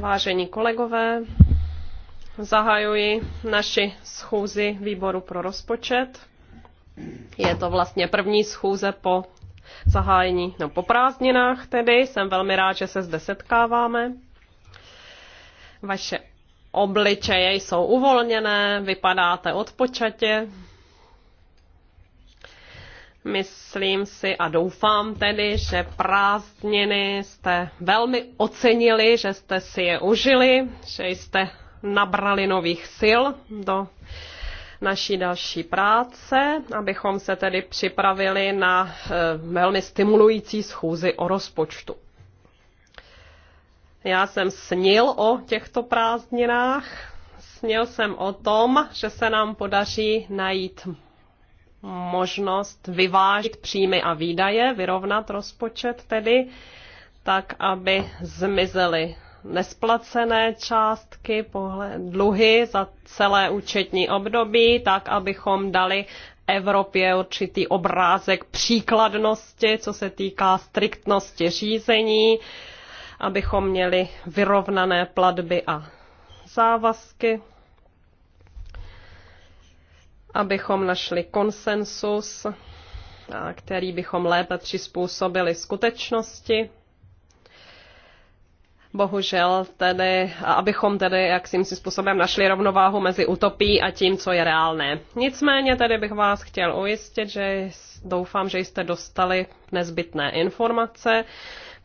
Vážení kolegové, zahajuji naši schůzi výboru pro rozpočet. Je to vlastně první schůze po zahájení, no po prázdninách tedy. Jsem velmi rád, že se zde setkáváme. Vaše obličeje jsou uvolněné, vypadáte odpočatě. Myslím si a doufám tedy, že prázdniny jste velmi ocenili, že jste si je užili, že jste nabrali nových sil do naší další práce, abychom se tedy připravili na eh, velmi stimulující schůzi o rozpočtu. Já jsem snil o těchto prázdninách. Snil jsem o tom, že se nám podaří najít možnost vyvážit příjmy a výdaje, vyrovnat rozpočet tedy, tak, aby zmizely nesplacené částky, dluhy za celé účetní období, tak, abychom dali Evropě určitý obrázek příkladnosti, co se týká striktnosti řízení, abychom měli vyrovnané platby a závazky, abychom našli konsensus, který bychom lépe přizpůsobili skutečnosti. Bohužel tedy, abychom tedy jakým si způsobem našli rovnováhu mezi utopií a tím, co je reálné. Nicméně tedy bych vás chtěl ujistit, že doufám, že jste dostali nezbytné informace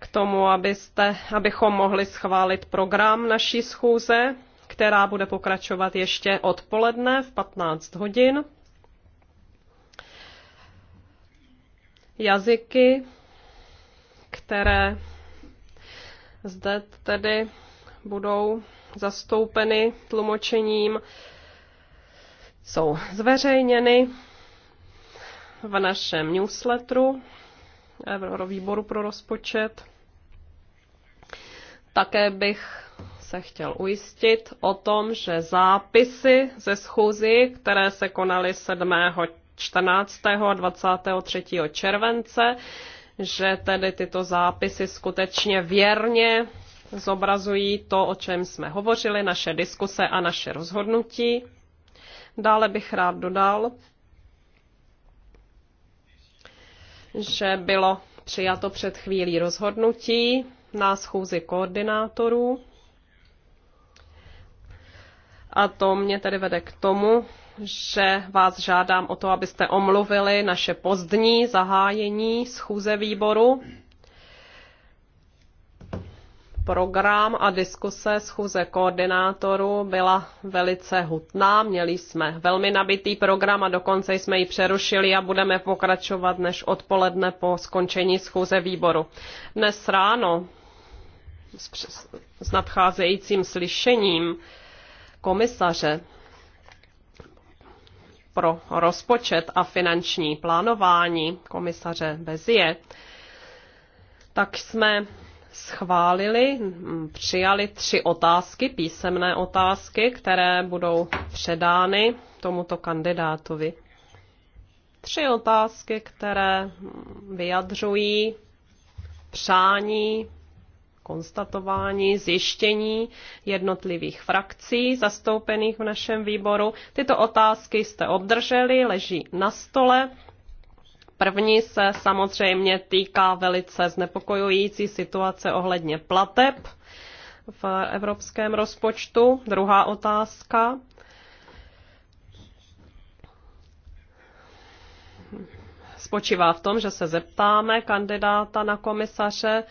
k tomu, abyste, abychom mohli schválit program naší schůze, která bude pokračovat ještě odpoledne v 15 hodin. Jazyky, které zde tedy budou zastoupeny tlumočením, jsou zveřejněny v našem newsletteru Výboru pro rozpočet. Také bych se chtěl ujistit o tom, že zápisy ze schůzí, které se konaly 7. 14. a 23. července, že tedy tyto zápisy skutečně věrně zobrazují to, o čem jsme hovořili, naše diskuse a naše rozhodnutí. Dále bych rád dodal, že bylo přijato před chvílí rozhodnutí na schůzi koordinátorů. A to mě tedy vede k tomu, že vás žádám o to, abyste omluvili naše pozdní zahájení schůze výboru. Program a diskuse schůze koordinátoru byla velice hutná. Měli jsme velmi nabitý program a dokonce jsme ji přerušili a budeme pokračovat než odpoledne po skončení schůze výboru. Dnes ráno s nadcházejícím slyšením komisaře pro rozpočet a finanční plánování komisaře Bezie, tak jsme schválili, přijali tři otázky, písemné otázky, které budou předány tomuto kandidátovi. Tři otázky, které vyjadřují přání konstatování, zjištění jednotlivých frakcí zastoupených v našem výboru. Tyto otázky jste obdrželi, leží na stole. První se samozřejmě týká velice znepokojující situace ohledně plateb v evropském rozpočtu. Druhá otázka. Spočívá v tom, že se zeptáme kandidáta na komisaře,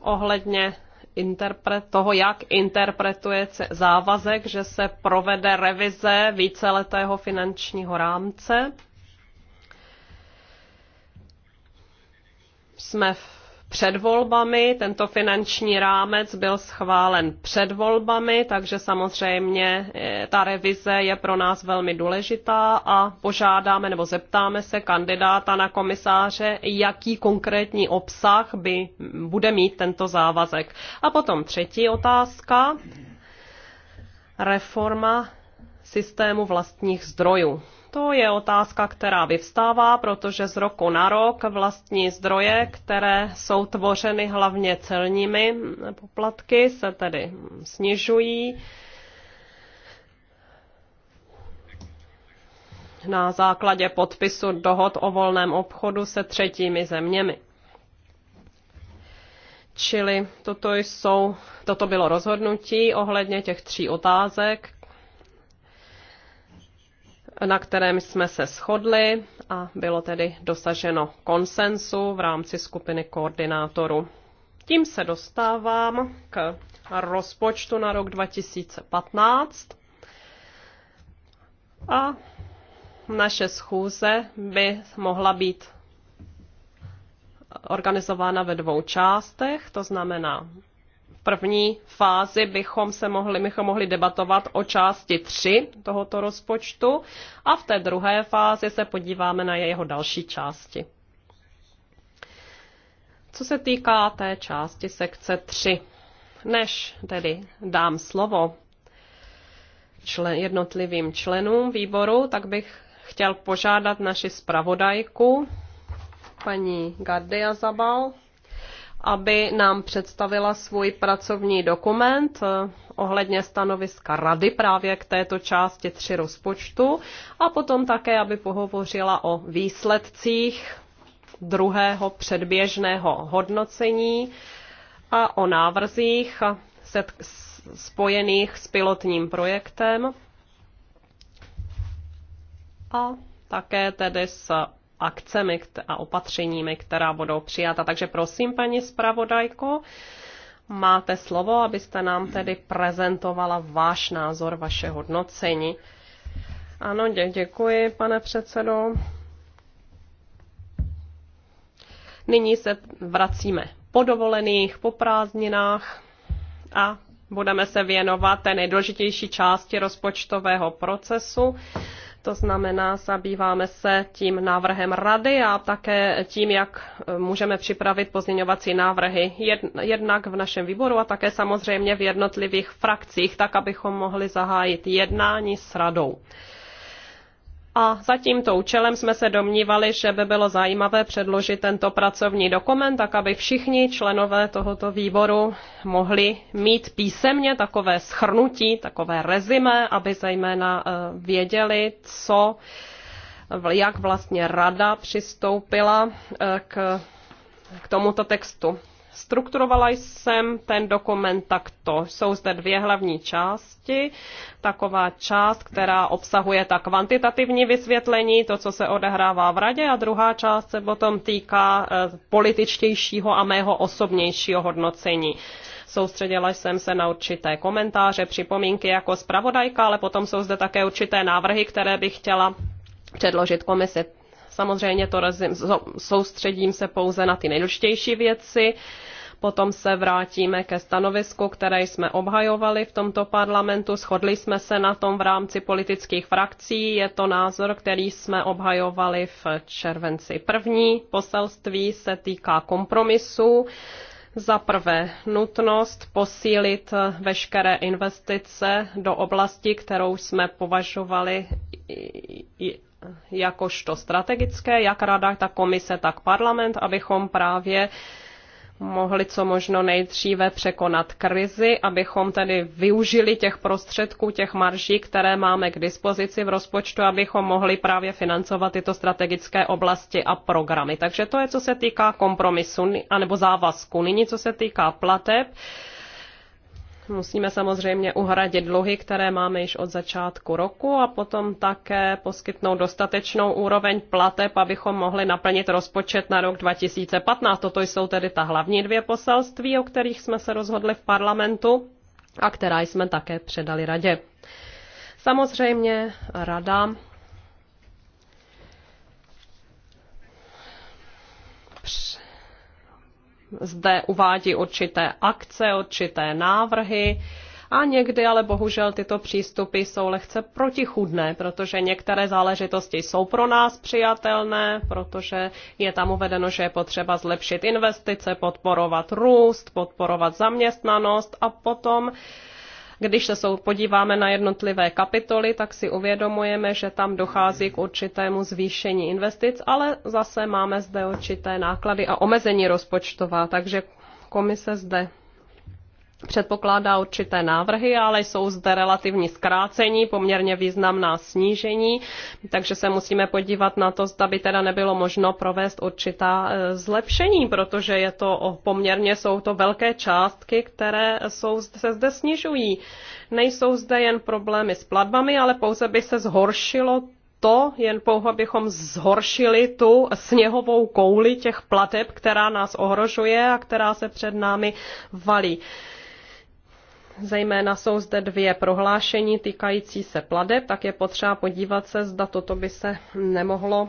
ohledně interpret, toho, jak interpretuje závazek, že se provede revize víceletého finančního rámce. Jsme v před volbami. Tento finanční rámec byl schválen před volbami, takže samozřejmě eh, ta revize je pro nás velmi důležitá a požádáme nebo zeptáme se kandidáta na komisáře, jaký konkrétní obsah by bude mít tento závazek. A potom třetí otázka. Reforma systému vlastních zdrojů to je otázka, která vyvstává, protože z roku na rok vlastní zdroje, které jsou tvořeny hlavně celními poplatky, se tedy snižují. na základě podpisu dohod o volném obchodu se třetími zeměmi. Čili toto, jsou, toto bylo rozhodnutí ohledně těch tří otázek, na kterém jsme se shodli a bylo tedy dosaženo konsensu v rámci skupiny koordinátorů. Tím se dostávám k rozpočtu na rok 2015 a naše schůze by mohla být organizována ve dvou částech, to znamená první fázi bychom se mohli, bychom mohli debatovat o části 3 tohoto rozpočtu a v té druhé fázi se podíváme na jeho další části. Co se týká té části sekce 3, než tedy dám slovo člen, jednotlivým členům výboru, tak bych chtěl požádat naši zpravodajku, paní Gardia Zabal, aby nám představila svůj pracovní dokument eh, ohledně stanoviska rady právě k této části tři rozpočtu a potom také, aby pohovořila o výsledcích druhého předběžného hodnocení a o návrzích spojených s pilotním projektem a také tedy s akcemi a opatřeními, která budou přijata. Takže prosím, paní zpravodajko, máte slovo, abyste nám tedy prezentovala váš názor, vaše hodnocení. Ano, dě- děkuji, pane předsedo. Nyní se vracíme po dovolených, po prázdninách a budeme se věnovat té nejdůležitější části rozpočtového procesu, to znamená, zabýváme se tím návrhem rady a také tím, jak e, můžeme připravit pozměňovací návrhy jednak v našem výboru a také samozřejmě v jednotlivých frakcích, tak abychom mohli zahájit jednání s radou. A za tímto účelem jsme se domnívali, že by bylo zajímavé předložit tento pracovní dokument, tak aby všichni členové tohoto výboru mohli mít písemně takové schrnutí, takové rezime, aby zejména eh, věděli, co, jak vlastně rada přistoupila eh, k, k tomuto textu. Strukturovala jsem ten dokument takto. Jsou zde dvě hlavní části. Taková část, která obsahuje ta kvantitativní vysvětlení, to, co se odehrává v radě, a druhá část se potom týká eh, političtějšího a mého osobnějšího hodnocení. Soustředila jsem se na určité komentáře, připomínky jako zpravodajka, ale potom jsou zde také určité návrhy, které bych chtěla předložit komisi. Samozřejmě to rezim, soustředím se pouze na ty nejdůležitější věci. Potom se vrátíme ke stanovisku, které jsme obhajovali v tomto parlamentu. Shodli jsme se na tom v rámci politických frakcí. Je to názor, který jsme obhajovali v červenci. První poselství se týká kompromisu. Za prvé nutnost posílit veškeré investice do oblasti, kterou jsme považovali jakožto strategické, jak rada, tak komise, tak parlament, abychom právě mohli co možno nejdříve překonat krizi, abychom tedy využili těch prostředků, těch marží, které máme k dispozici v rozpočtu, abychom mohli právě financovat tyto strategické oblasti a programy. Takže to je, co se týká kompromisu anebo závazku. Nyní, co se týká plateb, Musíme samozřejmě uhradit dluhy, které máme již od začátku roku a potom také poskytnout dostatečnou úroveň plateb, abychom mohli naplnit rozpočet na rok 2015. Toto jsou tedy ta hlavní dvě poselství, o kterých jsme se rozhodli v parlamentu a která jsme také předali radě. Samozřejmě rada zde uvádí určité akce, určité návrhy, a někdy ale bohužel tyto přístupy jsou lehce protichudné, protože některé záležitosti jsou pro nás přijatelné, protože je tam uvedeno, že je potřeba zlepšit investice, podporovat růst, podporovat zaměstnanost a potom uh, když se podíváme na jednotlivé kapitoly, tak si uvědomujeme, že tam dochází k určitému zvýšení investic, ale zase máme zde určité náklady a omezení rozpočtová, takže komise zde předpokládá určité návrhy, ale jsou zde relativní zkrácení, poměrně významná snížení, takže se musíme podívat na to, zda by teda nebylo možno provést určitá e, zlepšení, protože je to poměrně, jsou to velké částky, které jsou, se zde snižují. Nejsou zde jen problémy s platbami, ale pouze by se zhoršilo to, jen pouho bychom zhoršili tu sněhovou kouli těch plateb, která nás ohrožuje a která se před námi valí. Zejména jsou zde dvě prohlášení týkající se plade, tak je potřeba podívat se, zda toto by se nemohlo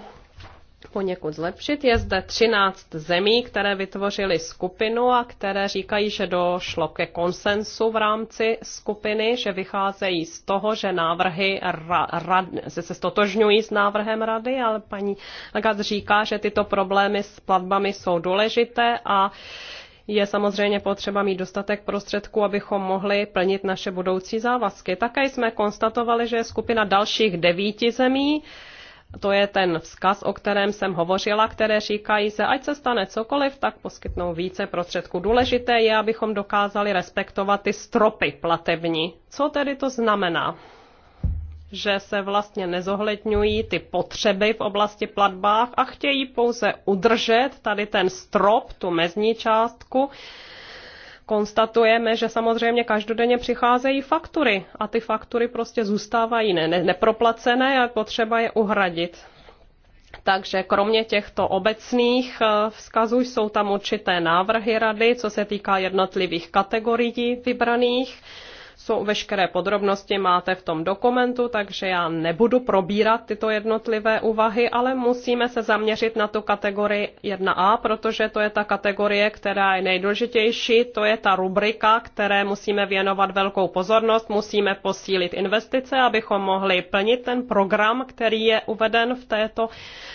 poněkud zlepšit. Je zde 13 zemí, které vytvořily skupinu a které říkají, že došlo ke konsensu v rámci skupiny, že vycházejí z toho, že návrhy ra, ra, se, se stotožňují s návrhem rady, ale paní Lagat říká, že tyto problémy s platbami jsou důležité a je samozřejmě potřeba mít dostatek prostředků, abychom mohli plnit naše budoucí závazky. Také jsme konstatovali, že je skupina dalších devíti zemí, to je ten vzkaz, o kterém jsem hovořila, které říkají se, ať se stane cokoliv, tak poskytnou více prostředků. Důležité je, abychom dokázali respektovat ty stropy platební. Co tedy to znamená? že se vlastně nezohledňují ty potřeby v oblasti platbách a chtějí pouze udržet tady ten strop, tu mezní částku. Konstatujeme, že samozřejmě každodenně přicházejí faktury a ty faktury prostě zůstávají ne- ne- neproplacené a potřeba je uhradit. Takže kromě těchto obecných eh, vzkazů jsou tam určité návrhy rady, co se týká jednotlivých kategorií vybraných. Jsou veškeré podrobnosti máte v tom dokumentu, takže já nebudu probírat tyto jednotlivé úvahy, ale musíme se zaměřit na tu kategorii 1A, protože to je ta kategorie, která je nejdůležitější, to je ta rubrika, které musíme věnovat velkou pozornost, musíme posílit investice, abychom mohli plnit ten program, který je uveden v této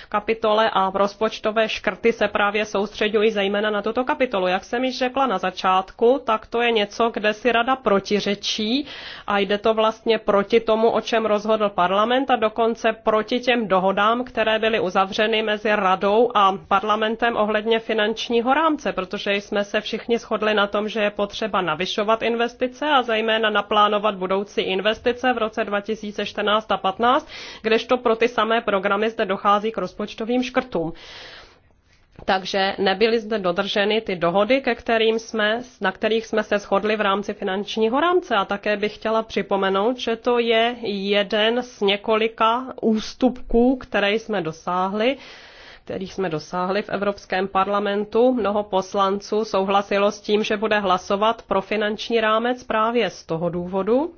kapitole a rozpočtové škrty se právě soustředují zejména na tuto kapitolu. Jak jsem již řekla na začátku, tak to je něco, kde si rada protiřečí větší a jde to vlastně proti tomu, o čem rozhodl parlament a dokonce proti těm dohodám, které byly uzavřeny mezi radou a parlamentem ohledně finančního rámce, protože jsme se všichni shodli na tom, že je potřeba navyšovat investice a zejména naplánovat budoucí investice v roce 2014 a 2015, kdežto pro ty samé programy zde dochází k rozpočtovým škrtům takže nebyly zde dodrženy ty dohody, ke kterým jsme, na kterých jsme se shodli v rámci finančního rámce. A také bych chtěla připomenout, že to je jeden z několika ústupků, které jsme dosáhli kterých jsme dosáhli v Evropském parlamentu. Mnoho poslanců souhlasilo s tím, že bude hlasovat pro finanční rámec právě z toho důvodu,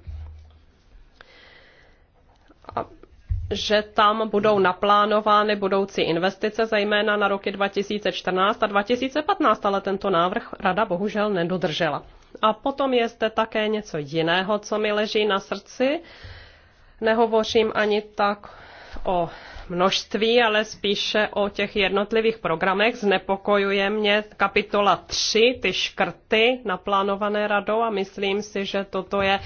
že tam budou naplánovány budoucí investice, zejména na roky 2014 a 2015, ale tento návrh rada bohužel nedodržela. A potom je zde také něco jiného, co mi leží na srdci. Nehovořím ani tak o množství, ale spíše o těch jednotlivých programech. Znepokojuje mě kapitola 3, ty škrty naplánované radou a myslím si, že toto je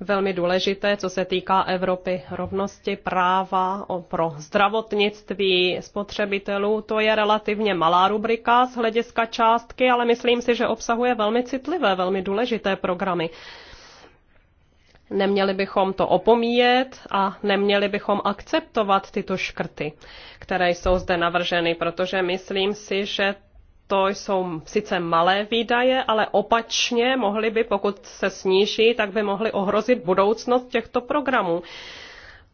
velmi důležité, co se týká Evropy rovnosti práva pro zdravotnictví spotřebitelů. To je relativně malá rubrika z hlediska částky, ale myslím si, že obsahuje velmi citlivé, velmi důležité programy. Neměli bychom to opomíjet a neměli bychom akceptovat tyto škrty, které jsou zde navrženy, protože myslím si, že to jsou sice malé výdaje, ale opačně mohly by, pokud se sníží, tak by mohly ohrozit budoucnost těchto programů.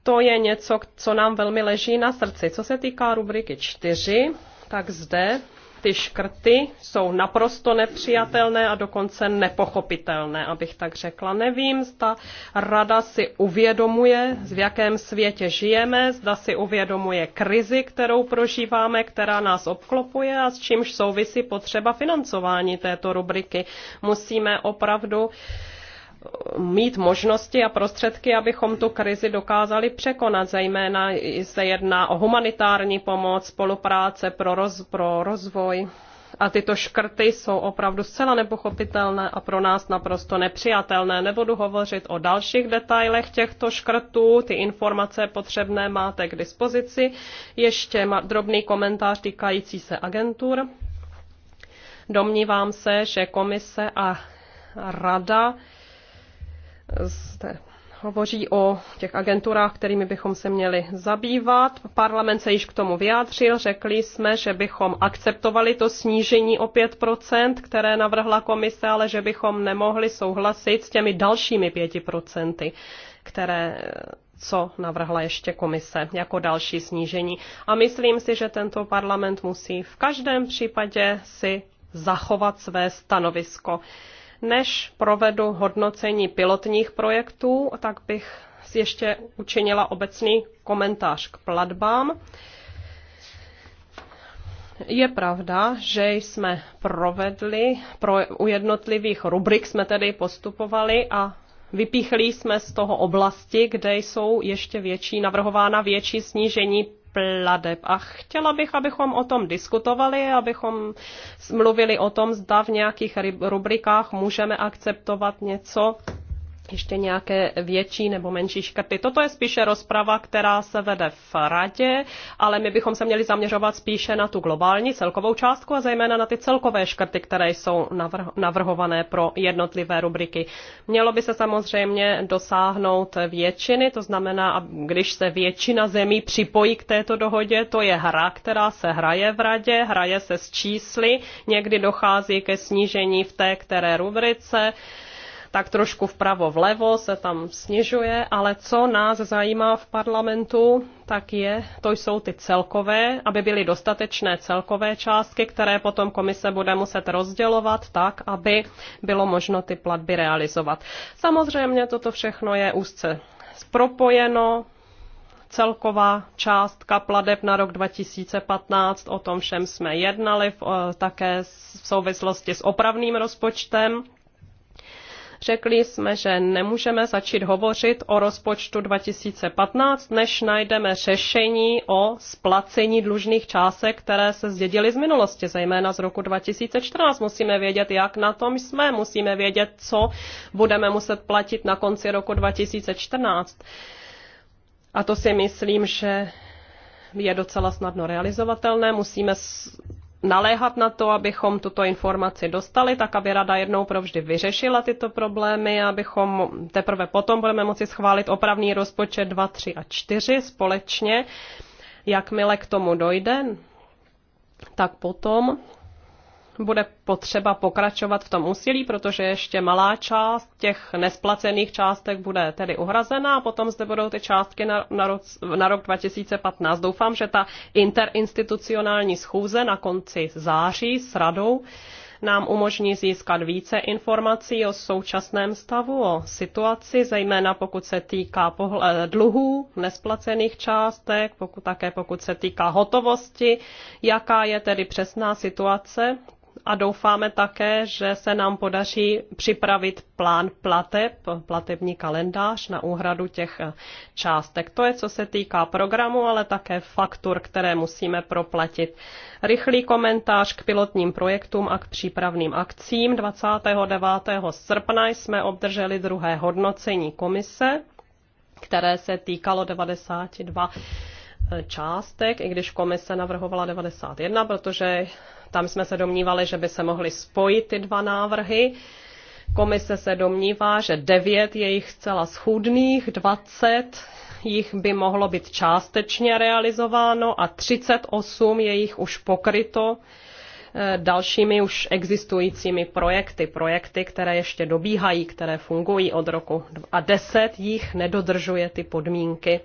To je něco, co nám velmi leží na srdci. Co se týká rubriky 4, tak zde ty škrty jsou naprosto nepřijatelné a dokonce nepochopitelné, abych tak řekla. Nevím, zda rada si uvědomuje, v jakém světě žijeme, zda si uvědomuje krizi, kterou prožíváme, která nás obklopuje a s čímž souvisí potřeba financování této rubriky. Musíme opravdu uh, mít možnosti a prostředky, abychom tu krizi dokázali překonat. Zejména se jedná o humanitární pomoc, spolupráce pro, roz, pro rozvoj. A tyto škrty jsou opravdu zcela nepochopitelné a pro nás naprosto nepřijatelné. Nebudu hovořit o dalších detailech těchto škrtů, ty informace potřebné máte k dispozici. Ještě drobný komentář týkající se agentur. Domnívám se, že komise a rada zde hovoří o těch agenturách, kterými bychom se měli zabývat. Parlament se již k tomu vyjádřil. Řekli jsme, že bychom akceptovali to snížení o 5%, které navrhla komise, ale že bychom nemohli souhlasit s těmi dalšími 5%, které co navrhla ještě komise jako další snížení. A myslím si, že tento parlament musí v každém případě si zachovat své stanovisko. Než provedu hodnocení pilotních projektů, tak bych ještě učinila obecný komentář k platbám. Je pravda, že jsme provedli, pro, u jednotlivých rubrik jsme tedy postupovali a vypíchli jsme z toho oblasti, kde jsou ještě větší, navrhována větší snížení pladeb. A chtěla bych, abychom o tom diskutovali, abychom mluvili o tom, zda v nějakých rubrikách můžeme akceptovat něco, ještě nějaké větší nebo menší škrty. Toto je spíše rozprava, která se vede v radě, ale my bychom se měli zaměřovat spíše na tu globální celkovou částku a zejména na ty celkové škrty, které jsou navrhované pro jednotlivé rubriky. Mělo by se samozřejmě dosáhnout většiny, to znamená, když se většina zemí připojí k této dohodě, to je hra, která se hraje v radě, hraje se s čísly, někdy dochází ke snížení v té které rubrice tak trošku vpravo vlevo se tam snižuje, ale co nás zajímá v parlamentu, tak je, to jsou ty celkové, aby byly dostatečné celkové částky, které potom komise bude muset rozdělovat tak, aby bylo možno ty platby realizovat. Samozřejmě toto všechno je úzce propojeno, celková částka pladeb na rok 2015, o tom všem jsme jednali v, také v souvislosti s opravným rozpočtem. Řekli jsme, že nemůžeme začít hovořit o rozpočtu 2015, než najdeme řešení o splacení dlužných částek, které se zdědily z minulosti, zejména z roku 2014. Musíme vědět, jak na tom jsme, musíme vědět, co budeme muset platit na konci roku 2014. A to si myslím, že je docela snadno realizovatelné. Musíme naléhat na to, abychom tuto informaci dostali, tak aby rada jednou provždy vyřešila tyto problémy, abychom teprve potom budeme moci schválit opravný rozpočet 2, 3 a 4 společně. Jakmile k tomu dojde, tak potom bude potřeba pokračovat v tom úsilí, protože ještě malá část těch nesplacených částek bude tedy uhrazena a potom zde budou ty částky na, na, rok, na rok 2015. Doufám, že ta interinstitucionální schůze na konci září s radou nám umožní získat více informací o současném stavu, o situaci, zejména pokud se týká eh, dluhů, nesplacených částek, pokud také pokud se týká hotovosti, jaká je tedy přesná situace a doufáme také, že se nám podaří připravit plán plateb, platební kalendář na úhradu těch eh, částek. To je, co se týká programu, ale také faktur, které musíme proplatit. Rychlý komentář k pilotním projektům a k přípravným akcím. 29. srpna jsme obdrželi druhé hodnocení komise, které se týkalo 92 částek, i když komise navrhovala 91, protože tam jsme se domnívali, že by se mohly spojit ty dva návrhy. Komise se domnívá, že 9 je jich zcela schůdných, 20 jich by mohlo být částečně realizováno a 38 je jich už pokryto eh, dalšími už existujícími projekty, projekty, které ještě dobíhají, které fungují od roku a 10 jich nedodržuje ty podmínky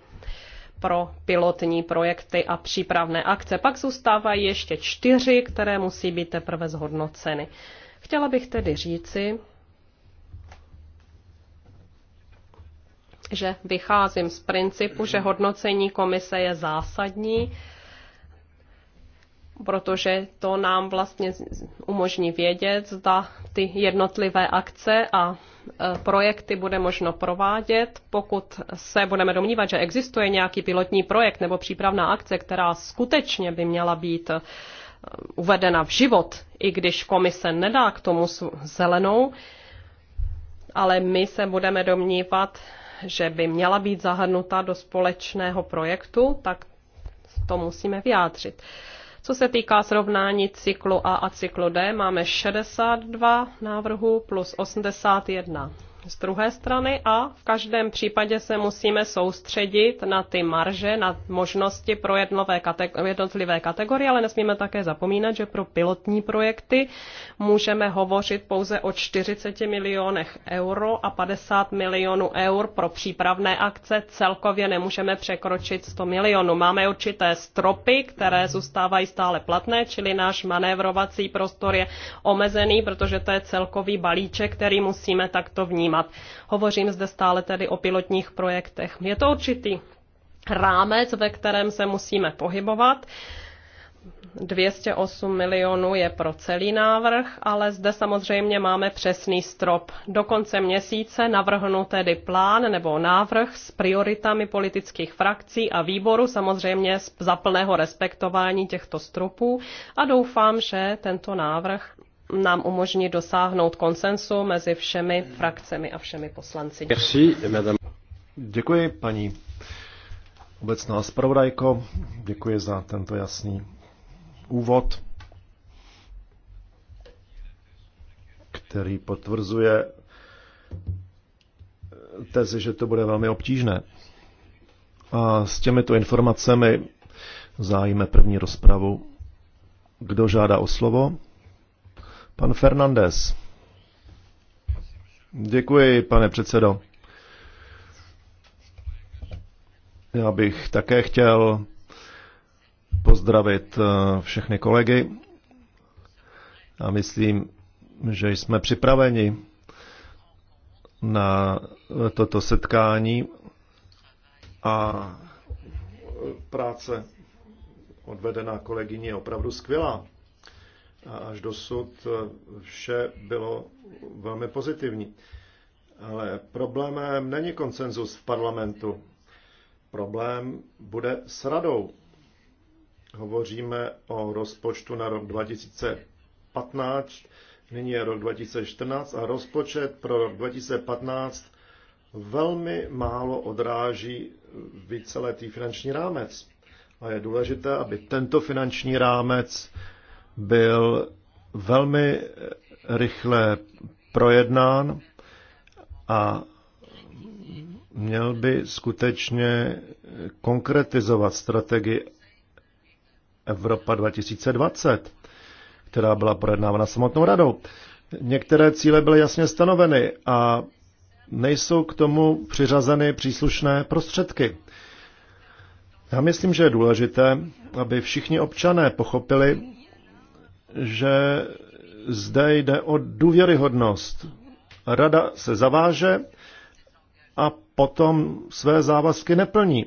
pro pilotní projekty a přípravné akce. Pak zůstávají ještě čtyři, které musí být teprve zhodnoceny. Chtěla bych tedy říci, že vycházím z principu, že hodnocení komise je zásadní protože to nám vlastně umožní vědět, zda ty jednotlivé akce a e, projekty bude možno provádět. Pokud se budeme domnívat, že existuje nějaký pilotní projekt nebo přípravná akce, která skutečně by měla být e, uvedena v život, i když komise nedá k tomu zelenou, ale my se budeme domnívat, že by měla být zahrnuta do společného projektu, tak to musíme vyjádřit. Uh, co se týká srovnání cyklu A a cyklu D, máme 62 návrhů plus 81 z druhé strany a v každém případě se musíme soustředit na ty marže, na možnosti pro jednotlivé kategorie, ale nesmíme také zapomínat, že pro pilotní projekty můžeme hovořit pouze o 40 milionech euro a 50 milionů eur pro přípravné akce. Celkově nemůžeme překročit 100 milionů. Máme určité stropy, které zůstávají stále platné, čili náš manévrovací prostor je omezený, protože to je celkový balíček, který musíme takto vnímat témat. Hovořím zde stále tedy o pilotních projektech. Je to určitý rámec, ve kterém se musíme pohybovat. 208 milionů je pro celý návrh, ale zde samozřejmě máme přesný strop. Do konce měsíce navrhnu tedy plán nebo návrh s prioritami politických frakcí a výboru, samozřejmě za plného respektování těchto stropů a doufám, že tento návrh nám umožní dosáhnout konsensu mezi všemi frakcemi a všemi poslanci. Merci, madame. Děkuji, paní obecná zpravodajko. Děkuji za tento jasný úvod, který potvrzuje tezi, že to bude velmi obtížné. A s těmito informacemi zájíme první rozpravu. Kdo žádá o slovo? Pan Fernandez. Děkuji, pane předsedo. Já bych také chtěl pozdravit eh, všechny kolegy a myslím, že jsme připraveni na toto setkání a práce odvedená kolegyně je opravdu skvělá a až dosud eh, vše bylo velmi pozitivní. Ale problémem není konsenzus v parlamentu. Problém bude s radou. Hovoříme o rozpočtu na rok 2015, nyní je rok 2014 a rozpočet pro rok 2015 velmi málo odráží víceletý finanční rámec. A je důležité, aby tento finanční rámec byl velmi rychle projednán a měl by skutečně konkretizovat strategii Evropa 2020, která byla projednávána samotnou radou. Některé cíle byly jasně stanoveny a nejsou k tomu přiřazeny příslušné prostředky. Já myslím, že je důležité, aby všichni občané pochopili, že zde jde o důvěryhodnost. Rada se zaváže a potom své závazky neplní.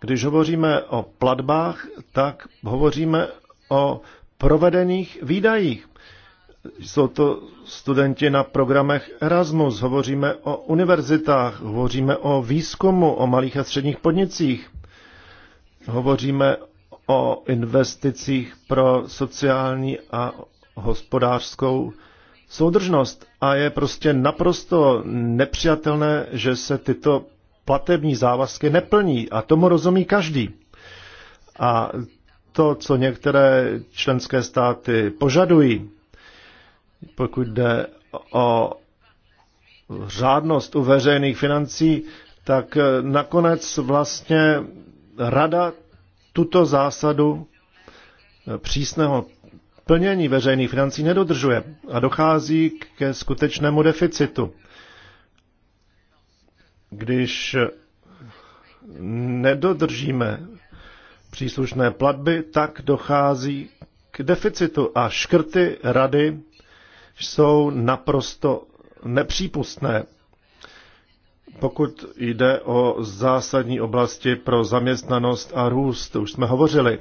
Když hovoříme o platbách, tak hovoříme o provedených výdajích. Jsou to studenti na programech Erasmus, hovoříme o univerzitách, hovoříme o výzkumu, o malých a středních podnicích, hovoříme o investicích pro sociální a hospodářskou soudržnost a je prostě naprosto nepřijatelné, že se tyto platební závazky neplní a tomu rozumí každý. A to, co některé členské státy požadují, pokud jde o řádnost u veřejných financí, tak nakonec vlastně rada tuto zásadu eh, přísného plnění veřejných financí nedodržuje a dochází ke skutečnému deficitu. Když eh, nedodržíme příslušné platby, tak dochází k deficitu a škrty rady jsou naprosto nepřípustné pokud jde o zásadní oblasti pro zaměstnanost a růst, už jsme hovořili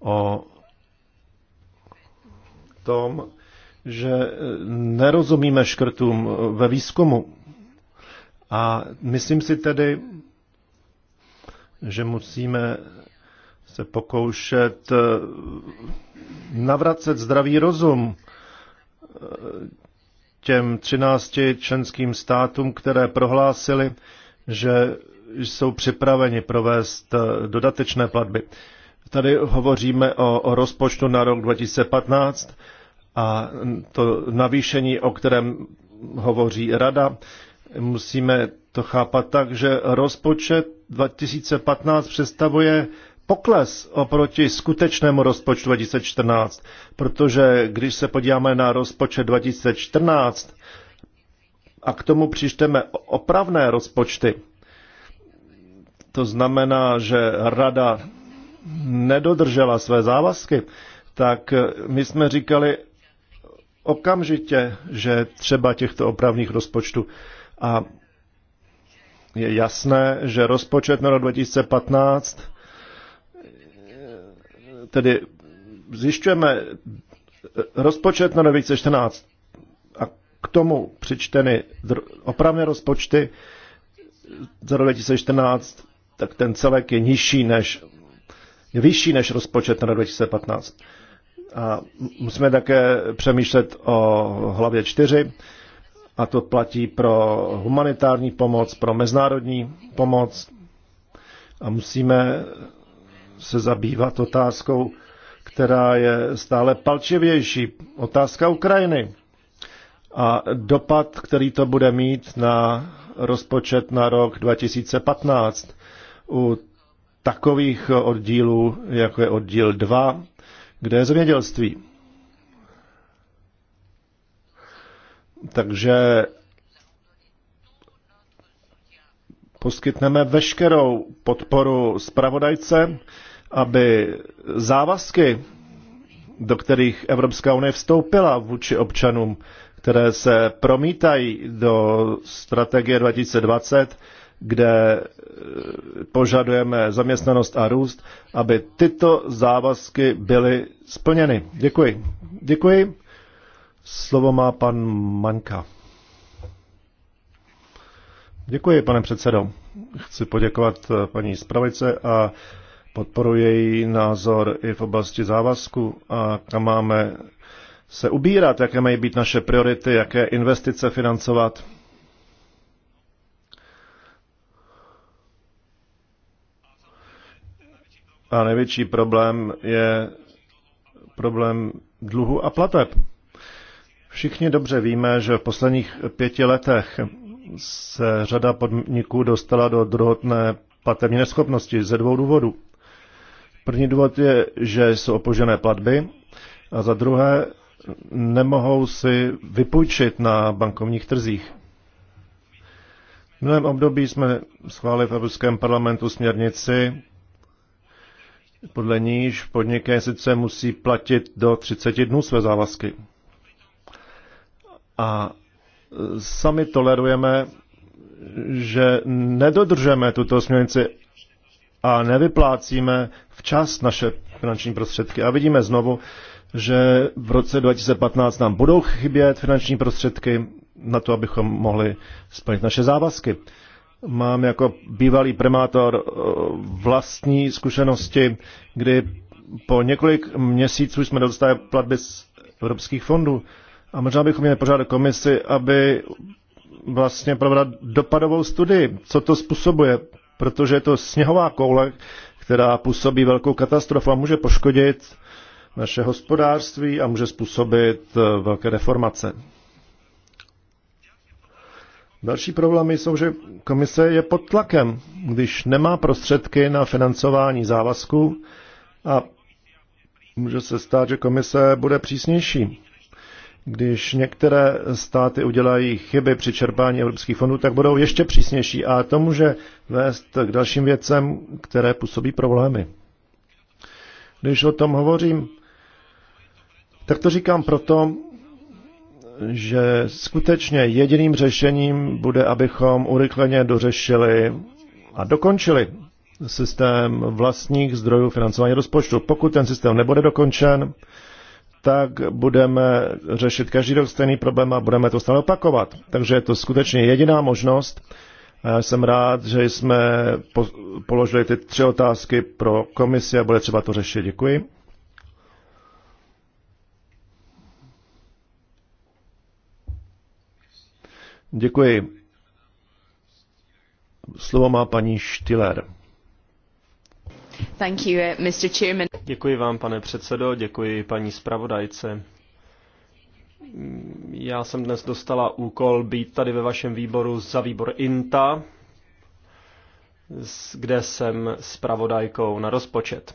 o tom, že nerozumíme škrtům ve výzkumu. A myslím si tedy, že musíme se pokoušet navracet zdravý rozum těm 13 členským státům, které prohlásili, že jsou připraveni provést eh, dodatečné platby. Tady hovoříme o, o rozpočtu na rok 2015 a to navýšení, o kterém hovoří Rada, musíme to chápat tak, že rozpočet 2015 představuje pokles oproti skutečnému rozpočtu 2014, protože když se podíváme na rozpočet 2014 a k tomu přišteme opravné rozpočty, to znamená, že rada nedodržela své závazky, tak my jsme říkali okamžitě, že třeba těchto opravných rozpočtů. A je jasné, že rozpočet na rok 2015 tedy zjišťujeme rozpočet na 2014 a k tomu přičteny opravné rozpočty za 2014, tak ten celek je nižší než, je vyšší než rozpočet na 2015. A musíme také přemýšlet o hlavě 4, a to platí pro humanitární pomoc, pro mezinárodní pomoc. A musíme se zabývat otázkou, která je stále palčivější. Otázka Ukrajiny a dopad, který to bude mít na rozpočet na rok 2015 u takových oddílů, jako je oddíl 2, kde je zemědělství. Takže poskytneme veškerou podporu zpravodajce, aby závazky, do kterých Evropská unie vstoupila vůči občanům, které se promítají do strategie 2020, kde eh, požadujeme zaměstnanost a růst, aby tyto závazky byly splněny. Děkuji. Děkuji. Slovo má pan Manka. Děkuji, pane předsedo. Chci poděkovat eh, paní zpravice a Podporuji její názor i v oblasti závazku a kam máme se ubírat, jaké mají být naše priority, jaké investice financovat. A největší problém je problém dluhu a plateb. Všichni dobře víme, že v posledních pěti letech se řada podniků dostala do druhotné platební neschopnosti ze dvou důvodů. První důvod je, že jsou opožené platby a za druhé nemohou si vypůjčit na bankovních trzích. V minulém období jsme schválili v Evropském parlamentu směrnici, podle níž podniky sice musí platit do 30 dnů své závazky. A sami tolerujeme, že nedodržeme tuto směrnici a nevyplácíme včas naše finanční prostředky. A vidíme znovu, že v roce 2015 nám budou chybět finanční prostředky na to, abychom mohli splnit naše závazky. Mám jako bývalý primátor eh, vlastní zkušenosti, kdy po několik měsíců jsme dostali platby z evropských fondů. A možná bychom měli požádat komisi, aby vlastně provedla dopadovou studii, co to způsobuje protože je to sněhová koule, která působí velkou katastrofu a může poškodit naše hospodářství a může způsobit eh, velké reformace. Další problémy jsou, že komise je pod tlakem, když nemá prostředky na financování závazků a může se stát, že komise bude přísnější když některé státy udělají chyby při čerpání evropských fondů, tak budou ještě přísnější a to může vést k dalším věcem, které působí problémy. Když o tom hovořím, tak to říkám proto, že skutečně jediným řešením bude, abychom urychleně dořešili a dokončili systém vlastních zdrojů financování rozpočtu. Pokud ten systém nebude dokončen, tak budeme řešit každý rok stejný problém a budeme to stále opakovat. Takže je to skutečně jediná možnost. Já jsem rád, že jsme po- položili ty tři otázky pro komisi a bude třeba to řešit. Děkuji. Děkuji. Slovo má paní Štiler. Uh, děkuji vám, pane předsedo, děkuji paní zpravodajce. Já jsem dnes dostala úkol být tady ve vašem výboru za výbor INTA, kde jsem zpravodajkou na rozpočet.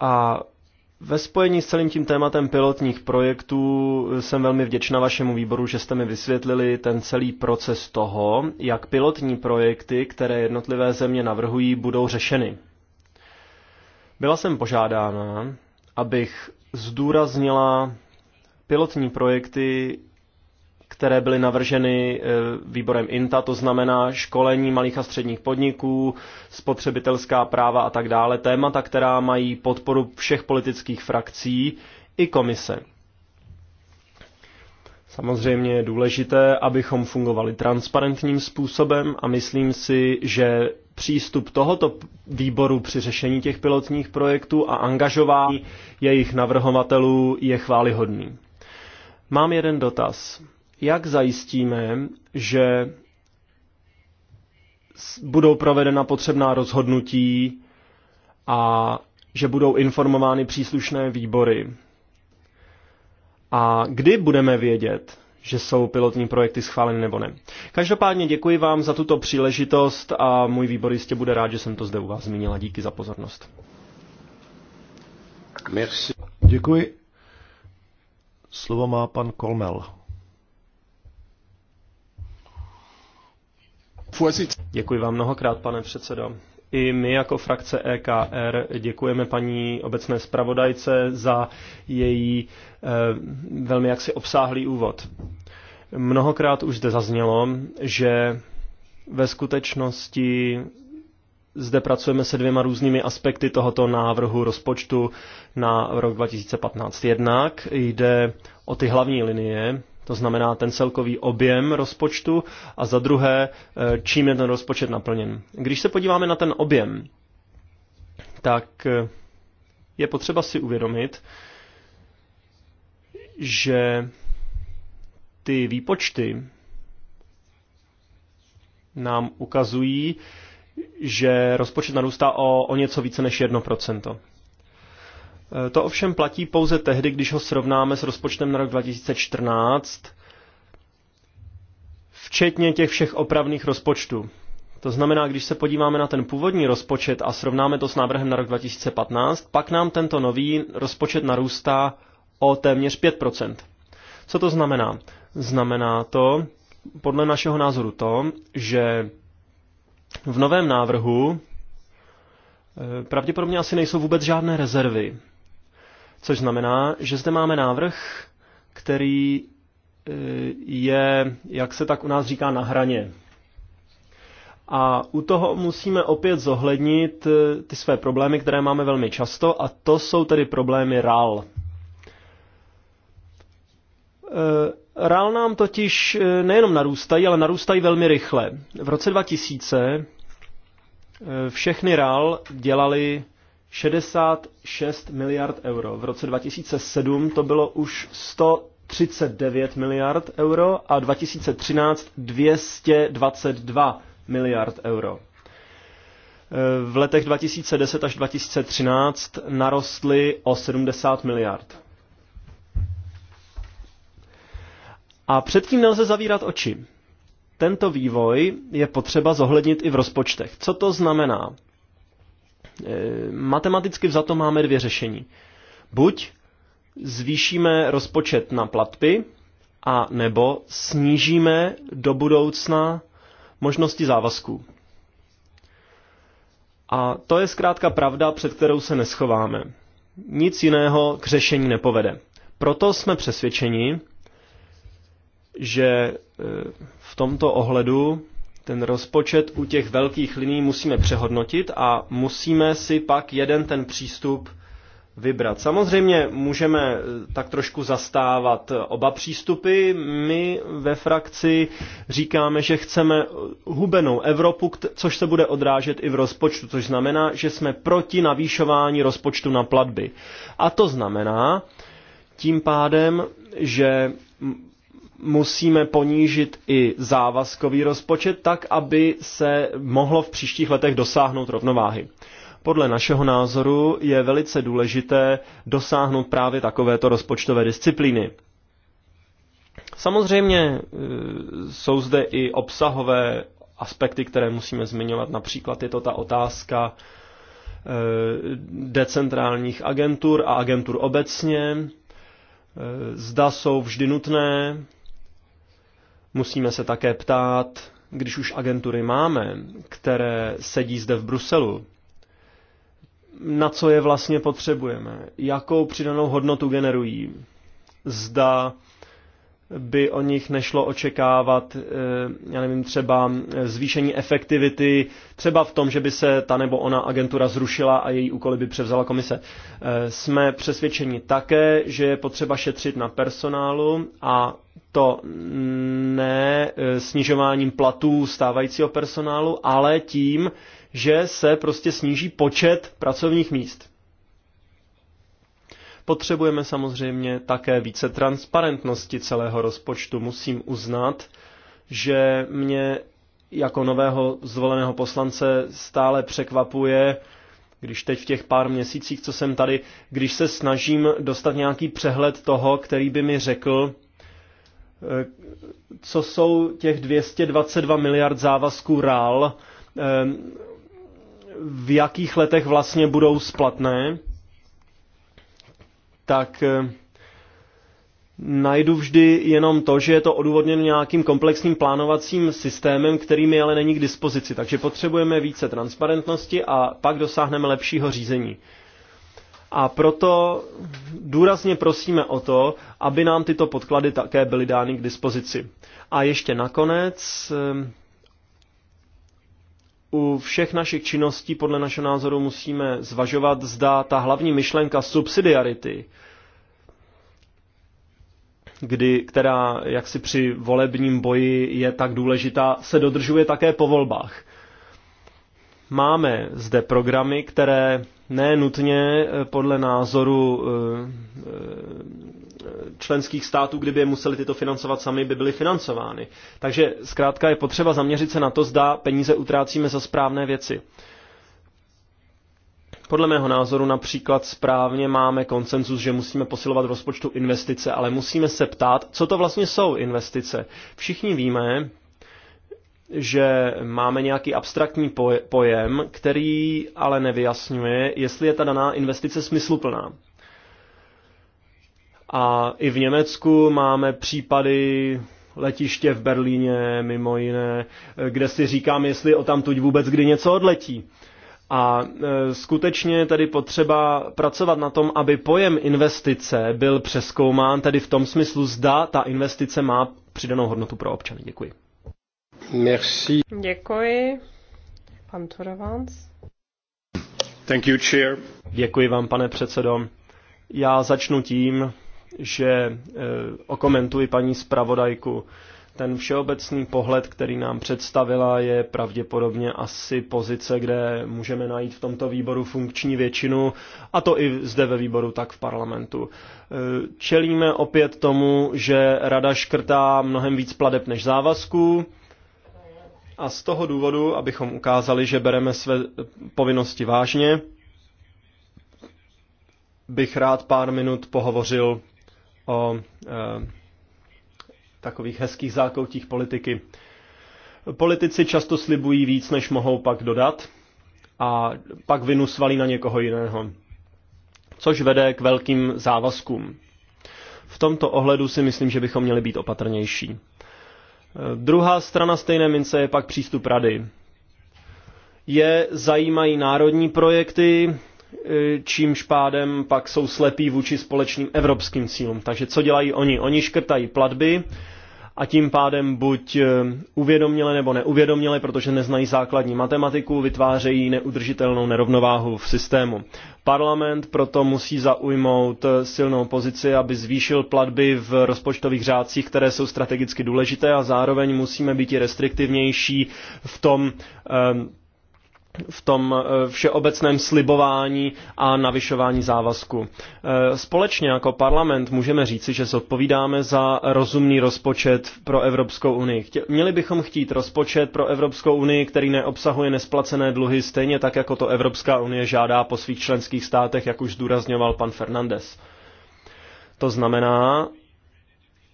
A ve spojení s celým tím tématem pilotních projektů jsem velmi vděčná vašemu výboru, že jste mi vysvětlili ten celý proces toho, jak pilotní projekty, které jednotlivé země navrhují, budou řešeny. Byla jsem požádána, abych zdůraznila pilotní projekty které byly navrženy eh, výborem INTA, to znamená školení malých a středních podniků, spotřebitelská práva a tak dále, témata, která mají podporu všech politických frakcí i komise. Samozřejmě je důležité, abychom fungovali transparentním způsobem a myslím si, že přístup tohoto výboru při řešení těch pilotních projektů a angažování jejich navrhovatelů je chválihodný. Mám jeden dotaz jak zajistíme, že budou provedena potřebná rozhodnutí a že budou informovány příslušné výbory. A kdy budeme vědět, že jsou pilotní projekty schváleny nebo ne. Každopádně děkuji vám za tuto příležitost a můj výbor jistě bude rád, že jsem to zde u vás zmínila. Díky za pozornost. Merci. Děkuji. Slovo má pan Kolmel. Děkuji vám mnohokrát, pane předsedo. I my jako frakce EKR děkujeme paní obecné zpravodajce za její eh, velmi jaksi obsáhlý úvod. Mnohokrát už zde zaznělo, že ve skutečnosti zde pracujeme se dvěma různými aspekty tohoto návrhu rozpočtu na rok 2015. Jednak jde o ty hlavní linie, to znamená ten celkový objem rozpočtu, a za druhé, e, čím je ten rozpočet naplněn. Když se podíváme na ten objem, tak e, je potřeba si uvědomit, že ty výpočty nám ukazují, že rozpočet narůstá o, o něco více než Eh, to ovšem platí pouze tehdy, když ho srovnáme s rozpočtem na rok 2014, včetně těch všech opravných rozpočtů. To znamená, když se podíváme na ten původní rozpočet a srovnáme to s návrhem na rok 2015, pak nám tento nový rozpočet narůstá o téměř 5%. Co to znamená? Znamená to, podle našeho názoru to, že v novém návrhu eh, pravděpodobně asi nejsou vůbec žádné rezervy. Což znamená, že zde máme návrh, který e, je, jak se tak u nás říká, na hraně. A u toho musíme opět zohlednit e, ty své problémy, které máme velmi často, a to jsou tedy problémy RAL. E, RAL nám totiž nejenom narůstají, ale narůstají velmi rychle. V roce 2000 všechny RAL dělali 66 miliard euro. V roce 2007 to bylo už 139 miliard euro a 2013 222 miliard euro. Eh, v letech 2010 až 2013 narostly o 70 miliard. A předtím nelze zavírat oči. Tento vývoj je potřeba zohlednit i v rozpočtech. Co to znamená? Eh, matematicky vzato máme dvě řešení. Buď zvýšíme rozpočet na platby, a nebo snížíme do budoucna možnosti závazků. A to je zkrátka pravda, před kterou se neschováme. Nic jiného k řešení nepovede. Proto jsme přesvědčeni, že eh, v tomto ohledu ten rozpočet u těch velkých liní musíme přehodnotit a musíme si pak jeden ten přístup vybrat. Samozřejmě můžeme eh, tak trošku zastávat eh, oba přístupy. My ve frakci říkáme, že chceme eh, hubenou Evropu, což se bude odrážet i v rozpočtu, což znamená, že jsme proti navýšování rozpočtu na platby. A to znamená tím pádem, že musíme ponížit i závazkový rozpočet tak, aby se mohlo v příštích letech dosáhnout rovnováhy. Podle našeho názoru je velice důležité dosáhnout právě takovéto rozpočtové disciplíny. Samozřejmě e, jsou zde i obsahové aspekty, které musíme zmiňovat. Například je to ta otázka e, decentrálních agentur a agentur obecně. E, zda jsou vždy nutné, Musíme se také ptát, když už agentury máme, které sedí zde v Bruselu, na co je vlastně potřebujeme, jakou přidanou hodnotu generují, zda by o nich nešlo očekávat, eh, já nevím, třeba zvýšení efektivity, třeba v tom, že by se ta nebo ona agentura zrušila a její úkoly by převzala komise. Eh, jsme přesvědčeni také, že je potřeba šetřit na personálu a to ne e, snižováním platů stávajícího personálu, ale tím, že se prostě sníží počet pracovních míst. Potřebujeme samozřejmě také více transparentnosti celého rozpočtu. Musím uznat, že mě jako nového zvoleného poslance stále překvapuje, když teď v těch pár měsících, co jsem tady, když se snažím dostat nějaký přehled toho, který by mi řekl, co jsou těch 222 miliard závazků RAL, v jakých letech vlastně budou splatné, tak najdu vždy jenom to, že je to odůvodněno nějakým komplexním plánovacím systémem, který mi ale není k dispozici. Takže potřebujeme více transparentnosti a pak dosáhneme lepšího řízení. A proto důrazně prosíme o to, aby nám tyto podklady také byly dány k dispozici. A ještě nakonec, ehm, u všech našich činností podle našeho názoru musíme zvažovat, zda ta hlavní myšlenka subsidiarity, kdy, která jaksi při volebním boji je tak důležitá, se dodržuje také po volbách. Máme zde programy, které ne nutně eh, podle názoru eh, eh, členských států, kdyby je museli tyto financovat sami, by byly financovány. Takže zkrátka je potřeba zaměřit se na to, zda peníze utrácíme za správné věci. Podle mého názoru například správně máme koncenzus, že musíme posilovat rozpočtu investice, ale musíme se ptát, co to vlastně jsou investice. Všichni víme, že máme nějaký abstraktní pojem, který ale nevyjasňuje, jestli je ta daná investice smysluplná. A i v Německu máme případy letiště v Berlíně, mimo jiné, kde si říkám, jestli o tam tuď vůbec kdy něco odletí. A e, skutečně je tedy potřeba pracovat na tom, aby pojem investice byl přeskoumán, tedy v tom smyslu, zda ta investice má přidanou hodnotu pro občany. Děkuji. Merci. Děkuji. Pan Turovans. Thank you, chair. Děkuji vám, pane předsedo. Já začnu tím, že e, okomentuji paní zpravodajku. Ten všeobecný pohled, který nám představila, je pravděpodobně asi pozice, kde můžeme najít v tomto výboru funkční většinu, a to i zde ve výboru, tak v parlamentu. Eh, čelíme opět tomu, že rada škrtá mnohem víc pladeb než závazků, a z toho důvodu, abychom ukázali, že bereme své povinnosti vážně, bych rád pár minut pohovořil o e, takových hezkých zákoutích politiky. Politici často slibují víc, než mohou pak dodat a pak vinu svalí na někoho jiného, což vede k velkým závazkům. V tomto ohledu si myslím, že bychom měli být opatrnější. Eh, druhá strana stejné mince je pak přístup rady. Je zajímají národní projekty, eh, čímž pádem pak jsou slepí vůči společným evropským cílům. Takže co dělají oni? Oni škrtají platby a tím pádem buď eh, uvědoměle nebo neuvědoměle, protože neznají základní matematiku, vytvářejí neudržitelnou nerovnováhu v systému. Parlament proto musí zaujmout eh, silnou pozici, aby zvýšil platby v rozpočtových řádcích, které jsou strategicky důležité a zároveň musíme být i restriktivnější v tom eh, v tom eh, všeobecném slibování a navyšování závazku. Eh, společně jako parlament můžeme říci, že zodpovídáme za rozumný rozpočet pro Evropskou unii. Měli bychom chtít rozpočet pro Evropskou unii, který neobsahuje nesplacené dluhy, stejně tak, jako to Evropská unie žádá po svých členských státech, jak už zdůrazňoval pan Fernandez. To znamená,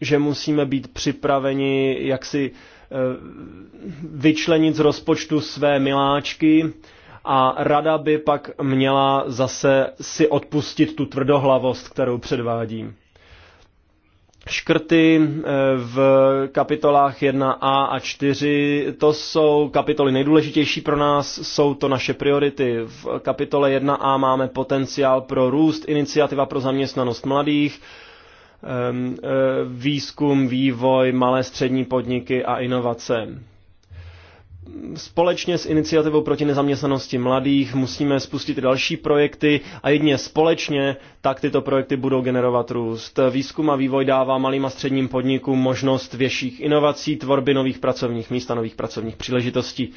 že musíme být připraveni jaksi si Eh, vyčlenit z rozpočtu své miláčky a rada by pak měla zase si odpustit tu tvrdohlavost, kterou předvádím škrty eh, v kapitolách 1a a 4, to jsou kapitoly nejdůležitější pro nás, jsou to naše priority. V kapitole 1a máme potenciál pro růst, iniciativa pro zaměstnanost mladých, E, výzkum, vývoj, malé střední podniky a inovace. Společně s iniciativou proti nezaměstnanosti mladých musíme spustit další projekty a jedině společně tak tyto projekty budou generovat růst. Výzkum a vývoj dává malým a středním podnikům možnost větších inovací, tvorby nových pracovních míst a nových pracovních příležitostí.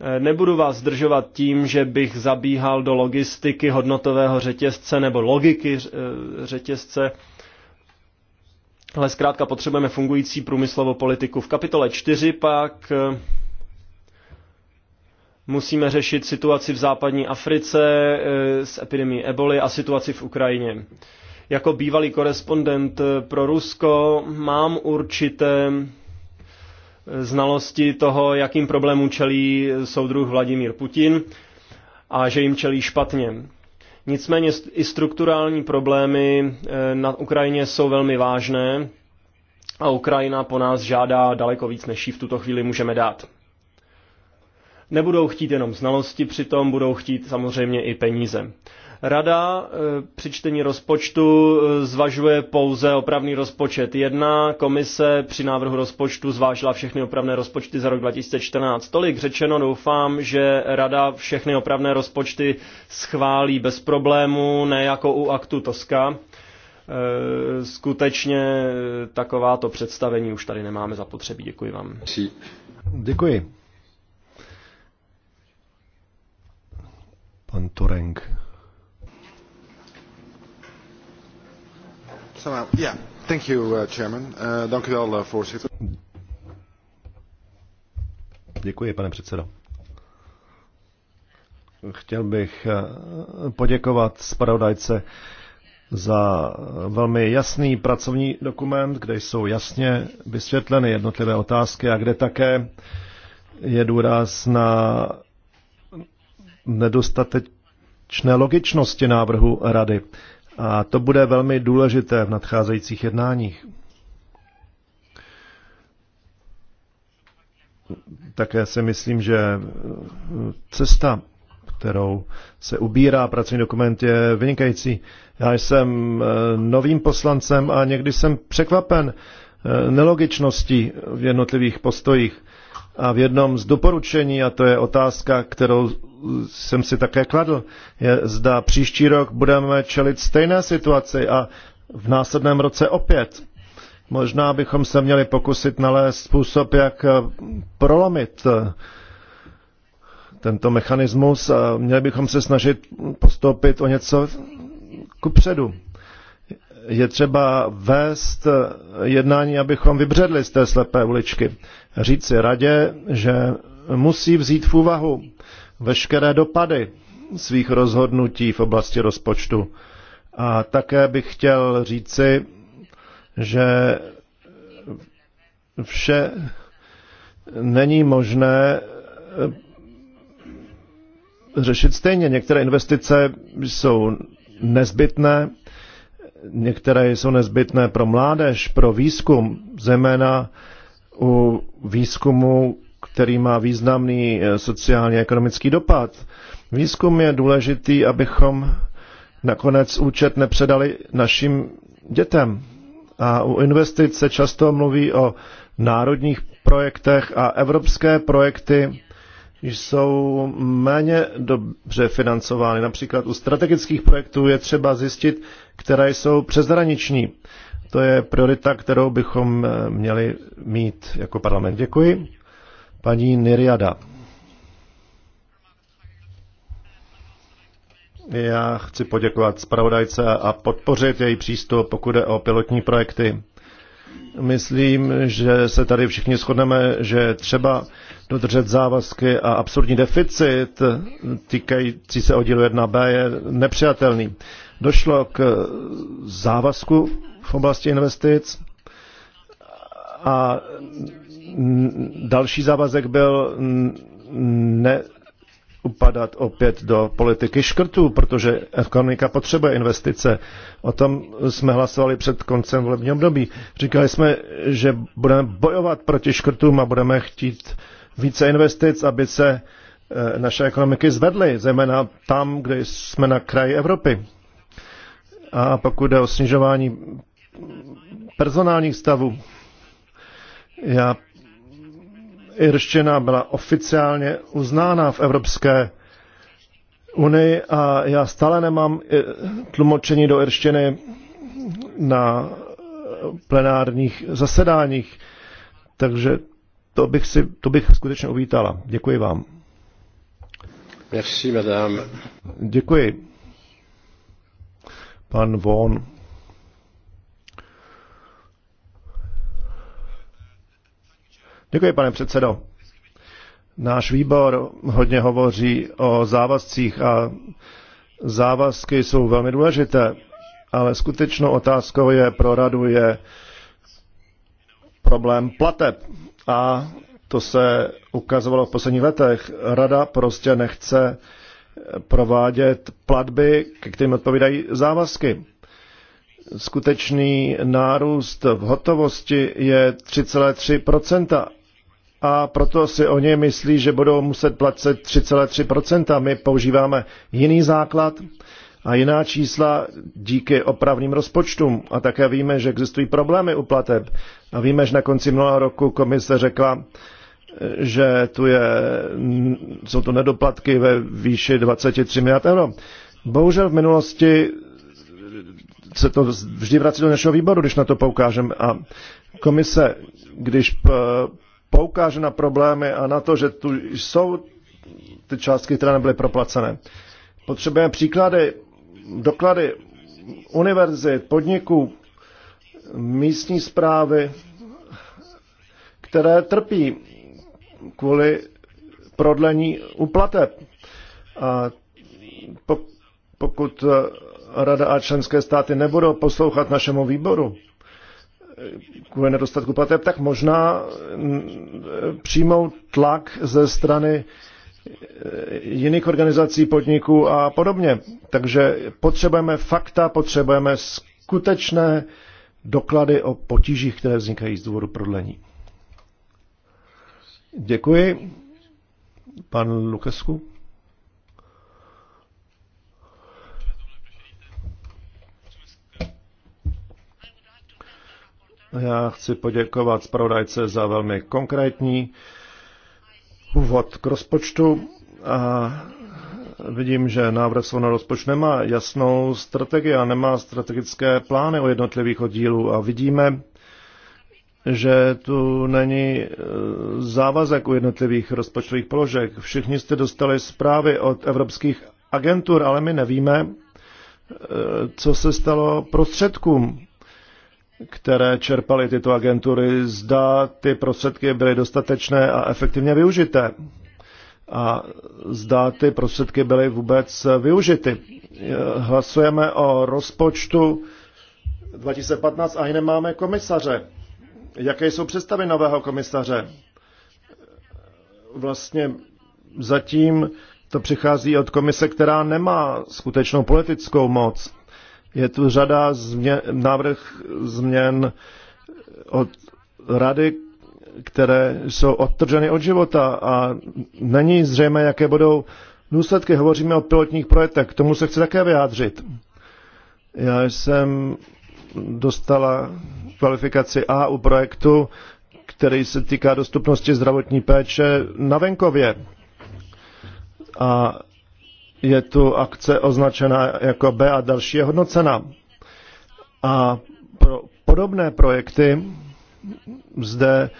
E, nebudu vás zdržovat tím, že bych zabíhal do logistiky hodnotového řetězce nebo logiky e, řetězce ale zkrátka potřebujeme fungující průmyslovou politiku. V kapitole 4 pak eh, musíme řešit situaci v západní Africe eh, s epidemí eboli a situaci v Ukrajině. Jako bývalý korespondent eh, pro Rusko mám určité znalosti toho, jakým problémům čelí soudruh Vladimír Putin a že jim čelí špatně. Nicméně i strukturální problémy eh, na Ukrajině jsou velmi vážné a Ukrajina po nás žádá daleko víc, než jí v tuto chvíli můžeme dát. Nebudou chtít jenom znalosti, přitom budou chtít samozřejmě i peníze. Rada e, při čtení rozpočtu e, zvažuje pouze opravný rozpočet Jedna komise při návrhu rozpočtu zvážila všechny opravné rozpočty za rok 2014. Tolik řečeno, doufám, že Rada všechny opravné rozpočty schválí bez problému, ne jako u aktu Toska. E, skutečně takováto představení už tady nemáme zapotřebí. Děkuji vám. Děkuji. Pan Tureng. Thank you, uh, Chairman. Uh, uh, Děkuji, pane předsedo. Chtěl bych poděkovat zpravodajce za velmi jasný pracovní dokument, kde jsou jasně vysvětleny jednotlivé otázky a kde také je důraz na nedostatečné logičnosti návrhu rady. A to bude velmi důležité v nadcházejících jednáních. Také si myslím, že cesta, kterou se ubírá pracovní dokument, je vynikající. Já jsem eh, novým poslancem a někdy jsem překvapen eh, nelogičností v jednotlivých postojích. A v jednom z doporučení, a to je otázka, kterou jsem si také kladl, je, zda příští rok budeme čelit stejné situaci a v následném roce opět. Možná bychom se měli pokusit nalézt způsob, jak prolomit eh, tento mechanismus a měli bychom se snažit postoupit o něco kupředu je třeba vést jednání, abychom vybředli z té slepé uličky. Říci radě, že musí vzít v úvahu veškeré dopady svých rozhodnutí v oblasti rozpočtu. A také bych chtěl říci, že vše není možné eh, řešit stejně. Některé investice jsou nezbytné, Některé jsou nezbytné pro mládež, pro výzkum, zejména u výzkumu, který má významný eh, sociálně ekonomický dopad. Výzkum je důležitý, abychom nakonec účet nepředali našim dětem. A u investic se často mluví o národních projektech a evropské projekty jsou méně dobře financovány. Například u strategických projektů je třeba zjistit, které jsou přezraniční. To je priorita, kterou bychom eh, měli mít jako parlament. Děkuji. Paní Niriada. Já chci poděkovat zpravodajce a podpořit její přístup, pokud je o pilotní projekty. Myslím, že se tady všichni shodneme, že třeba dodržet závazky a absurdní deficit týkající se oddílu 1b je nepřijatelný. Došlo k závazku v oblasti investic a další závazek byl neupadat opět do politiky škrtů, protože ekonomika potřebuje investice. O tom jsme hlasovali před koncem volebního období. Říkali jsme, že budeme bojovat proti škrtům a budeme chtít více investic, aby se eh, naše ekonomiky zvedly, zejména tam, kde jsme na kraji Evropy. A pokud jde o snižování personálních stavů, já, irština byla oficiálně uznána v Evropské unii a já stále nemám eh, tlumočení do irštiny na plenárních zasedáních, takže to bych, si, to bych skutečně uvítala. Děkuji vám. Merci, madame. Děkuji. Pan Von. Děkuji, pane předsedo. Náš výbor hodně hovoří o závazcích a závazky jsou velmi důležité, ale skutečnou otázkou je pro radu je problém plateb. A to se ukazovalo v posledních letech. Rada prostě nechce uh, provádět platby, kterým odpovídají závazky. Skutečný nárůst v hotovosti je 3,3% a proto si oni myslí, že budou muset platit 3,3%. My používáme jiný základ a jiná čísla díky opravným rozpočtům. A také víme, že existují problémy u plateb. A víme, že na konci minulého roku komise řekla, že tu je, jsou to nedoplatky ve výši 23 miliard euro. Bohužel v minulosti se to vždy vrací do našeho výboru, když na to poukážeme. A komise, když poukáže na problémy a na to, že tu jsou ty částky, které nebyly proplacené. Potřebujeme příklady, doklady univerzit, podniků, místní zprávy, které trpí kvůli prodlení uplateb. A pokud Rada a členské státy nebudou poslouchat našemu výboru kvůli nedostatku plateb, tak možná mm, přijmou tlak ze strany e, jiných organizací, podniků a podobně. Takže potřebujeme fakta, potřebujeme skutečné doklady o potížích, které vznikají z důvodu prodlení. Děkuji. Pan Lukesku. Já chci poděkovat zpravodajce za velmi konkrétní úvod k rozpočtu. A vidím, že návrh svobodného rozpočtu nemá jasnou strategii a nemá strategické plány o jednotlivých oddílů a vidíme, že tu není eh, závazek u jednotlivých rozpočtových položek. Všichni jste dostali zprávy od evropských agentur, ale my nevíme, eh, co se stalo prostředkům, které čerpaly tyto agentury. Zda ty prostředky byly dostatečné a efektivně využité. A zda ty prostředky byly vůbec využity. Eh, hlasujeme o rozpočtu 2015 a ani nemáme komisaře jaké jsou představy nového komisaře. Vlastně zatím to přichází od komise, která nemá skutečnou politickou moc. Je tu řada změn, návrh změn od rady, které jsou odtrženy od života a není zřejmé, jaké budou důsledky. Hovoříme o pilotních projektech, k tomu se chci také vyjádřit. Já jsem dostala kvalifikaci A u projektu, který se týká dostupnosti zdravotní péče na venkově. A je tu akce označená jako B a další je hodnocena. A pro podobné projekty zde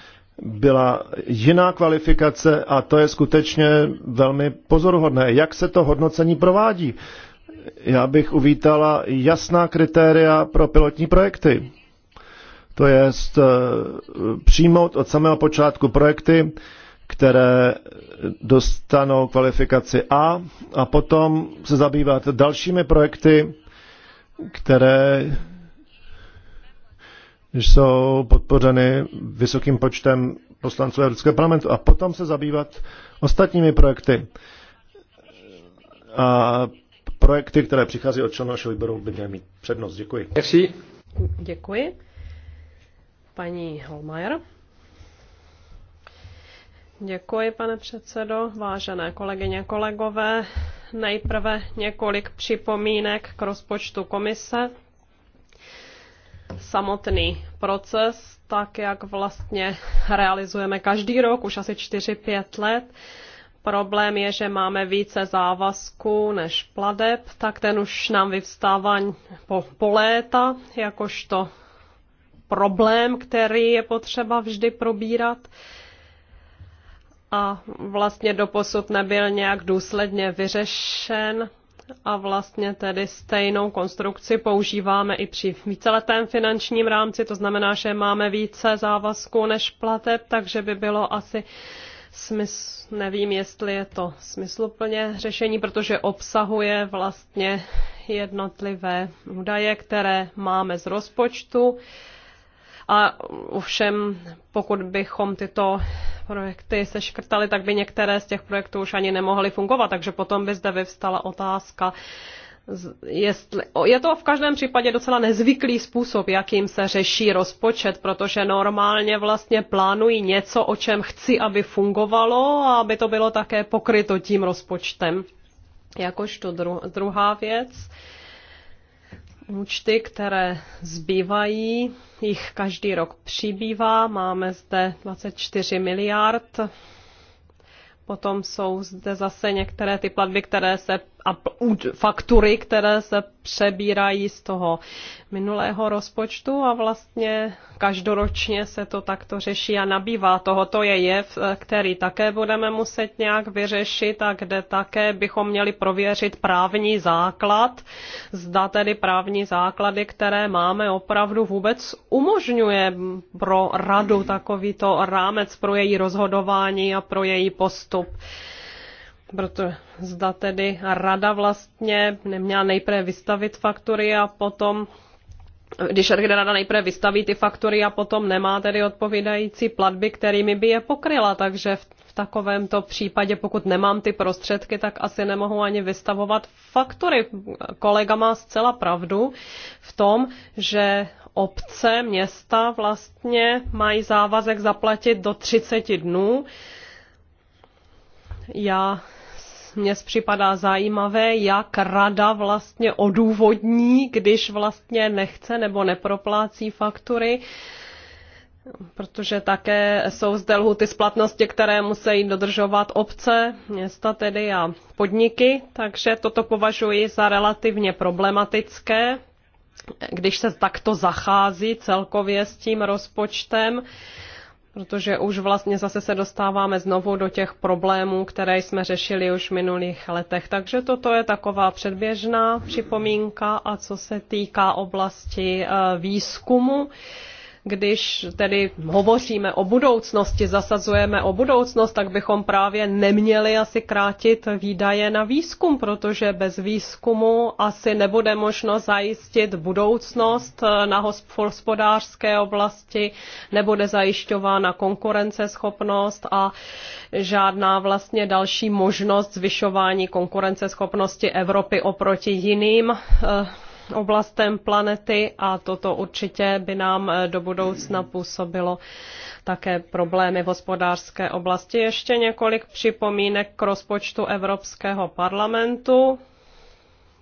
byla jiná kvalifikace a to je skutečně velmi pozoruhodné. Jak se to hodnocení provádí? Já bych uvítala jasná kritéria pro pilotní projekty to je přijmout od samého počátku projekty, které dostanou kvalifikaci A a potom se zabývat dalšími projekty, které jsou podpořeny vysokým počtem poslanců Evropského parlamentu a potom se zabývat ostatními projekty. A projekty, které přichází od členů našeho výboru, by měly mít přednost. Děkuji. Děkuji paní Holmajer. Děkuji, pane předsedo, vážené kolegyně, kolegové. Nejprve několik připomínek k rozpočtu komise. Samotný proces, tak jak vlastně realizujeme každý rok, už asi 4-5 let, problém je, že máme více závazků než pladeb, tak ten už nám vyvstává po, po léta, jakožto problém, který je potřeba vždy probírat a vlastně doposud nebyl nějak důsledně vyřešen a vlastně tedy stejnou konstrukci používáme i při víceletém finančním rámci, to znamená, že máme více závazků než plateb, takže by bylo asi smysl, nevím, jestli je to smysluplně řešení, protože obsahuje vlastně jednotlivé údaje, které máme z rozpočtu. Uh, a ovšem, pokud bychom tyto projekty škrtali, tak by některé z těch projektů už ani nemohly fungovat, takže potom by zde vyvstala otázka, Jestli, je to v každém případě docela nezvyklý způsob, jakým se řeší rozpočet, protože normálně vlastně plánují něco, o čem chci, aby fungovalo a aby to bylo také pokryto tím rozpočtem. Jakož to dru, druhá věc. Uh, účty, které zbývají, jich každý rok přibývá, máme zde 24 miliard. Potom jsou zde zase některé ty platby, které se a faktury, které se přebírají z toho minulého rozpočtu a vlastně každoročně se to takto řeší a nabývá toho. To je jev, e, který také budeme muset nějak vyřešit a kde také bychom měli prověřit právní základ, zda tedy právní základy, které máme opravdu vůbec umožňuje pro radu takovýto rámec pro její rozhodování a pro její postup proto zda tedy rada vlastně neměla nejprve vystavit faktury a potom když rada nejprve vystaví ty faktury a potom nemá tedy odpovídající platby, kterými by je pokryla. Takže v, v takovémto případě, pokud nemám ty prostředky, tak asi nemohu ani vystavovat faktury. Kolega má zcela pravdu v tom, že obce, města vlastně mají závazek zaplatit do 30 dnů. Já mně připadá zajímavé, jak rada vlastně odůvodní, když vlastně nechce nebo neproplácí faktury. Protože také jsou zde lhuty splatnosti, které musí dodržovat obce, města tedy a podniky, takže toto považuji za relativně problematické, když se takto zachází celkově s tím rozpočtem protože už vlastně zase se dostáváme znovu do těch problémů, které jsme řešili už v minulých letech. Takže toto je taková předběžná připomínka a co se týká oblasti eh, výzkumu, když tedy hovoříme o budoucnosti, zasazujeme o budoucnost, tak bychom právě neměli asi krátit výdaje na výzkum, protože bez výzkumu asi nebude možno zajistit budoucnost na hospodářské oblasti, nebude zajišťována konkurenceschopnost a žádná vlastně další možnost zvyšování konkurenceschopnosti Evropy oproti jiným eh, oblastem planety a toto určitě by nám eh, do budoucna působilo také problémy v hospodářské oblasti. Ještě několik připomínek k rozpočtu Evropského parlamentu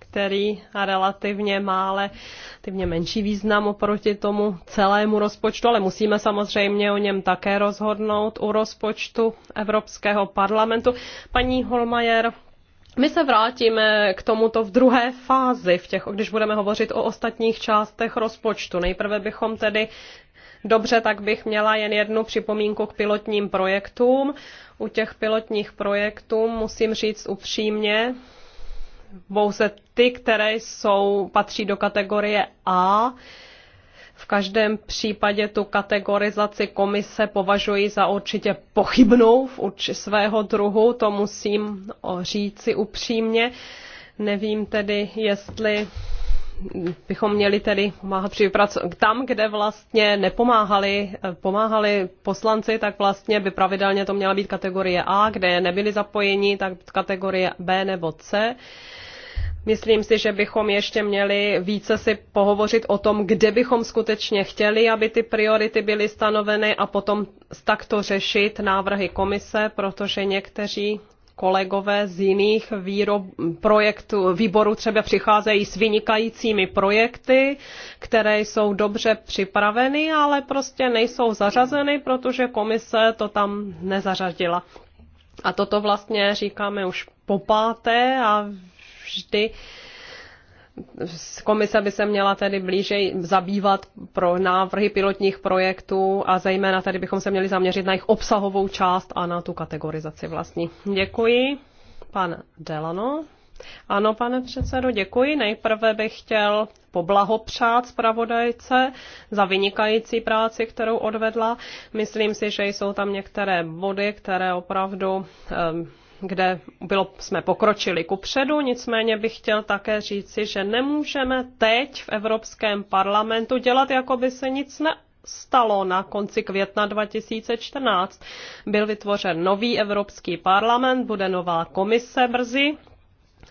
který a relativně mále, ale relativně menší význam oproti tomu celému rozpočtu, ale musíme samozřejmě o něm také rozhodnout u rozpočtu Evropského parlamentu. Paní Holmajer my se vrátíme k tomuto v druhé fázi, v těch, když budeme hovořit o ostatních částech rozpočtu. Nejprve bychom tedy Dobře, tak bych měla jen jednu připomínku k pilotním projektům. U těch pilotních projektů musím říct upřímně, pouze ty, které jsou, patří do kategorie A, v každém případě tu kategorizaci komise považuji za určitě pochybnou v urči svého druhu, to musím říci upřímně. Nevím tedy, jestli bychom měli tedy pomáhat při Tam, kde vlastně nepomáhali, e, pomáhali poslanci, tak vlastně by pravidelně to měla být kategorie A, kde nebyli zapojeni, tak kategorie B nebo C. Myslím si, že bychom ještě měli více si pohovořit o tom, kde bychom skutečně chtěli, aby ty priority byly stanoveny a potom takto řešit návrhy komise, protože někteří kolegové z jiných výrob, projektů, výborů třeba přicházejí s vynikajícími projekty, které jsou dobře připraveny, ale prostě nejsou zařazeny, protože komise to tam nezařadila. A toto vlastně říkáme už po páté a vždy Komise by se měla tedy blíže zabývat pro návrhy pilotních projektů a zejména tady bychom se měli zaměřit na jejich obsahovou část a na tu kategorizaci vlastní. Děkuji, pan Delano. Ano, pane předsedo, děkuji. Nejprve bych chtěl poblahopřát zpravodajce za vynikající práci, kterou odvedla. Myslím si, že jsou tam některé body, které opravdu ehm, kde bylo, jsme pokročili ku předu, nicméně bych chtěl také říci, že nemůžeme teď v Evropském parlamentu dělat, jako by se nic ne, stalo na konci května 2014. Byl vytvořen nový Evropský parlament, bude nová komise brzy.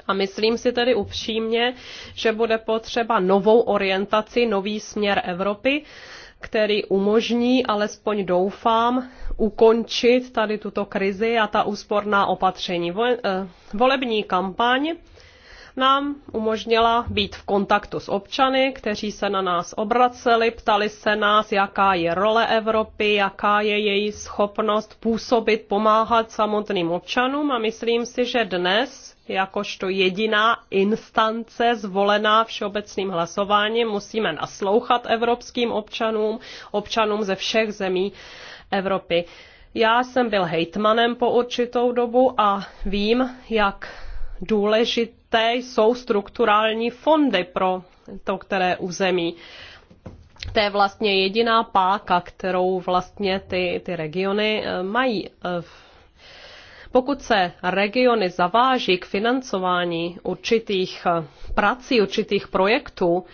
A myslím si tedy upřímně, že bude potřeba novou orientaci, nový směr Evropy který umožní, alespoň doufám, ukončit tady tuto krizi a ta úsporná opatření. Eh, volební kampaň nám umožnila být v kontaktu s občany, kteří se na nás obraceli, ptali se nás, jaká je role Evropy, jaká je její schopnost působit, pomáhat samotným občanům a myslím si, že dnes jakožto jediná instance zvolená všeobecným hlasováním. Musíme naslouchat evropským občanům, občanům ze všech zemí Evropy. Já jsem byl hejtmanem po určitou dobu a vím, jak důležité jsou strukturální fondy pro to, které území. To je vlastně jediná páka, kterou vlastně ty, ty regiony eh, mají eh, v pokud se regiony zaváží k financování určitých eh, prací, určitých projektů,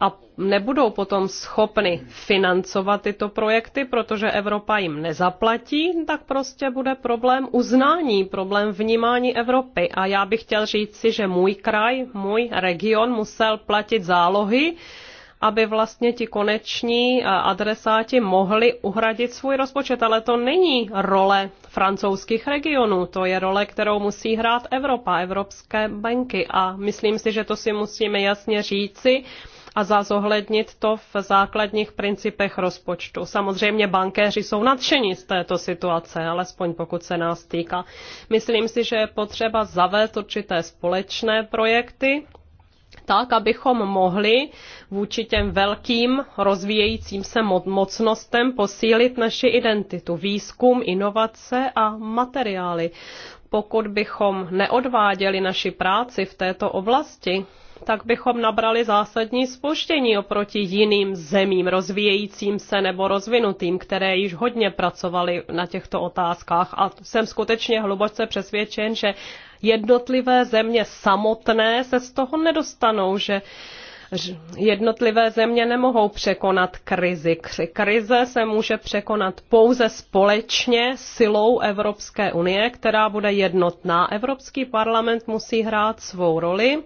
a nebudou potom schopny financovat tyto projekty, protože Evropa jim nezaplatí, tak prostě bude problém uznání, problém vnímání Evropy. A já bych chtěl říct si, že můj kraj, můj region musel platit zálohy, aby vlastně ti koneční eh, adresáti mohli uhradit svůj rozpočet. Ale to není role francouzských regionů, to je role, kterou musí hrát Evropa, evropské banky. A myslím si, že to si musíme jasně říci a zazohlednit to v základních principech rozpočtu. Samozřejmě bankéři jsou nadšení z této situace, alespoň pokud se nás týká. Myslím si, že je potřeba zavést určité společné projekty tak, abychom mohli vůči těm velkým rozvíjejícím se mocnostem posílit naši identitu, výzkum, inovace a materiály. Pokud bychom neodváděli naši práci v této oblasti, tak bychom nabrali zásadní spoštění oproti jiným zemím, rozvíjejícím se nebo rozvinutým, které již hodně pracovali na těchto otázkách. A jsem skutečně hluboce přesvědčen, že jednotlivé země samotné se z toho nedostanou, že jednotlivé země nemohou překonat krizi. Krize se může překonat pouze společně silou Evropské unie, která bude jednotná. Evropský parlament musí hrát svou roli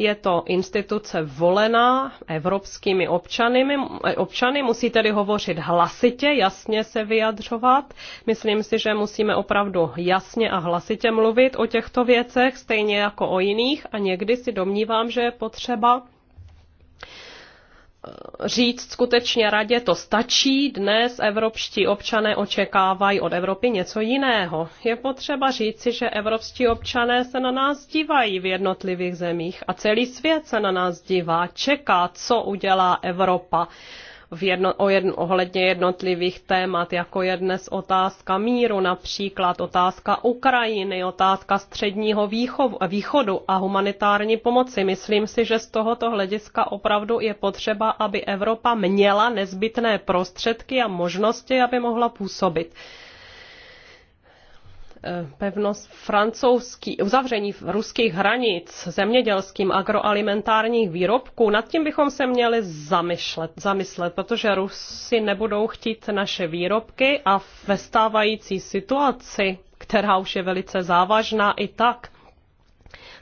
je to instituce volená evropskými občany, občany musí tedy hovořit hlasitě, jasně se vyjadřovat. Myslím si, že musíme opravdu jasně a hlasitě mluvit o těchto věcech, stejně jako o jiných a někdy si domnívám, že je potřeba říct skutečně radě, to stačí, dnes evropští občané očekávají od Evropy něco jiného. Je potřeba říci, že evropští občané se na nás dívají v jednotlivých zemích a celý svět se na nás dívá, čeká, co udělá Evropa v jedno, o jedno, ohledně jednotlivých témat, jako je dnes otázka míru, například otázka Ukrajiny, otázka středního výchov, východu a humanitární pomoci. Myslím si, že z tohoto hlediska opravdu je potřeba, aby Evropa měla nezbytné prostředky a možnosti, aby mohla působit pevnost francouzský, uzavření ruských hranic zemědělským agroalimentárních výrobků, nad tím bychom se měli zamyslet, zamyslet protože Rusy nebudou chtít naše výrobky a ve stávající situaci, která už je velice závažná i tak,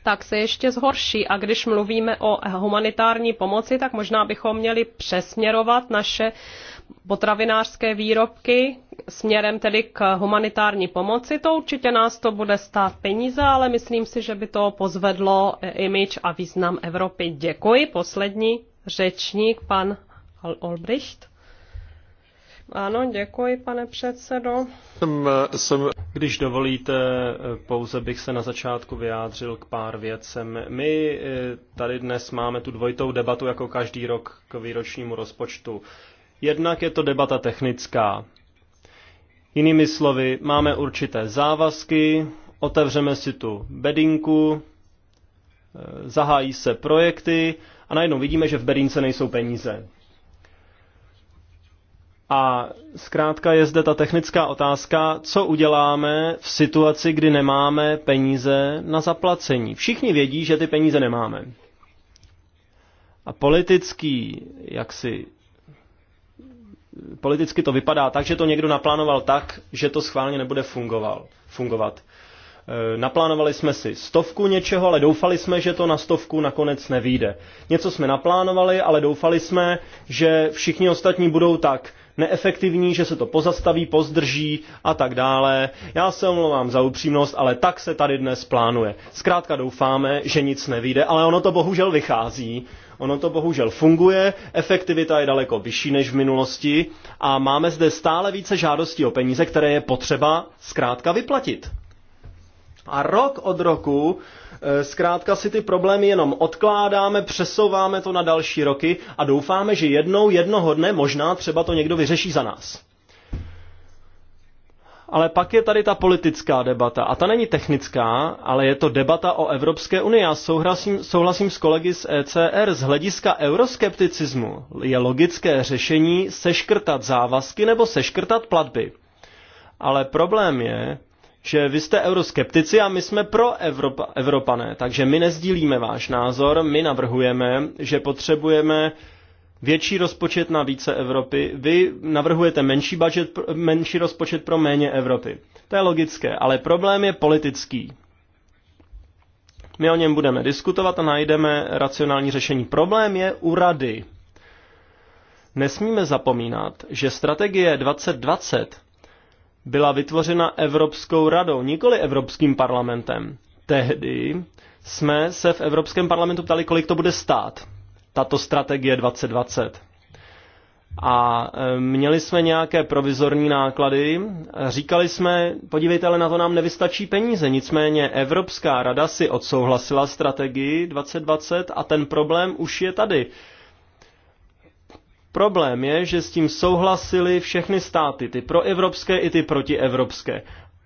tak se ještě zhorší. A když mluvíme o humanitární pomoci, tak možná bychom měli přesměrovat naše potravinářské výrobky směrem tedy k humanitární pomoci. To určitě nás to bude stát peníze, ale myslím si, že by to pozvedlo imič a význam Evropy. Děkuji. Poslední řečník, pan Olbricht. Ano, děkuji, pane předsedo. Jsem, jsem... Když dovolíte, pouze bych se na začátku vyjádřil k pár věcem. My eh, tady dnes máme tu dvojitou debatu jako každý rok k výročnímu rozpočtu. Jednak je to debata technická. Jinými slovy, máme určité závazky, otevřeme si tu bedinku, eh, zahájí se projekty a najednou vidíme, že v bedince nejsou peníze. A zkrátka je zde ta technická otázka, co uděláme v situaci, kdy nemáme peníze na zaplacení. Všichni vědí, že ty peníze nemáme. A politický jaksi politicky to vypadá tak, že to někdo naplánoval tak, že to schválně nebude fungoval, fungovat. E, naplánovali jsme si stovku něčeho, ale doufali jsme, že to na stovku nakonec nevíde. Něco jsme naplánovali, ale doufali jsme, že všichni ostatní budou tak neefektivní, že se to pozastaví, pozdrží a tak dále. Já se omlouvám za upřímnost, ale tak se tady dnes plánuje. Zkrátka doufáme, že nic nevíde, ale ono to bohužel vychází Ono to bohužel funguje, efektivita je daleko vyšší než v minulosti a máme zde stále více žádostí o peníze, které je potřeba zkrátka vyplatit. A rok od roku e, zkrátka si ty problémy jenom odkládáme, přesouváme to na další roky a doufáme, že jednou, jednoho dne možná třeba to někdo vyřeší za nás. Ale pak je tady ta politická debata. A ta není technická, ale je to debata o Evropské unii. Já souhlasím, souhlasím s kolegy z ECR. Z hlediska euroskepticismu je logické řešení seškrtat závazky nebo seškrtat platby. Ale problém je, že vy jste euroskeptici a my jsme pro Evropa, Evropané, takže my nezdílíme váš názor, my navrhujeme, že potřebujeme uh, větší rozpočet na více Evropy, vy navrhujete menší, budget, menší rozpočet pro méně Evropy. To je logické, ale problém je politický. My o něm budeme diskutovat a najdeme racionální řešení. Problém je u rady. Nesmíme zapomínat, že strategie 2020 byla vytvořena Evropskou radou, nikoli Evropským parlamentem. Tehdy jsme se v Evropském parlamentu ptali, kolik to bude stát tato strategie 2020. A e, měli jsme nějaké provizorní náklady. Říkali jsme, podívejte, ale na to nám nevystačí peníze. Nicméně Evropská rada si odsouhlasila strategii 2020 a ten problém už je tady. Problém je, že s tím souhlasili všechny státy, ty proevropské i ty protievropské.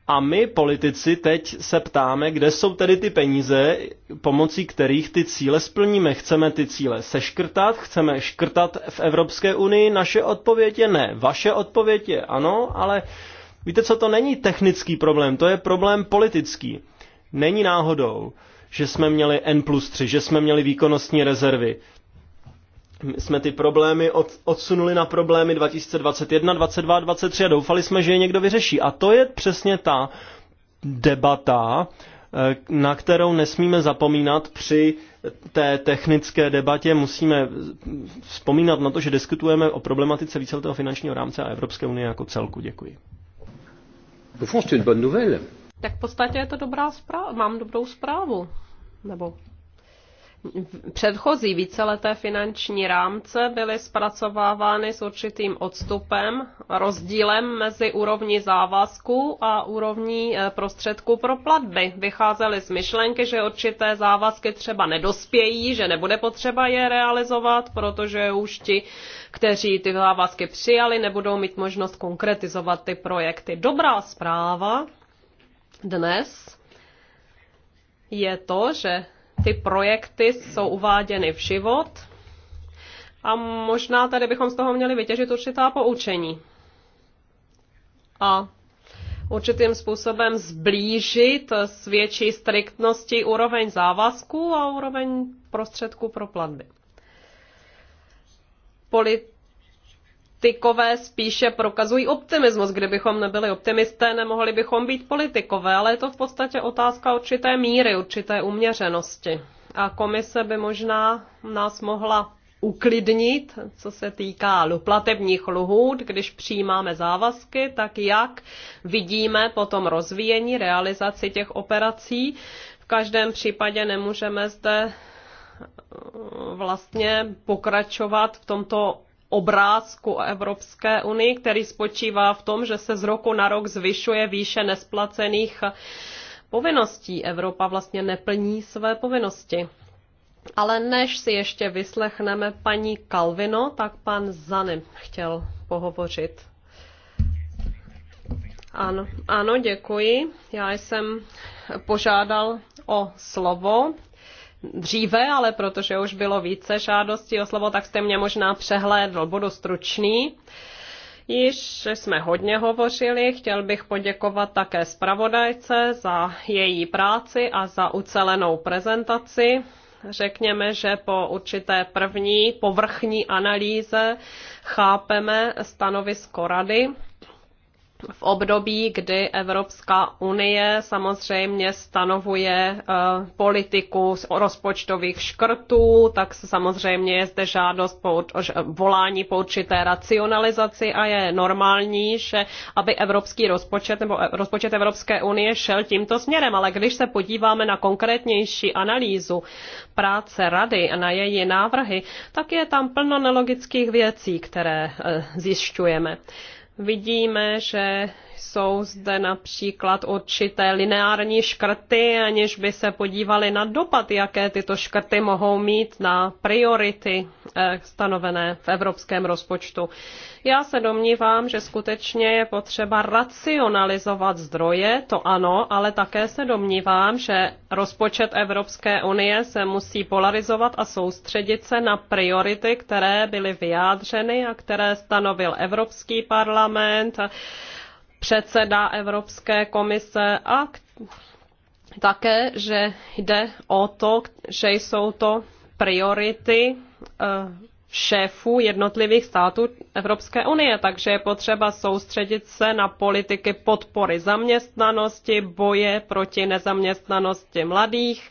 A my, politici, teď se ptáme, kde jsou tedy ty peníze, pomocí kterých ty cíle splníme. Chceme ty cíle seškrtat, chceme škrtat v Evropské unii, naše odpověď je ne. Vaše odpověď je ano, ale víte co, to není technický problém, to je problém politický. Není náhodou, že jsme měli N plus 3, že jsme měli výkonnostní rezervy. My jsme ty problémy od, odsunuli na problémy 2021, 22, 23 a doufali jsme, že je někdo vyřeší. A to je přesně ta debata, eh, na kterou nesmíme zapomínat při té technické debatě. Musíme vzpomínat na to, že diskutujeme o problematice víceletého finančního rámce a Evropské unie jako celku. Děkuji. Tak v podstatě je to dobrá zpráva. Mám dobrou zprávu. Nebo předchozí víceleté finanční rámce byly zpracovávány s určitým odstupem, rozdílem mezi úrovní závazků a úrovní eh, prostředků pro platby. Vycházely z myšlenky, že určité závazky třeba nedospějí, že nebude potřeba je realizovat, protože už ti, kteří ty závazky přijali, nebudou mít možnost konkretizovat ty projekty. Dobrá zpráva dnes je to, že ty projekty jsou uváděny v život a možná tady bychom z toho měli vytěžit určitá poučení. A určitým způsobem zblížit s větší striktností úroveň závazků a úroveň prostředků pro platby. Polit politikové spíše prokazují optimismus. Kdybychom nebyli optimisté, nemohli bychom být politikové, ale je to v podstatě otázka určité míry, určité uměřenosti. A komise by možná nás mohla uklidnit, co se týká platebních lhůt, když přijímáme závazky, tak jak vidíme potom rozvíjení, realizaci těch operací. V každém případě nemůžeme zde vlastně pokračovat v tomto obrázku o Evropské unii, který spočívá v tom, že se z roku na rok zvyšuje výše nesplacených povinností. Evropa vlastně neplní své povinnosti. Ale než si ještě vyslechneme paní Kalvino, tak pan Zany chtěl pohovořit. Ano, ano, děkuji. Já jsem požádal o slovo dříve, ale protože už bylo více žádostí o slovo, tak jste mě možná přehlédl. Budu stručný. Již jsme hodně hovořili, chtěl bych poděkovat také zpravodajce za její práci a za ucelenou prezentaci. Řekněme, že po určité první povrchní analýze chápeme stanovisko rady v období, kdy Evropská unie samozřejmě stanovuje eh, politiku rozpočtových škrtů, tak samozřejmě je zde žádost po, volání po určité racionalizaci a je normální, že aby evropský rozpočet nebo e, rozpočet Evropské unie šel tímto směrem. Ale když se podíváme na konkrétnější analýzu práce rady a na její návrhy, tak je tam plno nelogických věcí, které eh, zjišťujeme vidíme, že jsou zde například určité lineární škrty, aniž by se podívali na dopad, jaké tyto škrty mohou mít na priority eh, stanovené v evropském rozpočtu. Já se domnívám, že skutečně je potřeba racionalizovat zdroje, to ano, ale také se domnívám, že rozpočet Evropské unie se musí polarizovat a soustředit se na priority, které byly vyjádřeny a které stanovil Evropský parlament, předseda Evropské komise a také, že jde o to, že jsou to priority eh, šéfů jednotlivých států Evropské unie, takže je potřeba soustředit se na politiky podpory zaměstnanosti, boje proti nezaměstnanosti mladých,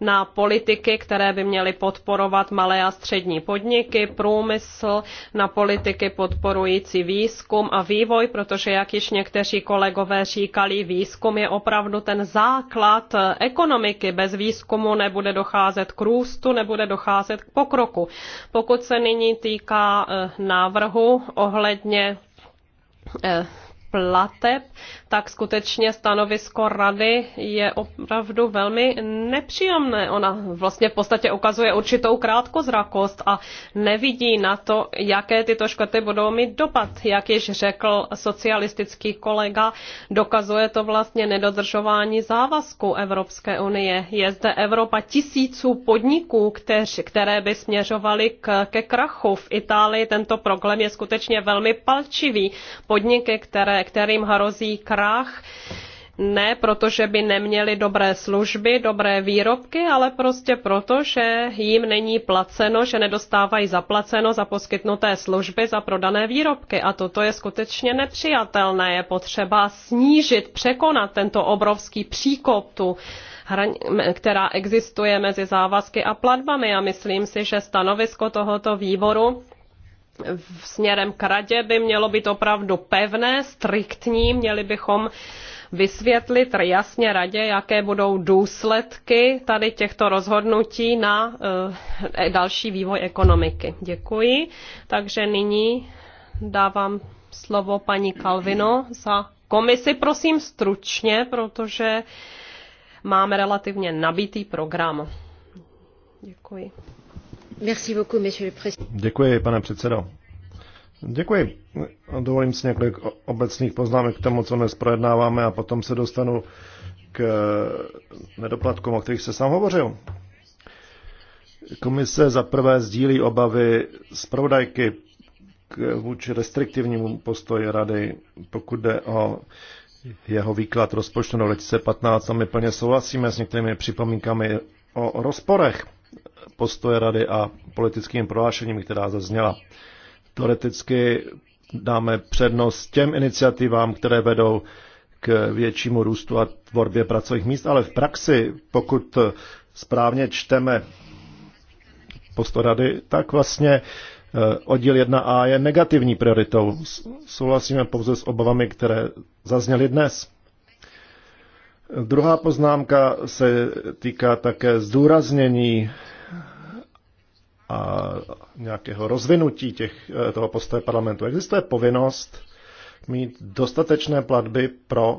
na politiky, které by měly podporovat malé a střední podniky, průmysl, na politiky podporující výzkum a vývoj, protože, jak již někteří kolegové říkali, výzkum je opravdu ten základ ekonomiky. Bez výzkumu nebude docházet k růstu, nebude docházet k pokroku. Pokud se nyní týká eh, návrhu ohledně eh, plateb, tak skutečně stanovisko rady je opravdu velmi nepříjemné. Ona vlastně v podstatě ukazuje určitou krátkozrakost a nevidí na to, jaké tyto škrty budou mít dopad. Jak již řekl socialistický kolega, dokazuje to vlastně nedodržování závazku Evropské unie. Je zde Evropa tisíců podniků, kteř, které by směřovaly k, ke krachu. V Itálii tento problém je skutečně velmi palčivý. Podniky, které kterým hrozí krach, ne protože by neměli dobré služby, dobré výrobky, ale prostě proto, že jim není placeno, že nedostávají zaplaceno za poskytnuté služby, za prodané výrobky. A toto je skutečně nepřijatelné. Je potřeba snížit, překonat tento obrovský příkop, tu která existuje mezi závazky a platbami. A myslím si, že stanovisko tohoto výboru směrem k radě by mělo být opravdu pevné, striktní, měli bychom vysvětlit jasně radě, jaké budou důsledky tady těchto rozhodnutí na eh, e, další vývoj ekonomiky. Děkuji. Takže nyní dávám slovo paní Kalvino za komisi. Prosím stručně, protože máme relativně nabitý program. Děkuji. Děkuji, pane předsedo. Děkuji. Dovolím si několik obecných poznámek k tomu, co dnes projednáváme a potom se dostanu k nedoplatkům, o kterých se sám hovořil. Komise za prvé sdílí obavy zpravodajky k vůči restriktivnímu postoji rady, pokud jde o jeho výklad rozpočtu na 2015 a my plně souhlasíme s některými připomínkami o rozporech postoje rady a politickým prohlášením, která zazněla. Teoreticky dáme přednost těm iniciativám, které vedou k většímu růstu a tvorbě pracovních míst, ale v praxi, pokud správně čteme postoj rady, tak vlastně eh, oddíl 1a je negativní prioritou. Souhlasíme pouze s obavami, které zazněly dnes. Druhá poznámka se týká také zdůraznění a nějakého rozvinutí těch, eh, toho postoje parlamentu. Existuje povinnost mít dostatečné platby pro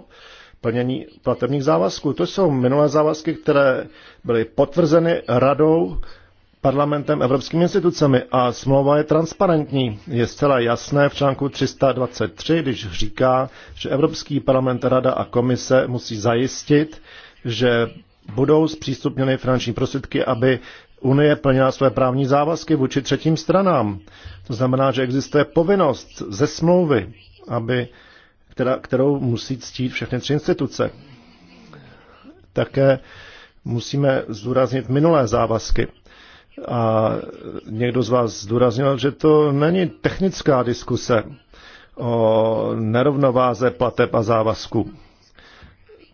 plnění platebních závazků. To jsou minulé závazky, které byly potvrzeny radou, parlamentem, evropskými institucemi a smlouva je transparentní. Je zcela jasné v článku 323, když říká, že Evropský parlament, rada a komise musí zajistit, že budou zpřístupněny finanční prostředky, aby Unie plnila své právní závazky vůči třetím stranám. To znamená, že existuje povinnost ze smlouvy, aby, která, kterou musí ctít všechny tři instituce. Také musíme zdůraznit minulé závazky. A někdo z vás zdůraznil, že to není technická diskuse o nerovnováze plateb a závazků.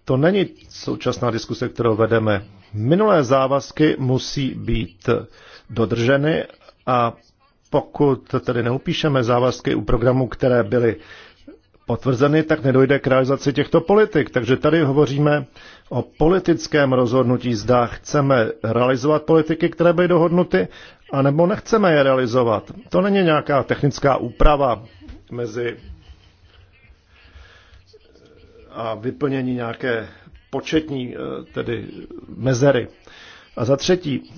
To není současná diskuse, kterou vedeme minulé závazky musí být dodrženy a pokud tedy neupíšeme závazky u programů, které byly potvrzeny, tak nedojde k realizaci těchto politik. Takže tady hovoříme o politickém rozhodnutí, zda chceme realizovat politiky, které byly dohodnuty, anebo nechceme je realizovat. To není nějaká technická úprava mezi a vyplnění nějaké početní eh, tedy mezery. A za třetí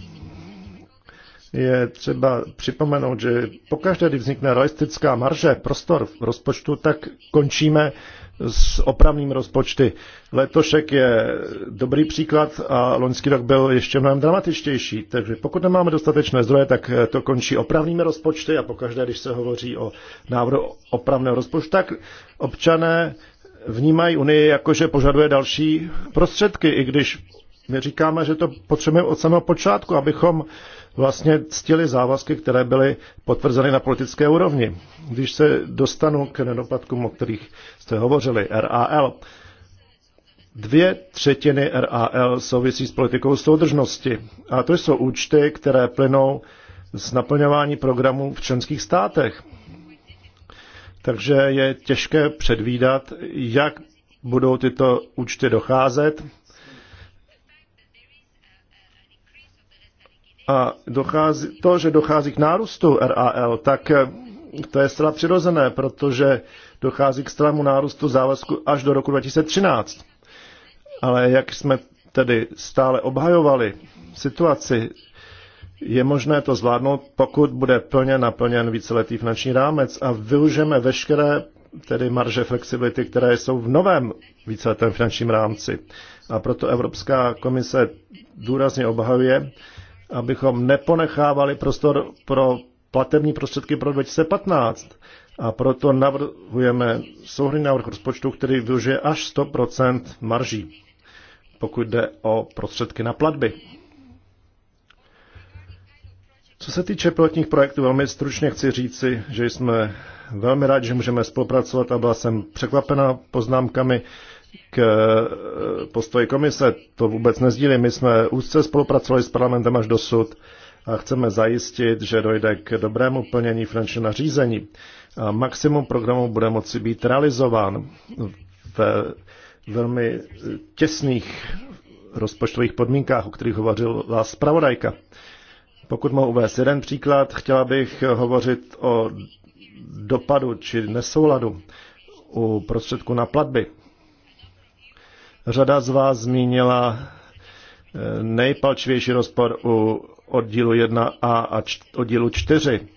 je třeba připomenout, že pokaždé, kdy vznikne realistická marže, prostor v rozpočtu, tak končíme s opravným rozpočty. Letošek je dobrý příklad a loňský rok byl ještě mnohem dramatičtější. Takže pokud nemáme dostatečné zdroje, tak eh, to končí opravnými rozpočty a pokaždé, když se hovoří o návrhu opravného rozpočtu, tak občané vnímají Unii jako, že požaduje další prostředky, i když my říkáme, že to potřebujeme od samého počátku, abychom vlastně ctili závazky, které byly potvrzeny na politické úrovni. Když se dostanu k nedopadkům, o kterých jste hovořili, RAL, Dvě třetiny RAL souvisí s politikou soudržnosti. A to jsou účty, které plynou z naplňování programů v členských státech takže je těžké předvídat, jak budou tyto účty docházet. A dochází, to, že dochází k nárůstu RAL, tak eh, to je zcela přirozené, protože dochází k stramu nárůstu závazku až do roku 2013. Ale jak jsme tedy stále obhajovali situaci, je možné to zvládnout, pokud bude plně naplněn víceletý finanční rámec a využijeme veškeré tedy marže flexibility, které jsou v novém víceletém finančním rámci. A proto Evropská komise důrazně obhajuje, abychom neponechávali prostor pro platební prostředky pro 2015. A proto navrhujeme souhrný návrh rozpočtu, který využije až 100% marží, pokud jde o prostředky na platby. Co se týče pilotních projektů, velmi stručně chci říci, že jsme velmi rádi, že můžeme spolupracovat a byla jsem překvapena poznámkami k eh, postoji komise. To vůbec nezdílí. My jsme úzce spolupracovali s parlamentem až dosud a chceme zajistit, že dojde k dobrému plnění finančního nařízení. A maximum programu bude moci být realizován ve velmi těsných rozpočtových podmínkách, o kterých hovořila zpravodajka. Pokud mohu uvést jeden příklad, chtěla bych hovořit o dopadu či nesouladu u prostředku na platby. Řada z vás zmínila eh, nejpalčivější rozpor u oddílu 1a a oddílu 4,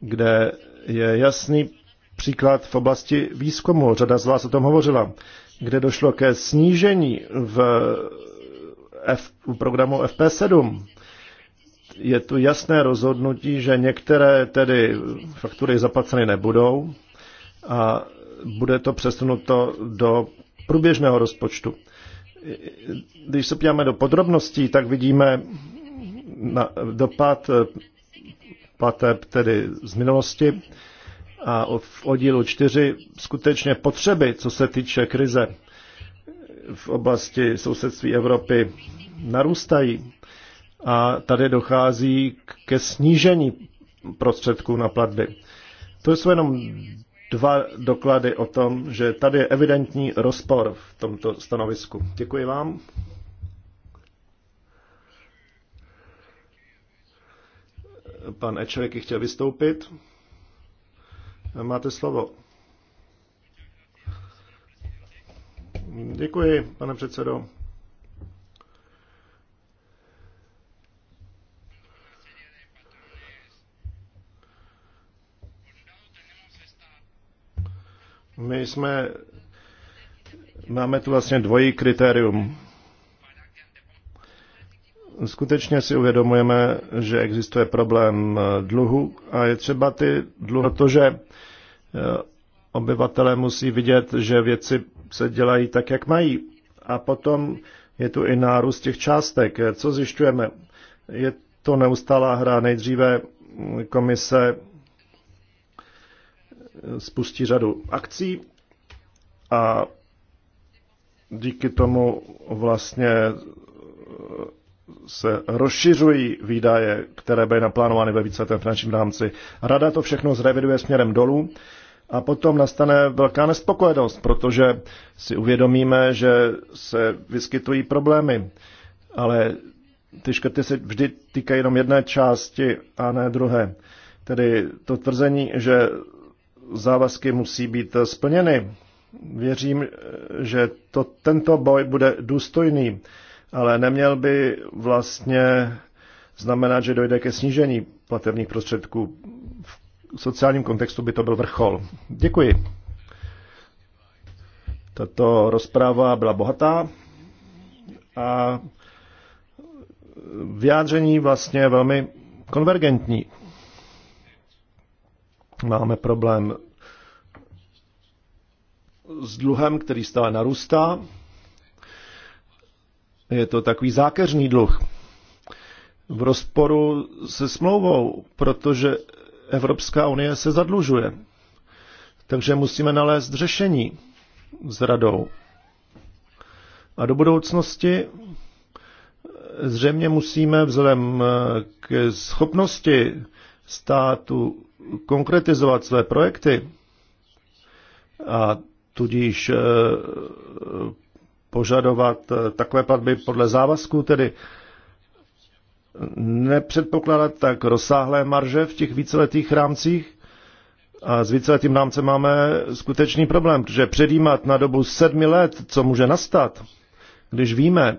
kde je jasný příklad v oblasti výzkumu, řada z vás o tom hovořila, kde došlo ke snížení v F, u programu FP7 je tu jasné rozhodnutí, že některé tedy faktury zaplaceny nebudou a bude to přesunuto do průběžného rozpočtu. Když se podíváme do podrobností, tak vidíme na dopad eh, plateb tedy z minulosti a v oddílu 4 skutečně potřeby, co se týče krize v oblasti sousedství Evropy, narůstají a tady dochází ke snížení prostředků na platby. To jsou jenom dva doklady o tom, že tady je evidentní rozpor v tomto stanovisku. Děkuji vám. Pan Ečereky chtěl vystoupit. Máte slovo. Děkuji, pane předsedo. my jsme, máme tu vlastně dvojí kritérium. Skutečně si uvědomujeme, že existuje problém dluhu a je třeba ty dluhy, protože eh, obyvatelé musí vidět, že věci se dělají tak, jak mají. A potom je tu i nárůst těch částek. Co zjišťujeme? Je to neustálá hra. Nejdříve komise spustí řadu akcí a díky tomu vlastně eh, se rozšiřují výdaje, které byly naplánovány ve víceletém finančním rámci. Rada to všechno zreviduje směrem dolů a potom nastane velká nespokojenost, protože si uvědomíme, že se vyskytují problémy, ale ty škrty se vždy týkají jenom jedné části a ne druhé. Tedy to tvrzení, že závazky musí být splněny. Věřím, že to, tento boj bude důstojný, ale neměl by vlastně znamenat, že dojde ke snížení platebních prostředků. V sociálním kontextu by to byl vrchol. Děkuji. Tato rozpráva byla bohatá a vyjádření vlastně velmi konvergentní. Máme problém s dluhem, který stále narůstá. Je to takový zákeřný dluh v rozporu se smlouvou, protože Evropská unie se zadlužuje. Takže musíme nalézt řešení s radou. A do budoucnosti zřejmě musíme vzhledem k schopnosti státu konkretizovat své projekty a tudíž eh, požadovat eh, takové platby podle závazků, tedy nepředpokládat tak rozsáhlé marže v těch víceletých rámcích. A s víceletým rámcem máme skutečný problém, protože předjímat na dobu sedmi let, co může nastat, když víme,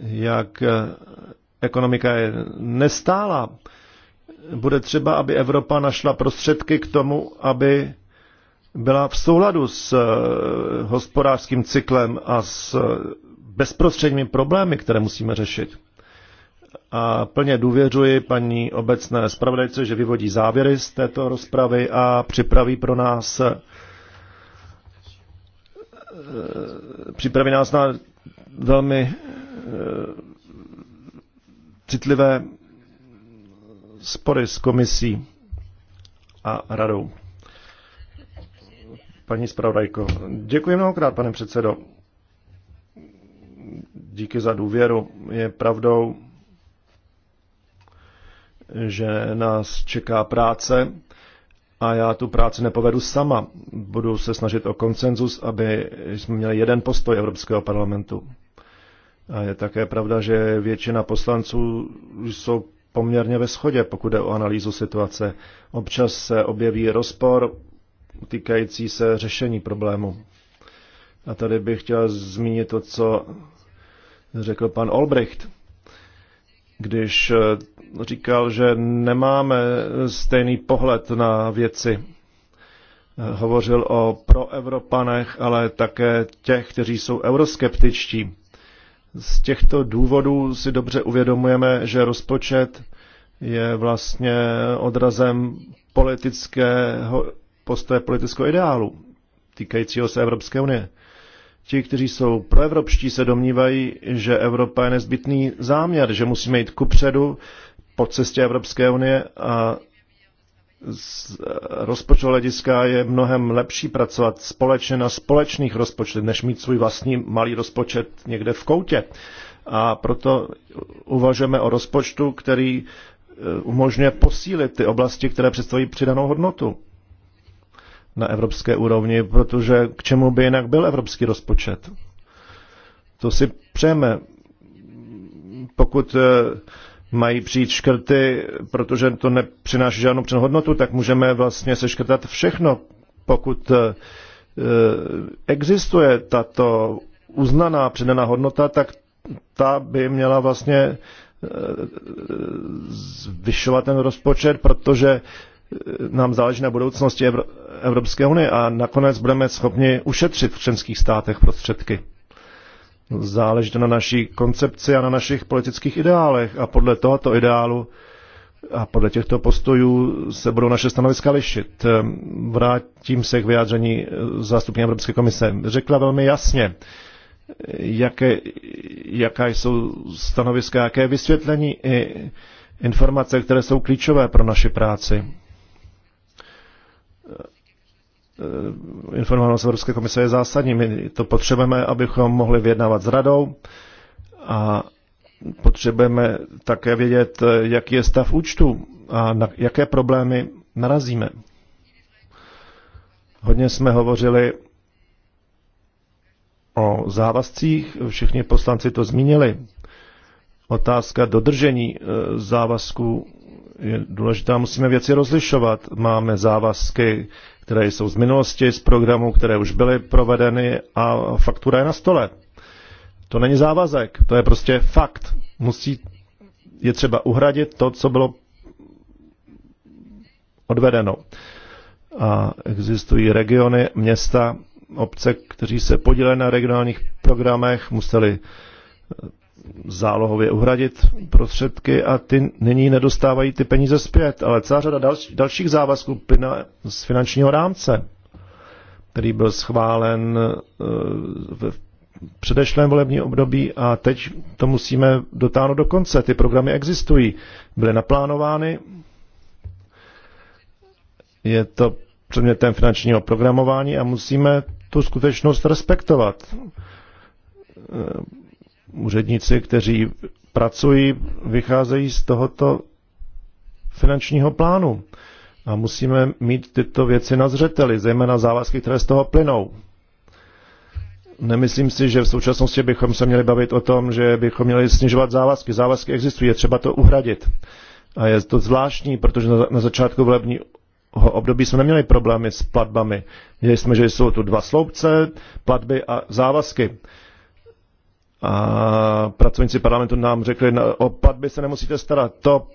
jak eh, ekonomika je nestála bude třeba, aby Evropa našla prostředky k tomu, aby byla v souladu s eh, hospodářským cyklem a s eh, bezprostředními problémy, které musíme řešit. A plně důvěřuji paní obecné zpravodajce, že vyvodí závěry z této rozpravy a připraví pro nás eh, připraví nás na velmi citlivé spory s komisí a radou. Paní zpravodajko, děkuji mnohokrát, pane předsedo. Díky za důvěru. Je pravdou, že nás čeká práce a já tu práci nepovedu sama. Budu se snažit o konsenzus, aby jsme měli jeden postoj Evropského parlamentu. A je také pravda, že většina poslanců jsou poměrně ve shodě, pokud jde o analýzu situace. Občas se objeví rozpor týkající se řešení problému. A tady bych chtěl zmínit to, co řekl pan Olbricht, když eh, říkal, že nemáme stejný pohled na věci. Eh, hovořil o proevropanech, ale také těch, kteří jsou euroskeptičtí. Z těchto důvodů si dobře uvědomujeme, že rozpočet je vlastně odrazem politického postoje politického ideálu týkajícího se Evropské unie. Ti, kteří jsou proevropští, se domnívají, že Evropa je nezbytný záměr, že musíme jít kupředu po cestě Evropské unie a z eh, rozpočtového hlediska je mnohem lepší pracovat společně na společných rozpočtech, než mít svůj vlastní malý rozpočet někde v koutě. A proto uvažujeme o rozpočtu, který eh, umožňuje posílit ty oblasti, které představují přidanou hodnotu na evropské úrovni, protože k čemu by jinak byl evropský rozpočet? To si přejeme. Pokud eh, mají přijít škrty, protože to nepřináší žádnou přenhodnotu, tak můžeme vlastně seškrtat všechno, pokud eh, eh, existuje tato uznaná přidaná hodnota, tak ta by měla vlastně eh, zvyšovat ten rozpočet, protože nám záleží na budoucnosti Evropské unie a nakonec budeme schopni ušetřit v členských státech prostředky. Záleží to na naší koncepci a na našich politických ideálech a podle tohoto ideálu a podle těchto postojů se budou naše stanoviska lišit. Vrátím se k vyjádření zástupně Evropské komise. Řekla velmi jasně, jaké, jaká jsou stanoviska, jaké vysvětlení i informace, které jsou klíčové pro naši práci. Eh, informovanost Evropské komise je zásadní. My to potřebujeme, abychom mohli vyjednávat s radou a potřebujeme také vědět, eh, jaký je stav účtu a na jaké problémy narazíme. Hodně jsme hovořili o závazcích, všichni poslanci to zmínili. Otázka dodržení eh, závazků je důležitá. Musíme věci rozlišovat. Máme závazky, které jsou z minulosti, z programů, které už byly provedeny a faktura je na stole. To není závazek, to je prostě fakt. Musí, je třeba uhradit to, co bylo odvedeno. A existují regiony, města, obce, kteří se podílejí na regionálních programech, museli zálohově uhradit prostředky a ty nyní nedostávají ty peníze zpět, ale celá řada další, dalších závazků plyne z finančního rámce, který byl schválen eh, v předešlém volebním období a teď to musíme dotáhnout do konce. Ty programy existují, byly naplánovány, je to předmětem finančního programování a musíme tu skutečnost respektovat eh, úředníci, kteří pracují, vycházejí z tohoto finančního plánu. A musíme mít tyto věci na zřeteli, zejména závazky, které z toho plynou. Nemyslím si, že v současnosti bychom se měli bavit o tom, že bychom měli snižovat závazky. Závazky existují, je třeba to uhradit. A je to zvláštní, protože na začátku volebního období jsme neměli problémy s platbami. Měli jsme, že jsou tu dva sloupce, platby a závazky. A pracovníci parlamentu nám řekli, no, o platby se nemusíte starat. To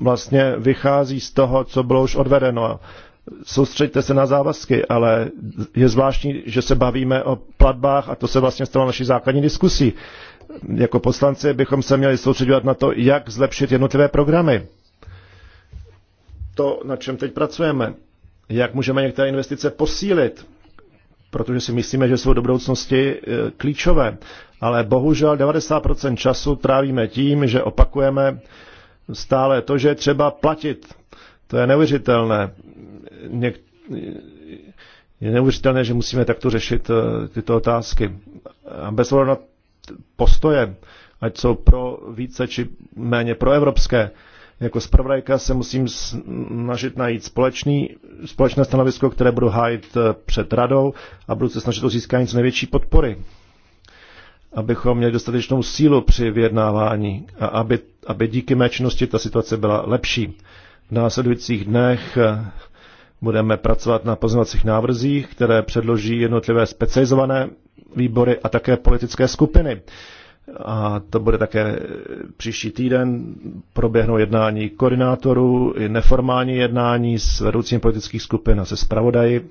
vlastně vychází z toho, co bylo už odvedeno. Soustřeďte se na závazky, ale je zvláštní, že se bavíme o platbách a to se vlastně stalo naší základní diskusí. Jako poslanci bychom se měli soustředovat na to, jak zlepšit jednotlivé programy. To, na čem teď pracujeme. Jak můžeme některé investice posílit, protože si myslíme, že jsou do budoucnosti e, klíčové. Ale bohužel 90% času trávíme tím, že opakujeme stále to, že je třeba platit. To je neuvěřitelné. Něk... Je neuvěřitelné, že musíme takto řešit e, tyto otázky. A bez na postoje, ať jsou pro více či méně proevropské, evropské jako zpravodajka se musím snažit najít společný, společné stanovisko, které budu hájit eh, před radou a budu se snažit o získání co největší podpory, abychom měli dostatečnou sílu při vyjednávání a aby, aby díky mé činnosti ta situace byla lepší. V následujících dnech eh, budeme pracovat na pozměňovacích návrzích, které předloží jednotlivé specializované výbory a také politické skupiny a to bude také příští týden. Proběhnou jednání koordinátorů i neformální jednání s vedoucím politických skupin a se zpravodaji.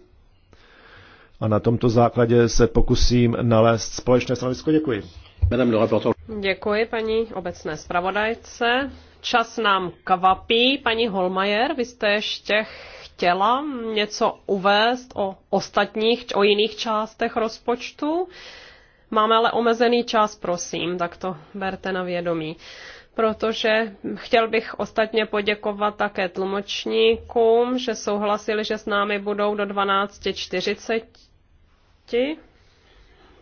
A na tomto základě se pokusím nalézt společné stanovisko. Děkuji. Děkuji paní obecné zpravodajce. Čas nám kvapí. Paní Holmajer, vy jste ještě chtěla něco uvést o ostatních, o jiných částech rozpočtu. Máme ale omezený čas, prosím, tak to berte na vědomí protože chtěl bych ostatně poděkovat také tlumočníkům, že souhlasili, že s námi budou do 12.40,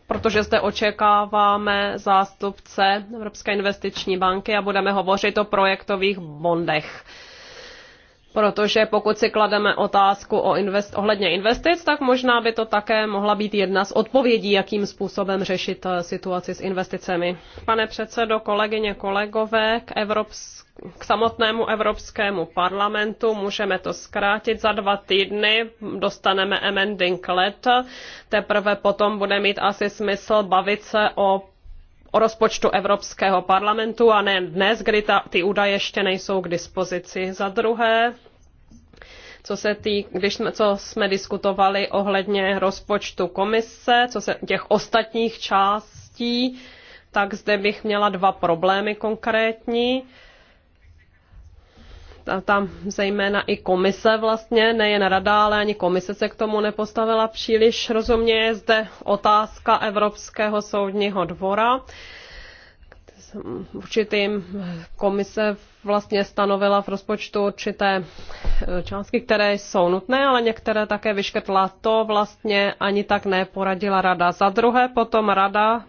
protože zde očekáváme zástupce Evropské investiční banky a budeme hovořit o projektových bondech. Protože pokud si klademe otázku o invest, ohledně investic, tak možná by to také mohla být jedna z odpovědí, jakým způsobem řešit eh, situaci s investicemi. Pane předsedo, kolegyně, kolegové, k, evropsk- k samotnému Evropskému parlamentu můžeme to zkrátit za dva týdny, dostaneme amending let, teprve potom bude mít asi smysl bavit se o o rozpočtu Evropského parlamentu a nejen dnes, kdy ta, ty údaje ještě nejsou k dispozici. Za druhé, co se tý, když jsme, co jsme diskutovali ohledně rozpočtu komise, co se těch ostatních částí, tak zde bych měla dva problémy konkrétní. Uh, ta zejména i komise vlastně, nejen rada, ale ani komise se k tomu nepostavila příliš. rozumně. je zde otázka Evropského soudního dvora. Určitým komise vlastně stanovila v rozpočtu určité e, částky, které jsou nutné, ale některé také vyškrtla. To vlastně ani tak neporadila rada. Za druhé potom rada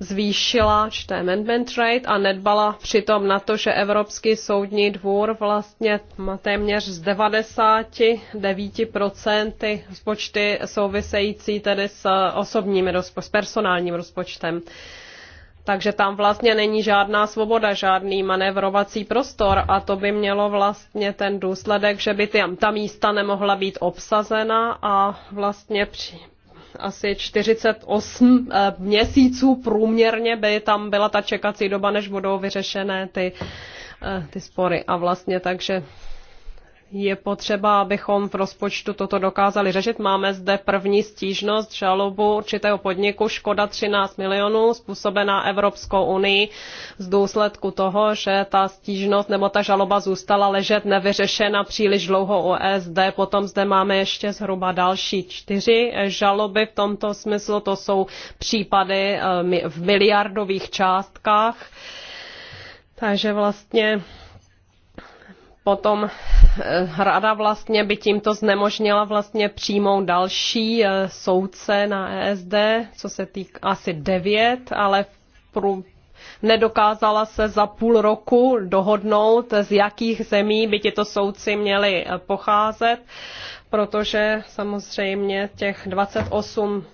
zvýšila amendment rate a nedbala přitom na to, že Evropský soudní dvůr vlastně téměř z 99% rozpočty související tedy s osobním rozpo- s personálním rozpočtem. Takže tam vlastně není žádná svoboda, žádný manevrovací prostor a to by mělo vlastně ten důsledek, že by ty, ta místa nemohla být obsazena a vlastně při, asi 48 eh, měsíců průměrně by tam byla ta čekací doba, než budou vyřešené ty, eh, ty spory. A vlastně takže je potřeba, abychom v rozpočtu toto dokázali řešit. Máme zde první stížnost žalobu určitého podniku Škoda 13 milionů způsobená Evropskou unii z důsledku toho, že ta stížnost nebo ta žaloba zůstala ležet nevyřešena příliš dlouho u ESD. Potom zde máme ještě zhruba další čtyři žaloby v tomto smyslu. To jsou případy eh, v miliardových částkách. Takže vlastně potom Eh, rada vlastně by tímto znemožnila vlastně přijmout další eh, soudce na ESD, co se týká asi devět, ale v nedokázala se za půl roku dohodnout, z jakých zemí by tito soudci měli eh, pocházet, protože samozřejmě těch 28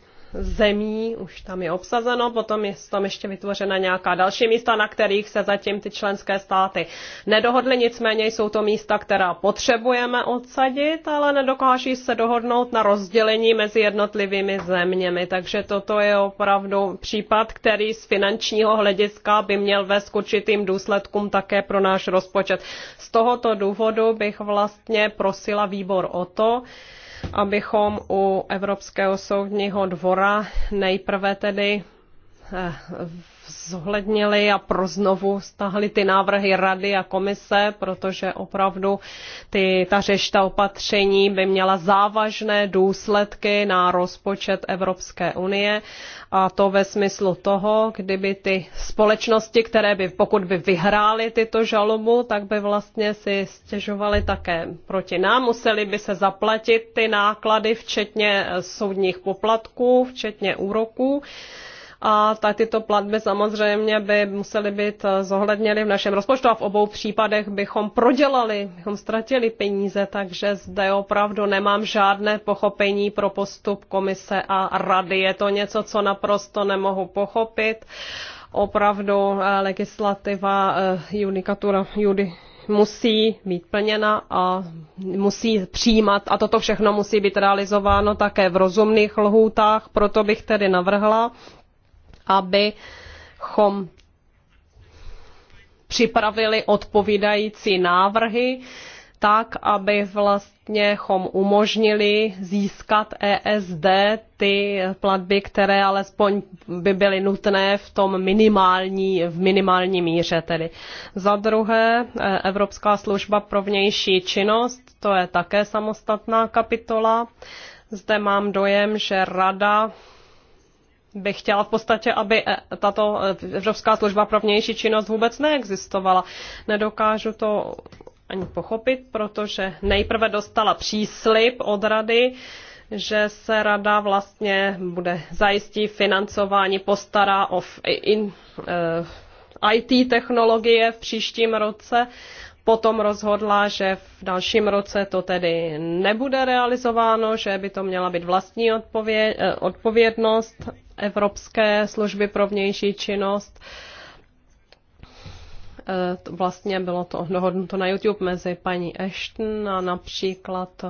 zemí už tam je obsazeno, potom je tam ještě vytvořena nějaká další místa, na kterých se zatím ty členské státy nedohodly, nicméně jsou to místa, která potřebujeme odsadit, ale nedokáží se dohodnout na rozdělení mezi jednotlivými zeměmi, takže toto je opravdu případ, který z finančního hlediska by měl vést k určitým důsledkům také pro náš rozpočet. Z tohoto důvodu bych vlastně prosila výbor o to, abychom u Evropského soudního dvora nejprve tedy eh, zohlednili a pro znovu stáhli ty návrhy rady a komise, protože opravdu ty, ta řešta opatření by měla závažné důsledky na rozpočet Evropské unie a to ve smyslu toho, kdyby ty společnosti, které by, pokud by vyhrály tyto žalobu, tak by vlastně si stěžovaly také proti nám, museli by se zaplatit ty náklady, včetně soudních poplatků, včetně úroků a ta, tyto platby samozřejmě by musely být eh, zohledněny v našem rozpočtu a v obou případech bychom prodělali, bychom ztratili peníze, takže zde opravdu nemám žádné pochopení pro postup komise a rady. Je to něco, co naprosto nemohu pochopit. Opravdu eh, legislativa, eh, judikatura, judy, musí být plněna a musí přijímat a toto všechno musí být realizováno také v rozumných lhůtách, proto bych tedy navrhla, abychom připravili odpovídající návrhy, tak, aby vlastně chom umožnili získat ESD ty platby, které alespoň by byly nutné v tom minimální, v minimální míře tedy. Za druhé, e, Evropská služba pro vnější činnost, to je také samostatná kapitola. Zde mám dojem, že rada by chtěla v podstatě, aby eh, tato eh, Evropská služba pro vnější činnost vůbec neexistovala. Nedokážu to ani pochopit, protože nejprve dostala příslip od rady, že se rada vlastně bude zajistit financování, postará o IT eh, technologie v příštím roce. Potom rozhodla, že v dalším roce to tedy nebude realizováno, že by to měla být vlastní odpovědnost Evropské služby pro vnější činnost. E, vlastně bylo to dohodnuto na YouTube mezi paní Ashton a například,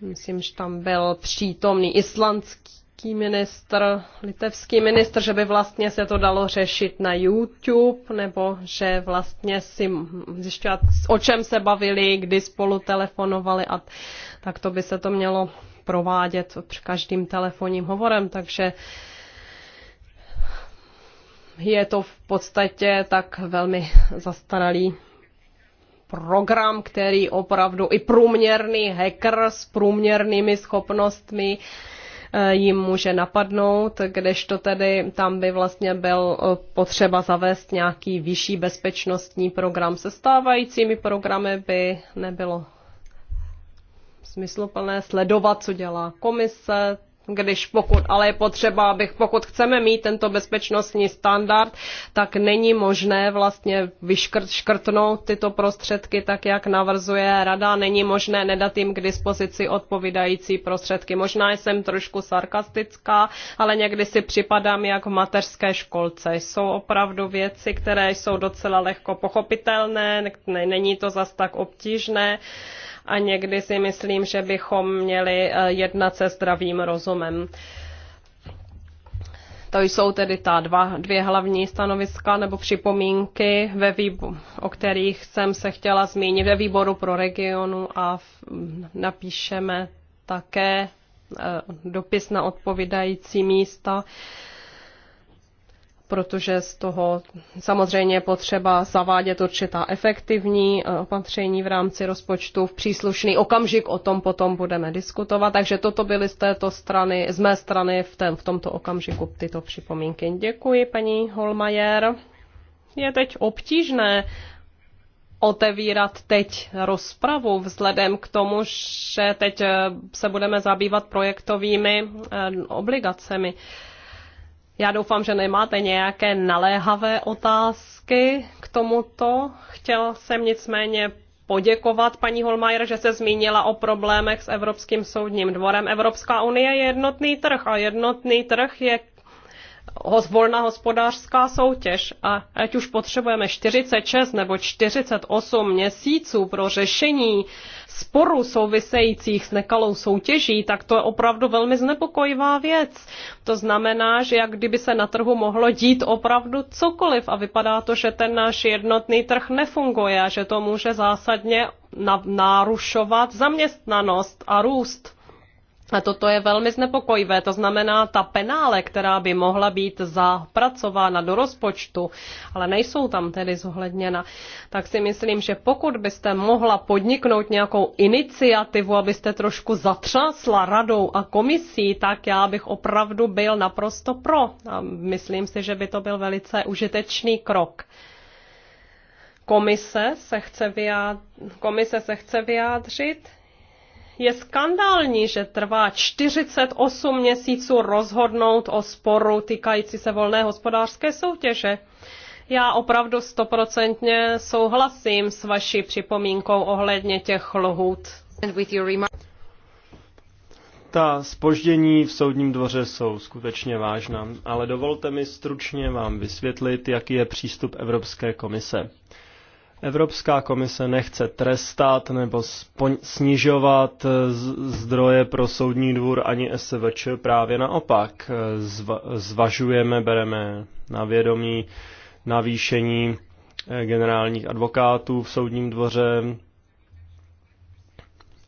myslím, že tam byl přítomný islandský ministr, litevský ministr, že by vlastně se to dalo řešit na YouTube, nebo že vlastně si zjišťovat, o čem se bavili, kdy spolu telefonovali a tak to by se to mělo provádět při každým telefonním hovorem, takže je to v podstatě tak velmi zastaralý program, který opravdu i průměrný hacker s průměrnými schopnostmi eh, jim může napadnout, kdežto tedy tam by vlastně byl eh, potřeba zavést nějaký vyšší bezpečnostní program. Se stávajícími programy by nebylo smysluplné sledovat, co dělá komise, když pokud, ale je potřeba, abych, pokud chceme mít tento bezpečnostní standard, tak není možné vlastně vyškrtnout tyto prostředky tak, jak navrzuje rada, není možné nedat jim k dispozici odpovídající prostředky. Možná jsem trošku sarkastická, ale někdy si připadám jak v mateřské školce. Jsou opravdu věci, které jsou docela lehko pochopitelné, není to zas tak obtížné a někdy si myslím, že bychom měli eh, jednat se zdravým rozumem. To jsou tedy ta dva, dvě hlavní stanoviska nebo připomínky, ve výboru, o kterých jsem se chtěla zmínit ve výboru pro regionu a v, napíšeme také eh, dopis na odpovídající místa protože z toho samozřejmě je potřeba zavádět určitá efektivní eh, opatření v rámci rozpočtu. V příslušný okamžik o tom potom budeme diskutovat. Takže toto byly z této strany, z mé strany v, ten, v tomto okamžiku tyto připomínky. Děkuji, paní Holmajer. Je teď obtížné otevírat teď rozpravu vzhledem k tomu, že teď eh, se budeme zabývat projektovými eh, obligacemi. Já doufám, že nemáte nějaké naléhavé otázky k tomuto. Chtěl jsem nicméně poděkovat paní Holmajer, že se zmínila o problémech s Evropským soudním dvorem. Evropská unie je jednotný trh a jednotný trh je volná hospodářská soutěž. A ať už potřebujeme 46 nebo 48 měsíců pro řešení sporů souvisejících s nekalou soutěží, tak to je opravdu velmi znepokojivá věc. To znamená, že jak kdyby se na trhu mohlo dít opravdu cokoliv a vypadá to, že ten náš jednotný trh nefunguje a že to může zásadně narušovat zaměstnanost a růst. A toto je velmi znepokojivé. To znamená, ta penále, která by mohla být zapracována do rozpočtu, ale nejsou tam tedy zohledněna, tak si myslím, že pokud byste mohla podniknout nějakou iniciativu, abyste trošku zatřásla radou a komisí, tak já bych opravdu byl naprosto pro. A myslím si, že by to byl velice užitečný krok komise se chce, vyjádřit, komise se chce vyjádřit. Je skandální, že trvá 48 měsíců rozhodnout o sporu týkající se volné hospodářské soutěže. Já opravdu stoprocentně souhlasím s vaší připomínkou ohledně těch lhůt. Ta spoždění v soudním dvoře jsou skutečně vážná, ale dovolte mi stručně vám vysvětlit, jaký je přístup Evropské komise. Evropská komise nechce trestat nebo snižovat eh, zdroje pro soudní dvůr ani SVČ, právě naopak. Eh, zva zvažujeme, bereme na vědomí navýšení eh, generálních advokátů v soudním dvoře,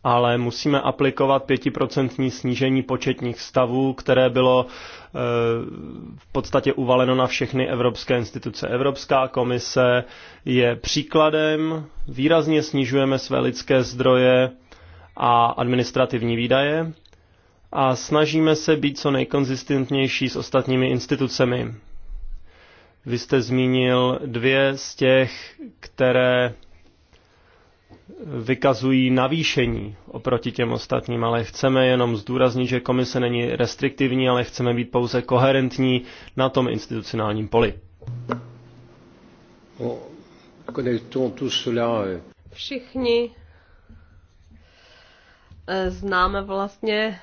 ale musíme aplikovat pětiprocentní snížení početních stavů, které bylo e, v podstatě uvaleno na všechny evropské instituce. Evropská komise je příkladem, výrazně snižujeme své lidské zdroje a administrativní výdaje a snažíme se být co nejkonzistentnější s ostatními institucemi. Vy jste zmínil dvě z těch, které vykazují navýšení oproti těm ostatním, ale chceme jenom zdůraznit, že komise není restriktivní, ale chceme být pouze koherentní na tom institucionálním poli. Euh? Všichni eh, známe vlastně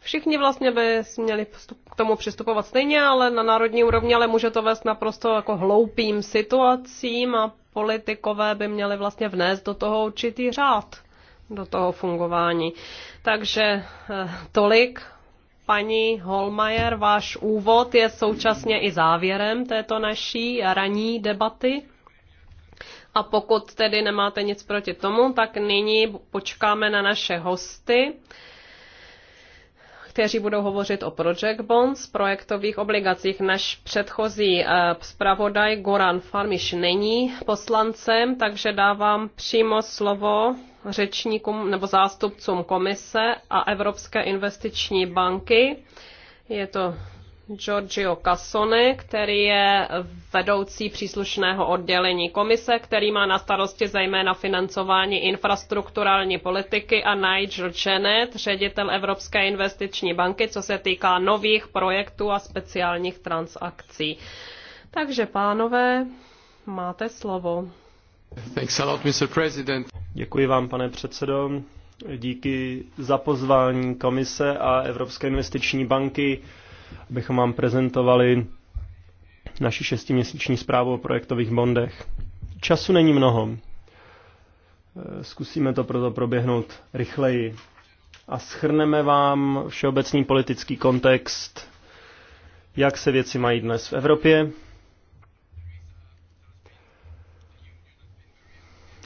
všichni vlastně by měli k tomu přistupovat stejně, ale na národní úrovni, ale může to vést naprosto jako hloupým situacím a politikové by měli vlastně vnést do toho určitý řád, do toho fungování. Takže eh, tolik, paní Holmajer, váš úvod je současně i závěrem této naší ranní debaty. A pokud tedy nemáte nic proti tomu, tak nyní počkáme na naše hosty kteří budou hovořit o project bonds, projektových obligacích. Naš předchozí eh, zpravodaj Goran Farmiš není poslancem, takže dávám přímo slovo řečníkům nebo zástupcům komise a Evropské investiční banky. Je to Giorgio Cassone, který je vedoucí příslušného oddělení komise, který má na starosti zejména financování infrastrukturální politiky a Nigel Chenet, ředitel Evropské investiční banky, co se týká nových projektů a speciálních transakcí. Takže pánové, máte slovo. Thanks a lot, Mr. President. Děkuji vám, pane předsedo. Díky za pozvání komise a Evropské investiční banky abychom vám prezentovali naši šestiměsíční zprávu o projektových bondech. Času není mnoho. E, zkusíme to proto proběhnout rychleji. A schrneme vám všeobecný politický kontext, jak se věci mají dnes v Evropě.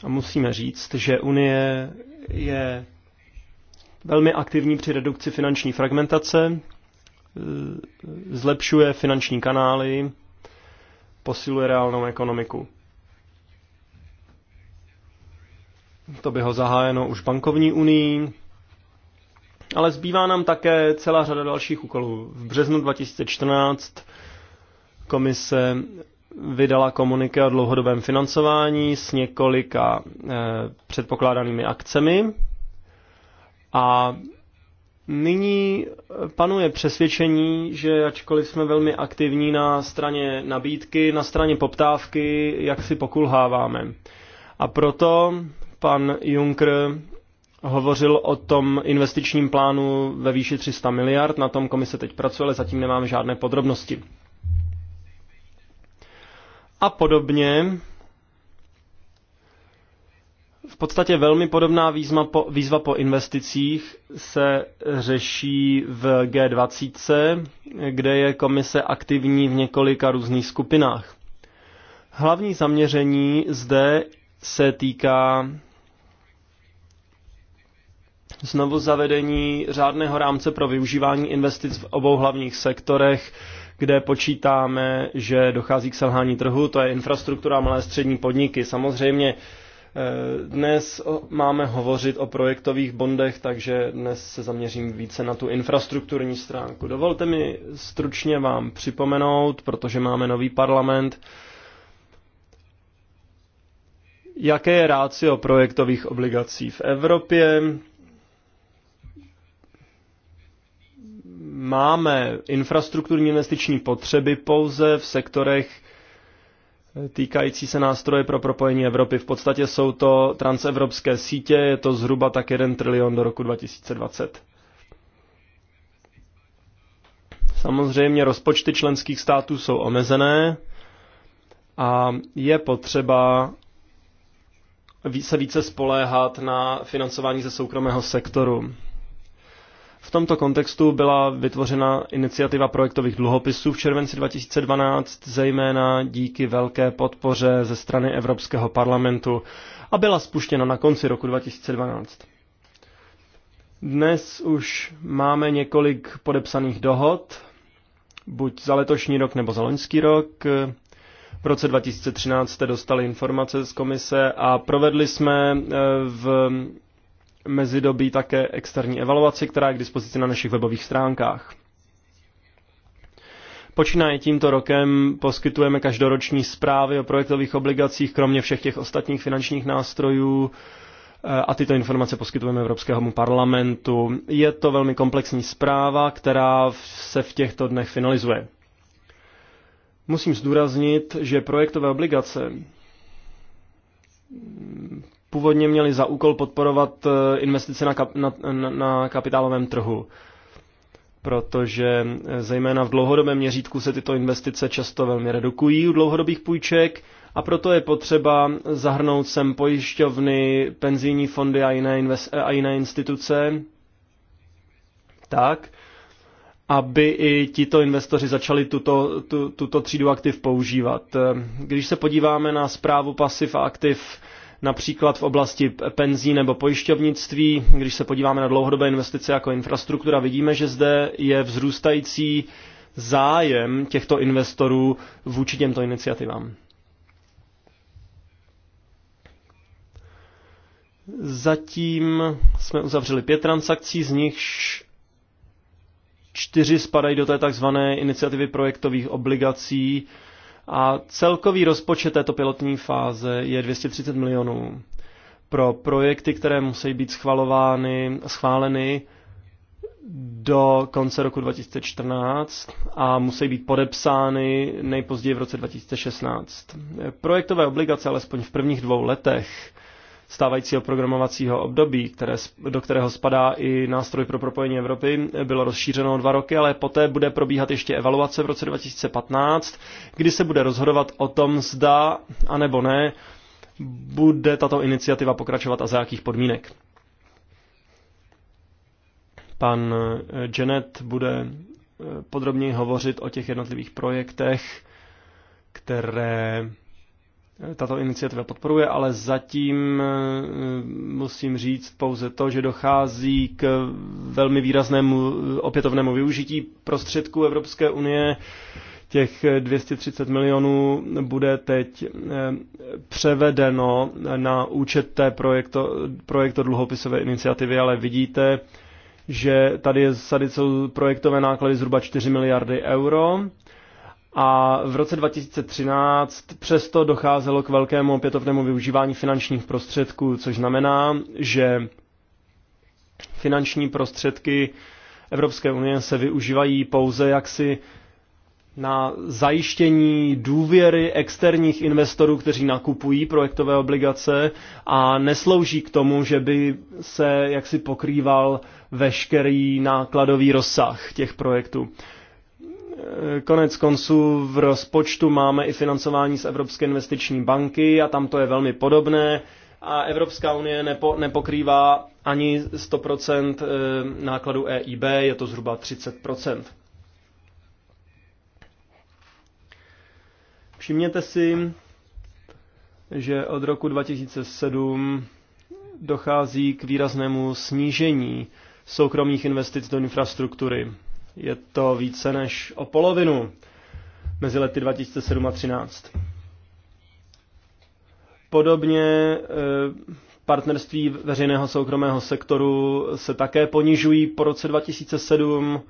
A musíme říct, že Unie je velmi aktivní při redukci finanční fragmentace, E, zlepšuje finanční kanály, posiluje reálnou ekonomiku. To by ho zahájeno už bankovní unii, ale zbývá nám také celá řada dalších úkolů. V březnu 2014 komise vydala komuniky o dlouhodobém financování s několika eh, předpokládanými akcemi a Nyní panuje přesvědčení, že ačkoliv jsme velmi aktivní na straně nabídky, na straně poptávky, jak si pokulháváme. A proto pan Juncker hovořil o tom investičním plánu ve výši 300 miliard, na tom komise teď pracuje, ale zatím nemáme žádné podrobnosti. A podobně v podstatě velmi podobná výzva po, výzva po investicích se řeší v G20, kde je komise aktivní v několika různých skupinách. Hlavní zaměření zde se týká znovu zavedení řádného rámce pro využívání investic v obou hlavních sektorech, kde počítáme, že dochází k selhání trhu, to je infrastruktura malé střední podniky. Samozřejmě Eh, dnes máme hovořit o projektových bondech, takže dnes se zaměřím více na tu infrastrukturní stránku. Dovolte mi stručně vám připomenout, protože máme nový parlament, jaké je rácio projektových obligací v Evropě. Máme infrastrukturní investiční potřeby pouze v sektorech, týkající se nástroje pro propojení Evropy. V podstatě jsou to transevropské sítě, je to zhruba tak 1 trilion do roku 2020. Samozřejmě rozpočty členských států jsou omezené a je potřeba se více spoléhat na financování ze soukromého sektoru. V tomto kontextu byla vytvořena iniciativa projektových dluhopisů v červenci 2012, zejména díky velké podpoře ze strany Evropského parlamentu a byla spuštěna na konci roku 2012. Dnes už máme několik podepsaných dohod, buď za letošní rok nebo za loňský rok. V roce 2013 jste dostali informace z komise a provedli jsme eh, v mezidobí také externí evaluaci, která je k dispozici na našich webových stránkách. Počínaje tímto rokem poskytujeme každoroční zprávy o projektových obligacích, kromě všech těch ostatních finančních nástrojů, eh, a tyto informace poskytujeme Evropskému parlamentu. Je to velmi komplexní zpráva, která se v těchto dnech finalizuje. Musím zdůraznit, že projektové obligace původně měly za úkol podporovat eh, investice na, kap, na, na, na kapitálovém trhu, protože eh, zejména v dlouhodobém měřítku se tyto investice často velmi redukují u dlouhodobých půjček a proto je potřeba zahrnout sem pojišťovny, penzijní fondy a jiné, invest, a jiné instituce tak, aby i tito investoři začali tuto, tu, tuto třídu aktiv používat. Eh, když se podíváme na zprávu pasiv a aktiv například v oblasti penzí nebo pojišťovnictví. Když se podíváme na dlouhodobé investice jako infrastruktura, vidíme, že zde je vzrůstající zájem těchto investorů vůči těmto iniciativám. Zatím jsme uzavřeli pět transakcí, z nichž čtyři spadají do té takzvané iniciativy projektových obligací, a celkový rozpočet této pilotní fáze je 230 milionů. Pro projekty, které musí být schvalovány, schváleny do konce roku 2014 a musí být podepsány nejpozději v roce 2016. Projektové obligace alespoň v prvních dvou letech stávajícího programovacího období, které, do kterého spadá i nástroj pro propojení Evropy, bylo rozšířeno o dva roky, ale poté bude probíhat ještě evaluace v roce 2015, kdy se bude rozhodovat o tom, zda nebo ne bude tato iniciativa pokračovat a za jakých podmínek. Pan eh, Janet bude eh, podrobněji hovořit o těch jednotlivých projektech, které tato iniciativa podporuje, ale zatím e, musím říct pouze to, že dochází k velmi výraznému e, opětovnému využití prostředků Evropské unie. Těch 230 milionů bude teď e, převedeno na účet té projekto, projekto dluhopisové iniciativy, ale vidíte, že tady, je, tady jsou projektové náklady zhruba 4 miliardy euro a v roce 2013 přesto docházelo k velkému opětovnému využívání finančních prostředků, což znamená, že finanční prostředky Evropské unie se využívají pouze jaksi na zajištění důvěry externích investorů, kteří nakupují projektové obligace a neslouží k tomu, že by se jaksi pokrýval veškerý nákladový rozsah těch projektů. Konec konců v rozpočtu máme i financování z Evropské investiční banky a tam to je velmi podobné a Evropská unie nepo, nepokrývá ani 100% eh, nákladu EIB, je to zhruba 30%. Všimněte si, že od roku 2007 dochází k výraznému snížení soukromých investic do infrastruktury. Je to více než o polovinu mezi lety 2007 a 2013. Podobně eh, partnerství veřejného soukromého sektoru se také ponižují po roce 2007.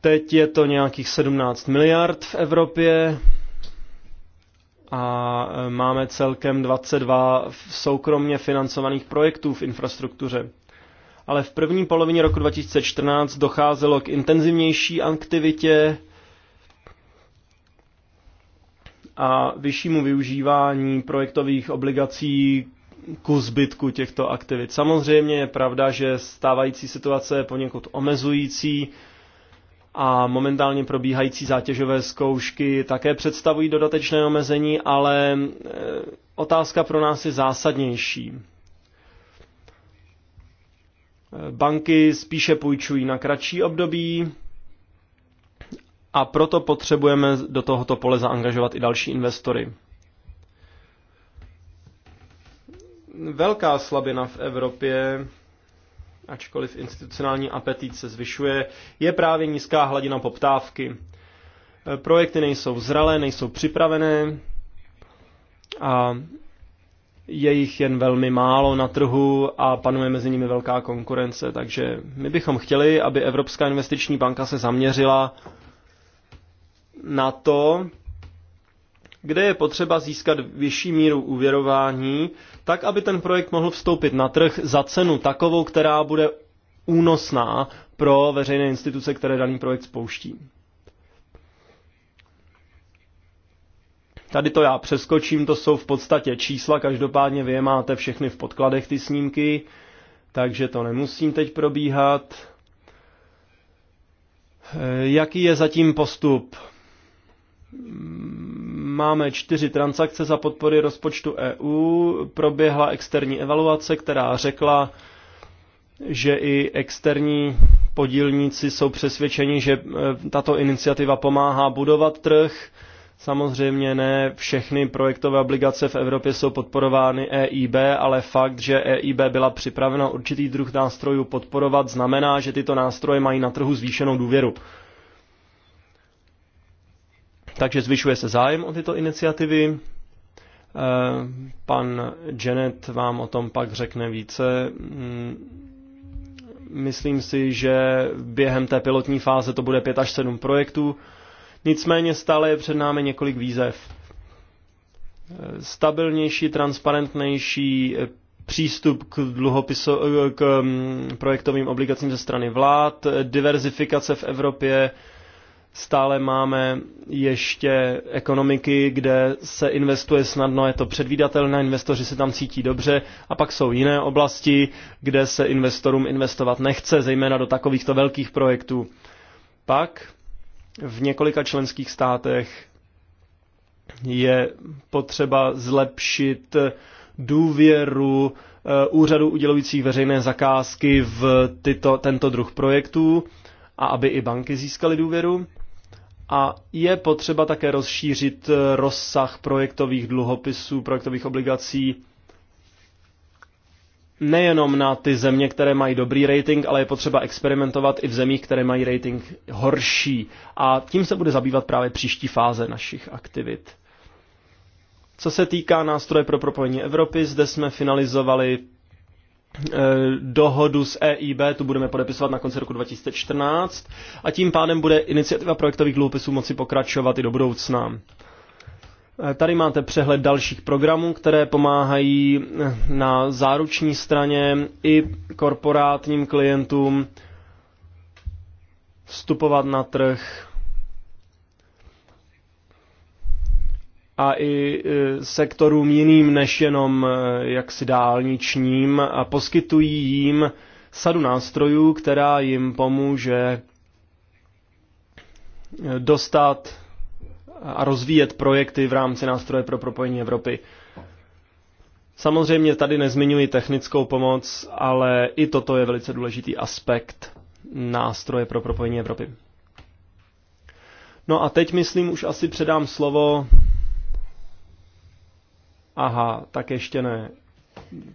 Teď je to nějakých 17 miliard v Evropě a eh, máme celkem 22 soukromně financovaných projektů v infrastruktuře ale v první polovině roku 2014 docházelo k intenzivnější aktivitě a vyššímu využívání projektových obligací ku zbytku těchto aktivit. Samozřejmě je pravda, že stávající situace je poněkud omezující a momentálně probíhající zátěžové zkoušky také představují dodatečné omezení, ale eh, otázka pro nás je zásadnější. Banky spíše půjčují na kratší období a proto potřebujeme do tohoto pole zaangažovat i další investory. Velká slabina v Evropě, ačkoliv institucionální apetit se zvyšuje, je právě nízká hladina poptávky. Projekty nejsou zralé, nejsou připravené a je jich jen velmi málo na trhu a panuje mezi nimi velká konkurence. Takže my bychom chtěli, aby Evropská investiční banka se zaměřila na to, kde je potřeba získat vyšší míru uvěrování, tak aby ten projekt mohl vstoupit na trh za cenu takovou, která bude únosná pro veřejné instituce, které daný projekt spouští. Tady to já přeskočím, to jsou v podstatě čísla, každopádně vy je máte všechny v podkladech, ty snímky, takže to nemusím teď probíhat. Eh, jaký je zatím postup? Mm, máme čtyři transakce za podpory rozpočtu EU, proběhla externí evaluace, která řekla, že i externí podílníci jsou přesvědčeni, že eh, tato iniciativa pomáhá budovat trh, Samozřejmě ne všechny projektové obligace v Evropě jsou podporovány EIB, ale fakt, že EIB byla připravena určitý druh nástrojů podporovat, znamená, že tyto nástroje mají na trhu zvýšenou důvěru. Takže zvyšuje se zájem o tyto iniciativy. Eh, pan Janet vám o tom pak řekne více. Hmm, myslím si, že během té pilotní fáze to bude 5 až 7 projektů Nicméně stále je před námi několik výzev. Stabilnější, transparentnější přístup k, dluhopiso, k mm, projektovým obligacím ze strany vlád, diverzifikace v Evropě, stále máme ještě ekonomiky, kde se investuje snadno, je to předvídatelné, investoři se tam cítí dobře a pak jsou jiné oblasti, kde se investorům investovat nechce, zejména do takovýchto velkých projektů. Pak v několika členských státech je potřeba zlepšit důvěru eh, úřadu udělujících veřejné zakázky v tyto, tento druh projektů a aby i banky získaly důvěru. A je potřeba také rozšířit eh, rozsah projektových dluhopisů, projektových obligací nejenom na ty země, které mají dobrý rating, ale je potřeba experimentovat i v zemích, které mají rating horší. A tím se bude zabývat právě příští fáze našich aktivit. Co se týká nástroje pro propojení Evropy, zde jsme finalizovali eh, dohodu s EIB, tu budeme podepisovat na konci roku 2014 a tím pádem bude iniciativa projektových dluhopisů moci pokračovat i do budoucna. Eh, tady máte přehled dalších programů, které pomáhají eh, na záruční straně i korporátním klientům vstupovat na trh a i eh, sektorům jiným než jenom jaksi dálničním a poskytují jim sadu nástrojů, která jim pomůže dostat a rozvíjet projekty v rámci nástroje pro propojení Evropy. Samozřejmě tady nezmiňuji technickou pomoc, ale i toto je velice důležitý aspekt nástroje pro propojení Evropy. No a teď myslím, už asi předám slovo. Aha, tak ještě ne.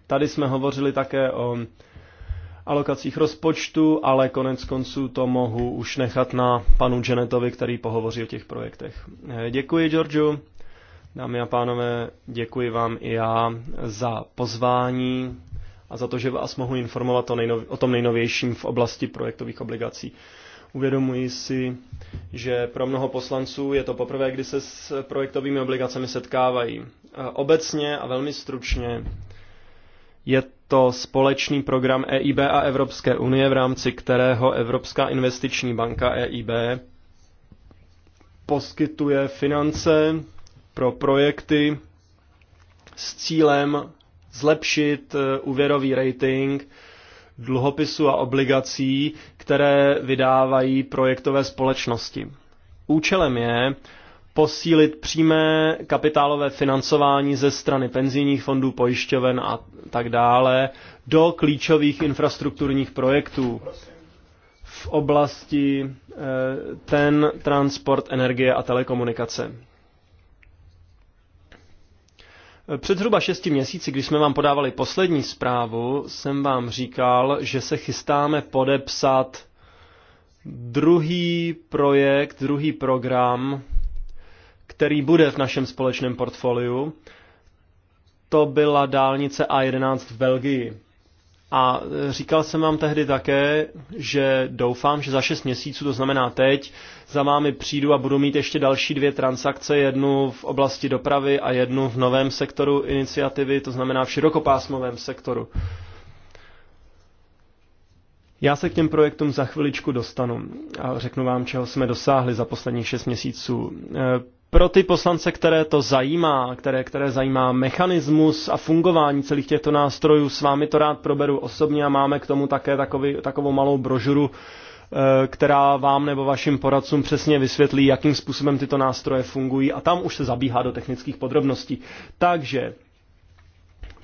Tady jsme hovořili také o alokacích rozpočtu, ale konec konců to mohu už nechat na panu Janetovi, který pohovoří o těch projektech. Eh, děkuji, Georgiu. Dámy a pánové, děkuji vám i já za pozvání a za to, že vás mohu informovat o, nejnov- o tom nejnovějším v oblasti projektových obligací. Uvědomuji si, že pro mnoho poslanců je to poprvé, kdy se s projektovými obligacemi setkávají. Eh, obecně a velmi stručně je to společný program EIB a Evropské unie, v rámci kterého Evropská investiční banka EIB poskytuje finance pro projekty s cílem zlepšit eh, úvěrový rating dluhopisů a obligací, které vydávají projektové společnosti. Účelem je, posílit přímé kapitálové financování ze strany penzijních fondů, pojišťoven a tak dále do klíčových infrastrukturních projektů v oblasti eh, ten, transport, energie a telekomunikace. Eh, před zhruba šesti měsíci, když jsme vám podávali poslední zprávu, jsem vám říkal, že se chystáme podepsat druhý projekt, druhý program který bude v našem společném portfoliu, to byla dálnice A11 v Belgii. A e, říkal jsem vám tehdy také, že doufám, že za 6 měsíců, to znamená teď, za vámi přijdu a budu mít ještě další dvě transakce, jednu v oblasti dopravy a jednu v novém sektoru iniciativy, to znamená v širokopásmovém sektoru. Já se k těm projektům za chviličku dostanu a řeknu vám, čeho jsme dosáhli za posledních šest měsíců. E, pro ty poslance, které to zajímá, které, které zajímá mechanismus a fungování celých těchto nástrojů, s vámi to rád proberu osobně a máme k tomu také takový, takovou malou brožuru, eh, která vám nebo vašim poradcům přesně vysvětlí, jakým způsobem tyto nástroje fungují a tam už se zabíhá do technických podrobností. Takže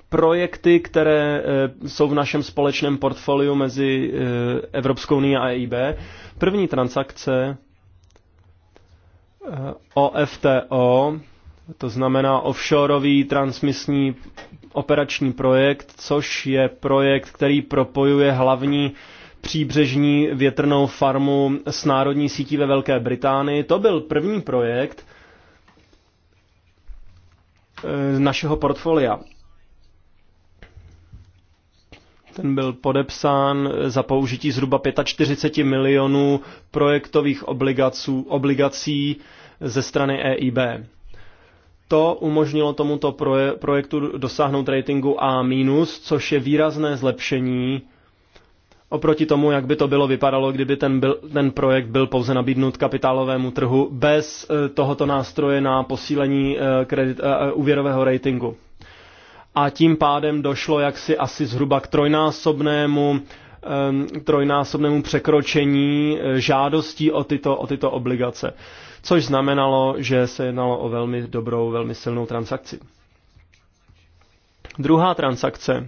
projekty, které eh, jsou v našem společném portfoliu mezi eh, Evropskou unii a EIB. První transakce OFTO, eh, to znamená offshoreový transmisní operační projekt, což je projekt, který propojuje hlavní příbřežní větrnou farmu s národní sítí ve Velké Británii. To byl první projekt eh, našeho portfolia. Ten byl podepsán za použití zhruba 45 milionů projektových obligaců, obligací ze strany EIB. To umožnilo tomuto proje, projektu dosáhnout ratingu A-, což je výrazné zlepšení oproti tomu, jak by to bylo vypadalo, kdyby ten, byl, ten projekt byl pouze nabídnut kapitálovému trhu bez eh, tohoto nástroje na posílení eh, kredit, uh, úvěrového ratingu a tím pádem došlo jaksi asi zhruba k trojnásobnému trojnásobnému překročení eh, žádostí o tyto, o tyto obligace, což znamenalo, že se jednalo o velmi dobrou, velmi silnou transakci. Druhá transakce,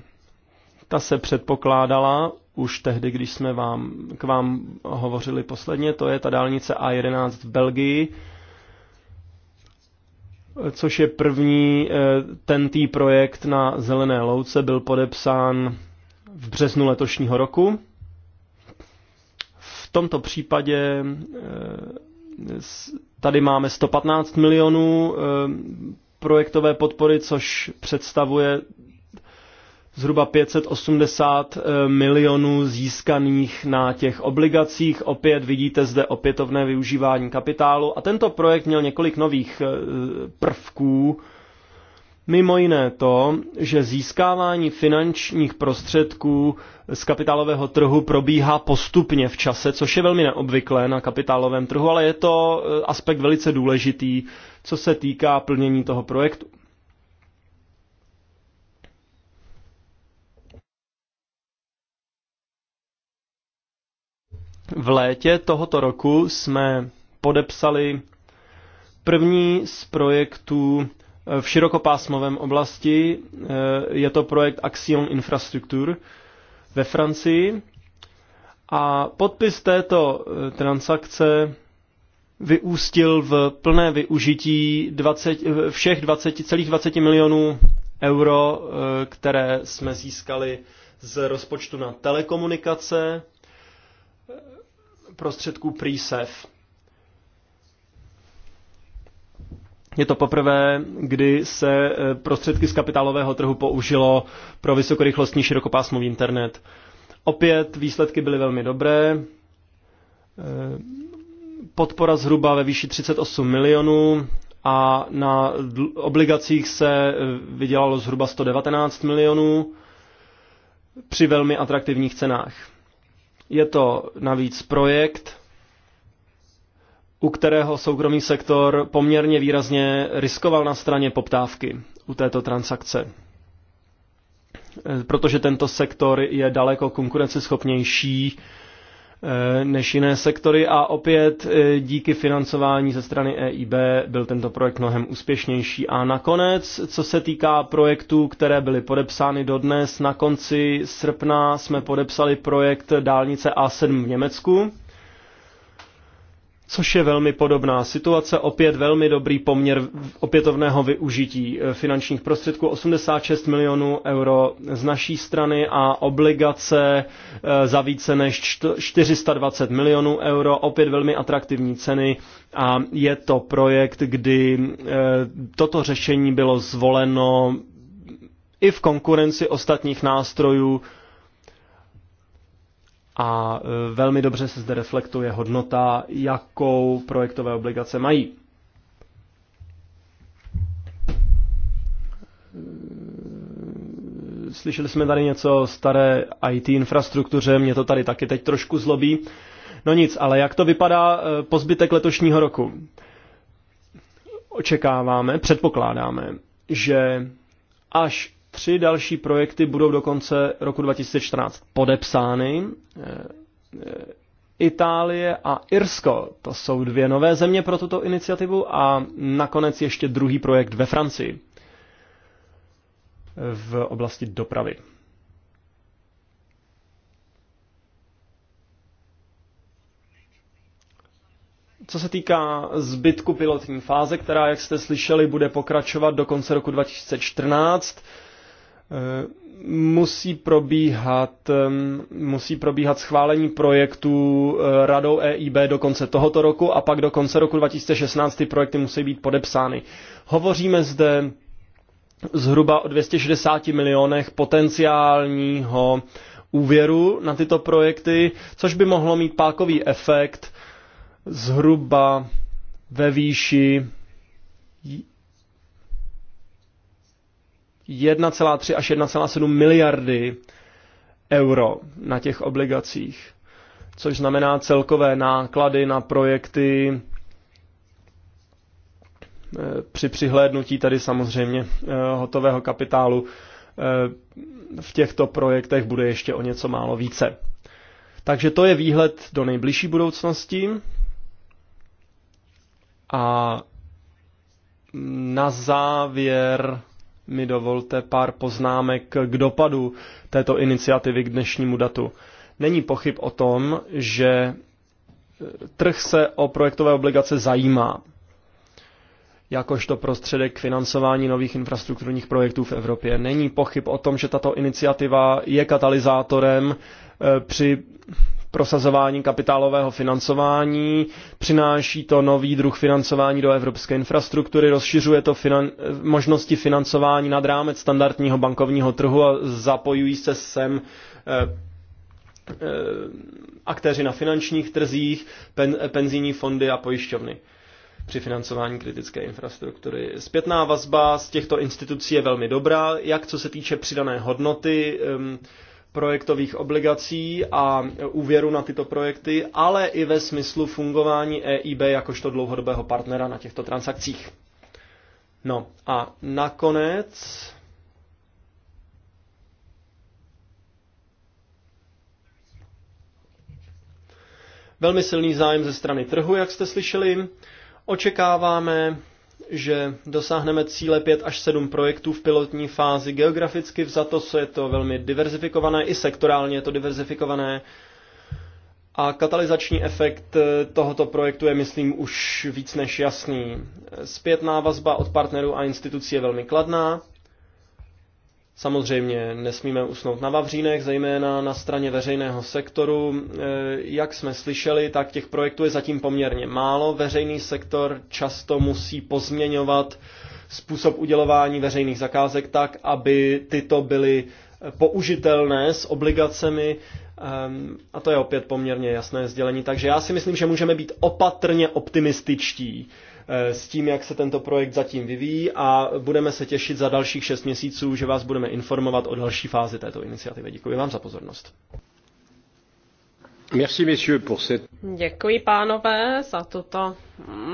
ta se předpokládala už tehdy, když jsme vám, k vám hovořili posledně, to je ta dálnice A11 v Belgii, což je první eh, tentý projekt na Zelené louce, byl podepsán v březnu letošního roku. V tomto případě eh, tady máme 115 milionů eh, projektové podpory, což představuje zhruba 580 eh, milionů získaných na těch obligacích. Opět vidíte zde opětovné využívání kapitálu. A tento projekt měl několik nových eh, prvků, Mimo jiné to, že získávání finančních prostředků z kapitálového trhu probíhá postupně v čase, což je velmi neobvyklé na kapitálovém trhu, ale je to eh, aspekt velice důležitý, co se týká plnění toho projektu. V létě tohoto roku jsme podepsali první z projektů eh, v širokopásmovém oblasti. Eh, je to projekt Axion Infrastructure ve Francii. A podpis této eh, transakce vyústil v plné využití 20, všech 20, celých 20 milionů euro, které jsme získali z rozpočtu na telekomunikace, prostředků PRISEF. Je to poprvé, kdy se eh, prostředky z kapitálového trhu použilo pro vysokorychlostní širokopásmový internet. Opět výsledky byly velmi dobré. Eh, podpora zhruba ve výši 38 milionů a na obligacích se eh, vydělalo zhruba 119 milionů při velmi atraktivních cenách. Je to navíc projekt, u kterého soukromý sektor poměrně výrazně riskoval na straně poptávky u této transakce. E, protože tento sektor je daleko konkurenceschopnější Eh, než jiné sektory a opět eh, díky financování ze strany EIB byl tento projekt mnohem úspěšnější. A nakonec, co se týká projektů, které byly podepsány dodnes, na konci srpna jsme podepsali projekt dálnice A7 v Německu, což je velmi podobná situace. Opět velmi dobrý poměr opětovného využití eh, finančních prostředků. 86 milionů euro z naší strany a obligace eh, za více než 420 milionů euro. Opět velmi atraktivní ceny a je to projekt, kdy eh, toto řešení bylo zvoleno i v konkurenci ostatních nástrojů a e, velmi dobře se zde reflektuje hodnota, jakou projektové obligace mají. Slyšeli jsme tady něco o staré IT infrastruktuře, mě to tady taky teď trošku zlobí. No nic, ale jak to vypadá e, po zbytek letošního roku? Očekáváme, předpokládáme, že až Tři další projekty budou do konce roku 2014 podepsány. E, e, Itálie a Irsko, to jsou dvě nové země pro tuto iniciativu a nakonec ještě druhý projekt ve Francii v oblasti dopravy. Co se týká zbytku pilotní fáze, která, jak jste slyšeli, bude pokračovat do konce roku 2014, Eh, musí probíhat, musí probíhat schválení projektů eh, radou EIB do konce tohoto roku a pak do konce roku 2016 ty projekty musí být podepsány. Hovoříme zde zhruba o 260 milionech potenciálního úvěru na tyto projekty, což by mohlo mít pákový efekt zhruba ve výši 1,3 až 1,7 miliardy euro na těch obligacích, což znamená celkové náklady na projekty eh, při přihlédnutí tady samozřejmě eh, hotového kapitálu eh, v těchto projektech bude ještě o něco málo více. Takže to je výhled do nejbližší budoucnosti. A na závěr mi dovolte pár poznámek k dopadu této iniciativy k dnešnímu datu. Není pochyb o tom, že e, trh se o projektové obligace zajímá jakožto prostředek k financování nových infrastrukturních projektů v Evropě. Není pochyb o tom, že tato iniciativa je katalyzátorem e, při prosazování kapitálového financování, přináší to nový druh financování do evropské infrastruktury, rozšiřuje to finan- možnosti financování nad rámec standardního bankovního trhu a zapojují se sem e, e, aktéři na finančních trzích, pen, penzijní fondy a pojišťovny při financování kritické infrastruktury. Zpětná vazba z těchto institucí je velmi dobrá, jak co se týče přidané hodnoty, ehm, projektových obligací a úvěru na tyto projekty, ale i ve smyslu fungování EIB jakožto dlouhodobého partnera na těchto transakcích. No a nakonec Velmi silný zájem ze strany trhu, jak jste slyšeli. Očekáváme že dosáhneme cíle 5 až 7 projektů v pilotní fázi. Geograficky vzato co je to velmi diverzifikované, i sektorálně je to diverzifikované. A katalyzační efekt eh, tohoto projektu je, myslím, už víc než jasný. Zpětná vazba od partnerů a institucí je velmi kladná. Samozřejmě nesmíme usnout na Vavřínech, zejména na straně veřejného sektoru. E, jak jsme slyšeli, tak těch projektů je zatím poměrně málo. Veřejný sektor často musí pozměňovat způsob udělování veřejných zakázek tak, aby tyto byly použitelné s obligacemi ehm, a to je opět poměrně jasné sdělení. Takže já si myslím, že můžeme být opatrně optimističtí Eh, s tím, jak se tento projekt zatím vyvíjí a budeme se těšit za dalších šest měsíců, že vás budeme informovat o další fázi této iniciativy. Děkuji vám za pozornost. Děkuji pánové za tuto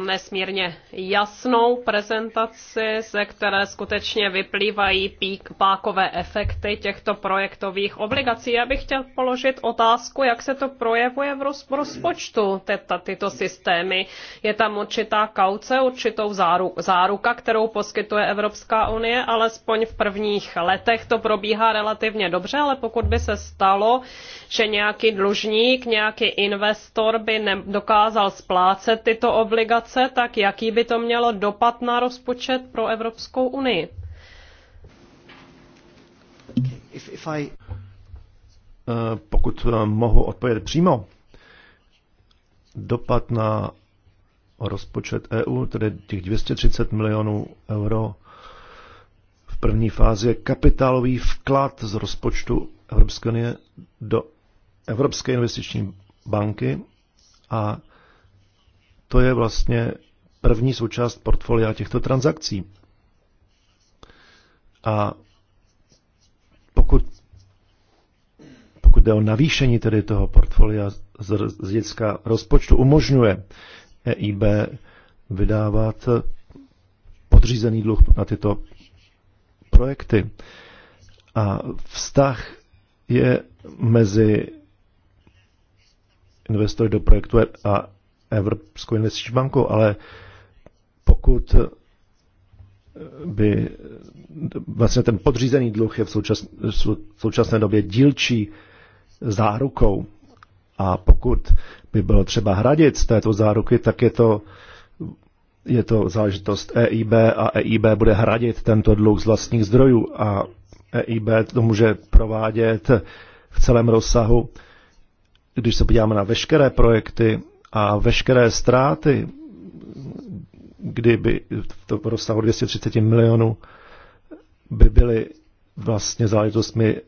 nesmírně jasnou prezentaci, ze které skutečně vyplývají pík, pákové efekty těchto projektových obligací. Já bych chtěl položit otázku, jak se to projevuje v, rozpočtu teta, tyto systémy. Je tam určitá kauce, určitou záru, záruka, kterou poskytuje Evropská unie, alespoň v prvních letech to probíhá relativně dobře, ale pokud by se stalo, že nějaký dlužník podnik, nějaký investor by dokázal splácet tyto obligace, tak jaký by to mělo dopad na rozpočet pro Evropskou unii? Eh, pokud eh, mohu odpovědět přímo, dopad na rozpočet EU, tedy těch 230 milionů euro v první fázi je kapitálový vklad z rozpočtu Evropské unie do Evropské investiční banky a to je vlastně první součást portfolia těchto transakcí. A pokud, pokud jde o navýšení tedy toho portfolia z, z dětská rozpočtu, umožňuje EIB vydávat podřízený dluh na tyto projekty. A vztah je mezi investovat do projektu a Evropskou investiční banku, ale pokud by vlastně ten podřízený dluh je v, současn, v současné době dílčí zárukou a pokud by bylo třeba hradit z této záruky, tak je to, je to záležitost EIB a EIB bude hradit tento dluh z vlastních zdrojů a EIB to může provádět v celém rozsahu když se podíváme na veškeré projekty a veškeré ztráty, kdyby to rozsahu 230 milionů by byly vlastně záležitostmi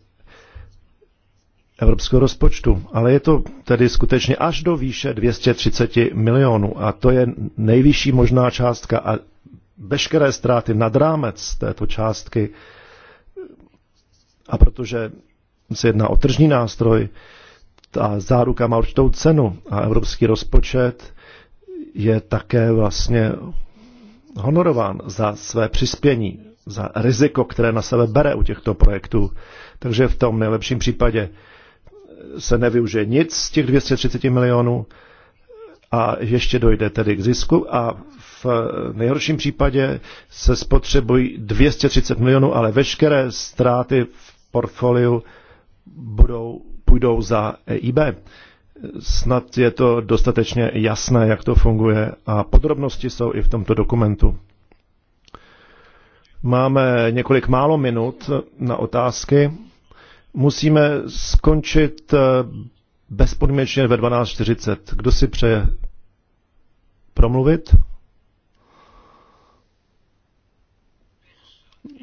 evropského rozpočtu. Ale je to tedy skutečně až do výše 230 milionů a to je nejvyšší možná částka a veškeré ztráty nad rámec této částky a protože se jedná o tržní nástroj, ta záruka má určitou cenu a evropský rozpočet je také vlastně honorován za své přispění, za riziko, které na sebe bere u těchto projektů. Takže v tom nejlepším případě se nevyužije nic z těch 230 milionů a ještě dojde tedy k zisku a v nejhorším případě se spotřebují 230 milionů, ale veškeré ztráty v portfoliu budou půjdou za EIB. Snad je to dostatečně jasné, jak to funguje a podrobnosti jsou i v tomto dokumentu. Máme několik málo minut na otázky. Musíme skončit eh, bezpodmínečně ve 12.40. Kdo si přeje promluvit?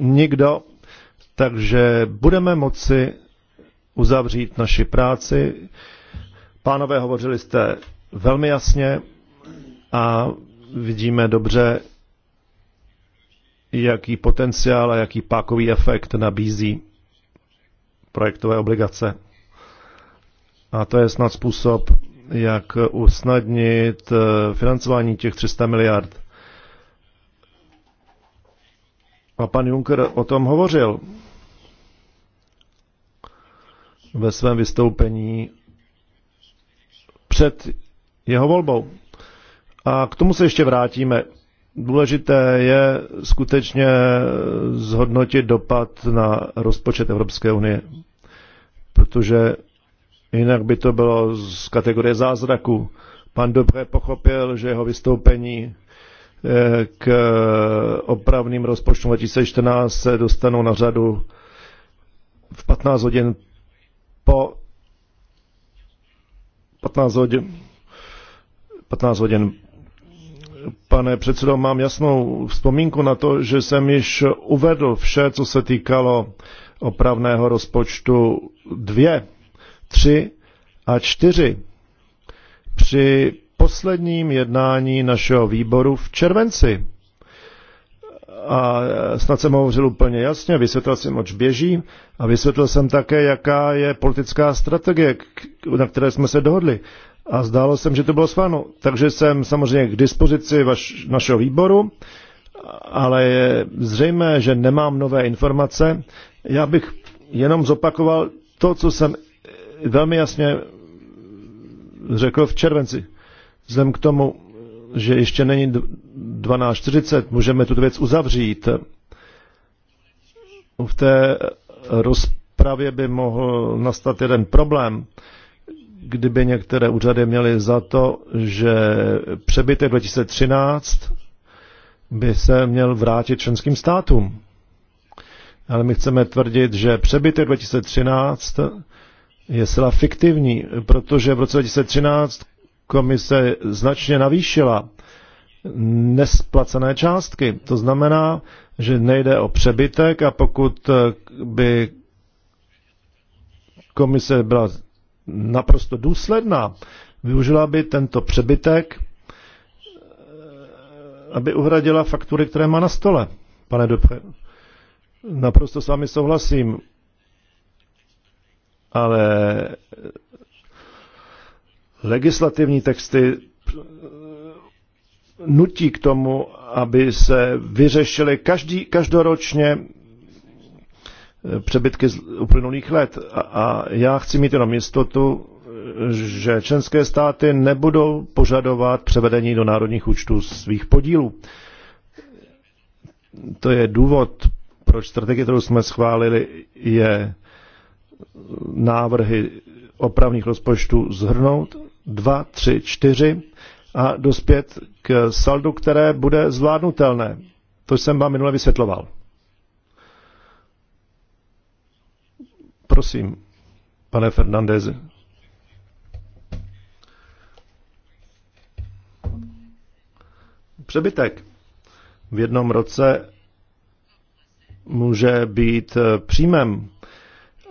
Nikdo. Takže budeme moci uzavřít naši práci. Pánové, hovořili jste velmi jasně a vidíme dobře, jaký potenciál a jaký pákový efekt nabízí projektové obligace. A to je snad způsob, jak usnadnit eh, financování těch 300 miliard. A pan Juncker o tom hovořil ve svém vystoupení před jeho volbou. A k tomu se ještě vrátíme. Důležité je skutečně zhodnotit dopad na rozpočet Evropské unie, protože jinak by to bylo z kategorie zázraku. Pan Dobré pochopil, že jeho vystoupení eh, k opravným rozpočtům 2014 se dostanou na řadu v 15 hodin po 15 hodin, 15 hodin. Pane předsedo, mám jasnou vzpomínku na to, že jsem již uvedl vše, co se týkalo opravného rozpočtu 2, 3 a 4 při posledním jednání našeho výboru v červenci a snad jsem hovořil úplně jasně, vysvětlil jsem, oč běží a vysvětlil jsem také, jaká je politická strategie, na které jsme se dohodli. A zdálo jsem, že to bylo sváno. Takže jsem samozřejmě k dispozici vaš, našeho výboru, ale je zřejmé, že nemám nové informace. Já bych jenom zopakoval to, co jsem velmi jasně řekl v červenci. Vzhledem k tomu, že ještě není 12.40, můžeme tuto věc uzavřít. V té rozpravě by mohl nastat jeden problém, kdyby některé úřady měly za to, že přebytek 2013 by se měl vrátit členským státům. Ale my chceme tvrdit, že přebytek 2013 je zcela fiktivní, protože v roce 2013 komise značně navýšila nesplacené částky. To znamená, že nejde o přebytek a pokud eh, by komise byla naprosto důsledná, využila by tento přebytek, eh, aby uhradila faktury, které má na stole. Pane Dobře, naprosto s vámi souhlasím, ale legislativní texty nutí k tomu, aby se vyřešily každý, každoročně eh, přebytky z uplynulých let. A, a já chci mít jenom jistotu, že členské státy nebudou požadovat převedení do národních účtů svých podílů. To je důvod, proč strategie, kterou jsme schválili, je návrhy opravných rozpočtů zhrnout 2, 3, 4 a dospět k saldu, které bude zvládnutelné. To jsem vám minule vysvětloval. Prosím, pane Fernandez. Přebytek v jednom roce může být příjmem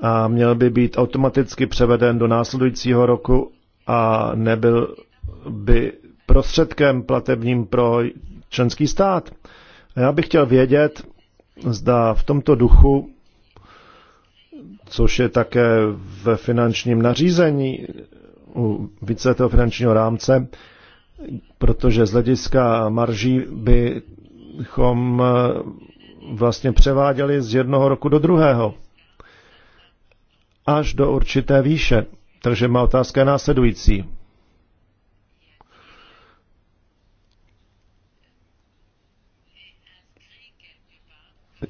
a měl by být automaticky převeden do následujícího roku a nebyl by prostředkem platebním pro členský stát. A já bych chtěl vědět, zda v tomto duchu, což je také ve finančním nařízení u víceletého finančního rámce, protože z hlediska marží bychom eh, vlastně převáděli z jednoho roku do druhého až do určité výše. Takže má otázka je následující.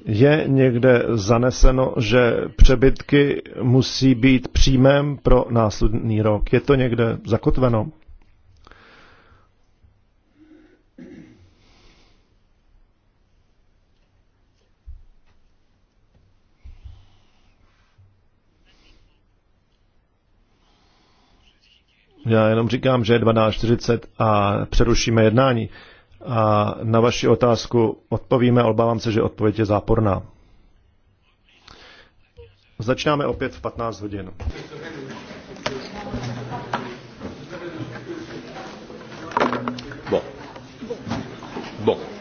Je někde zaneseno, že přebytky musí být příjmem pro následný rok. Je to někde zakotveno? Já jenom říkám, že je 12.40 a přerušíme jednání. A na vaši otázku odpovíme, obávám se, že odpověď je záporná. Začínáme opět v 15 hodin. Bon. Bon.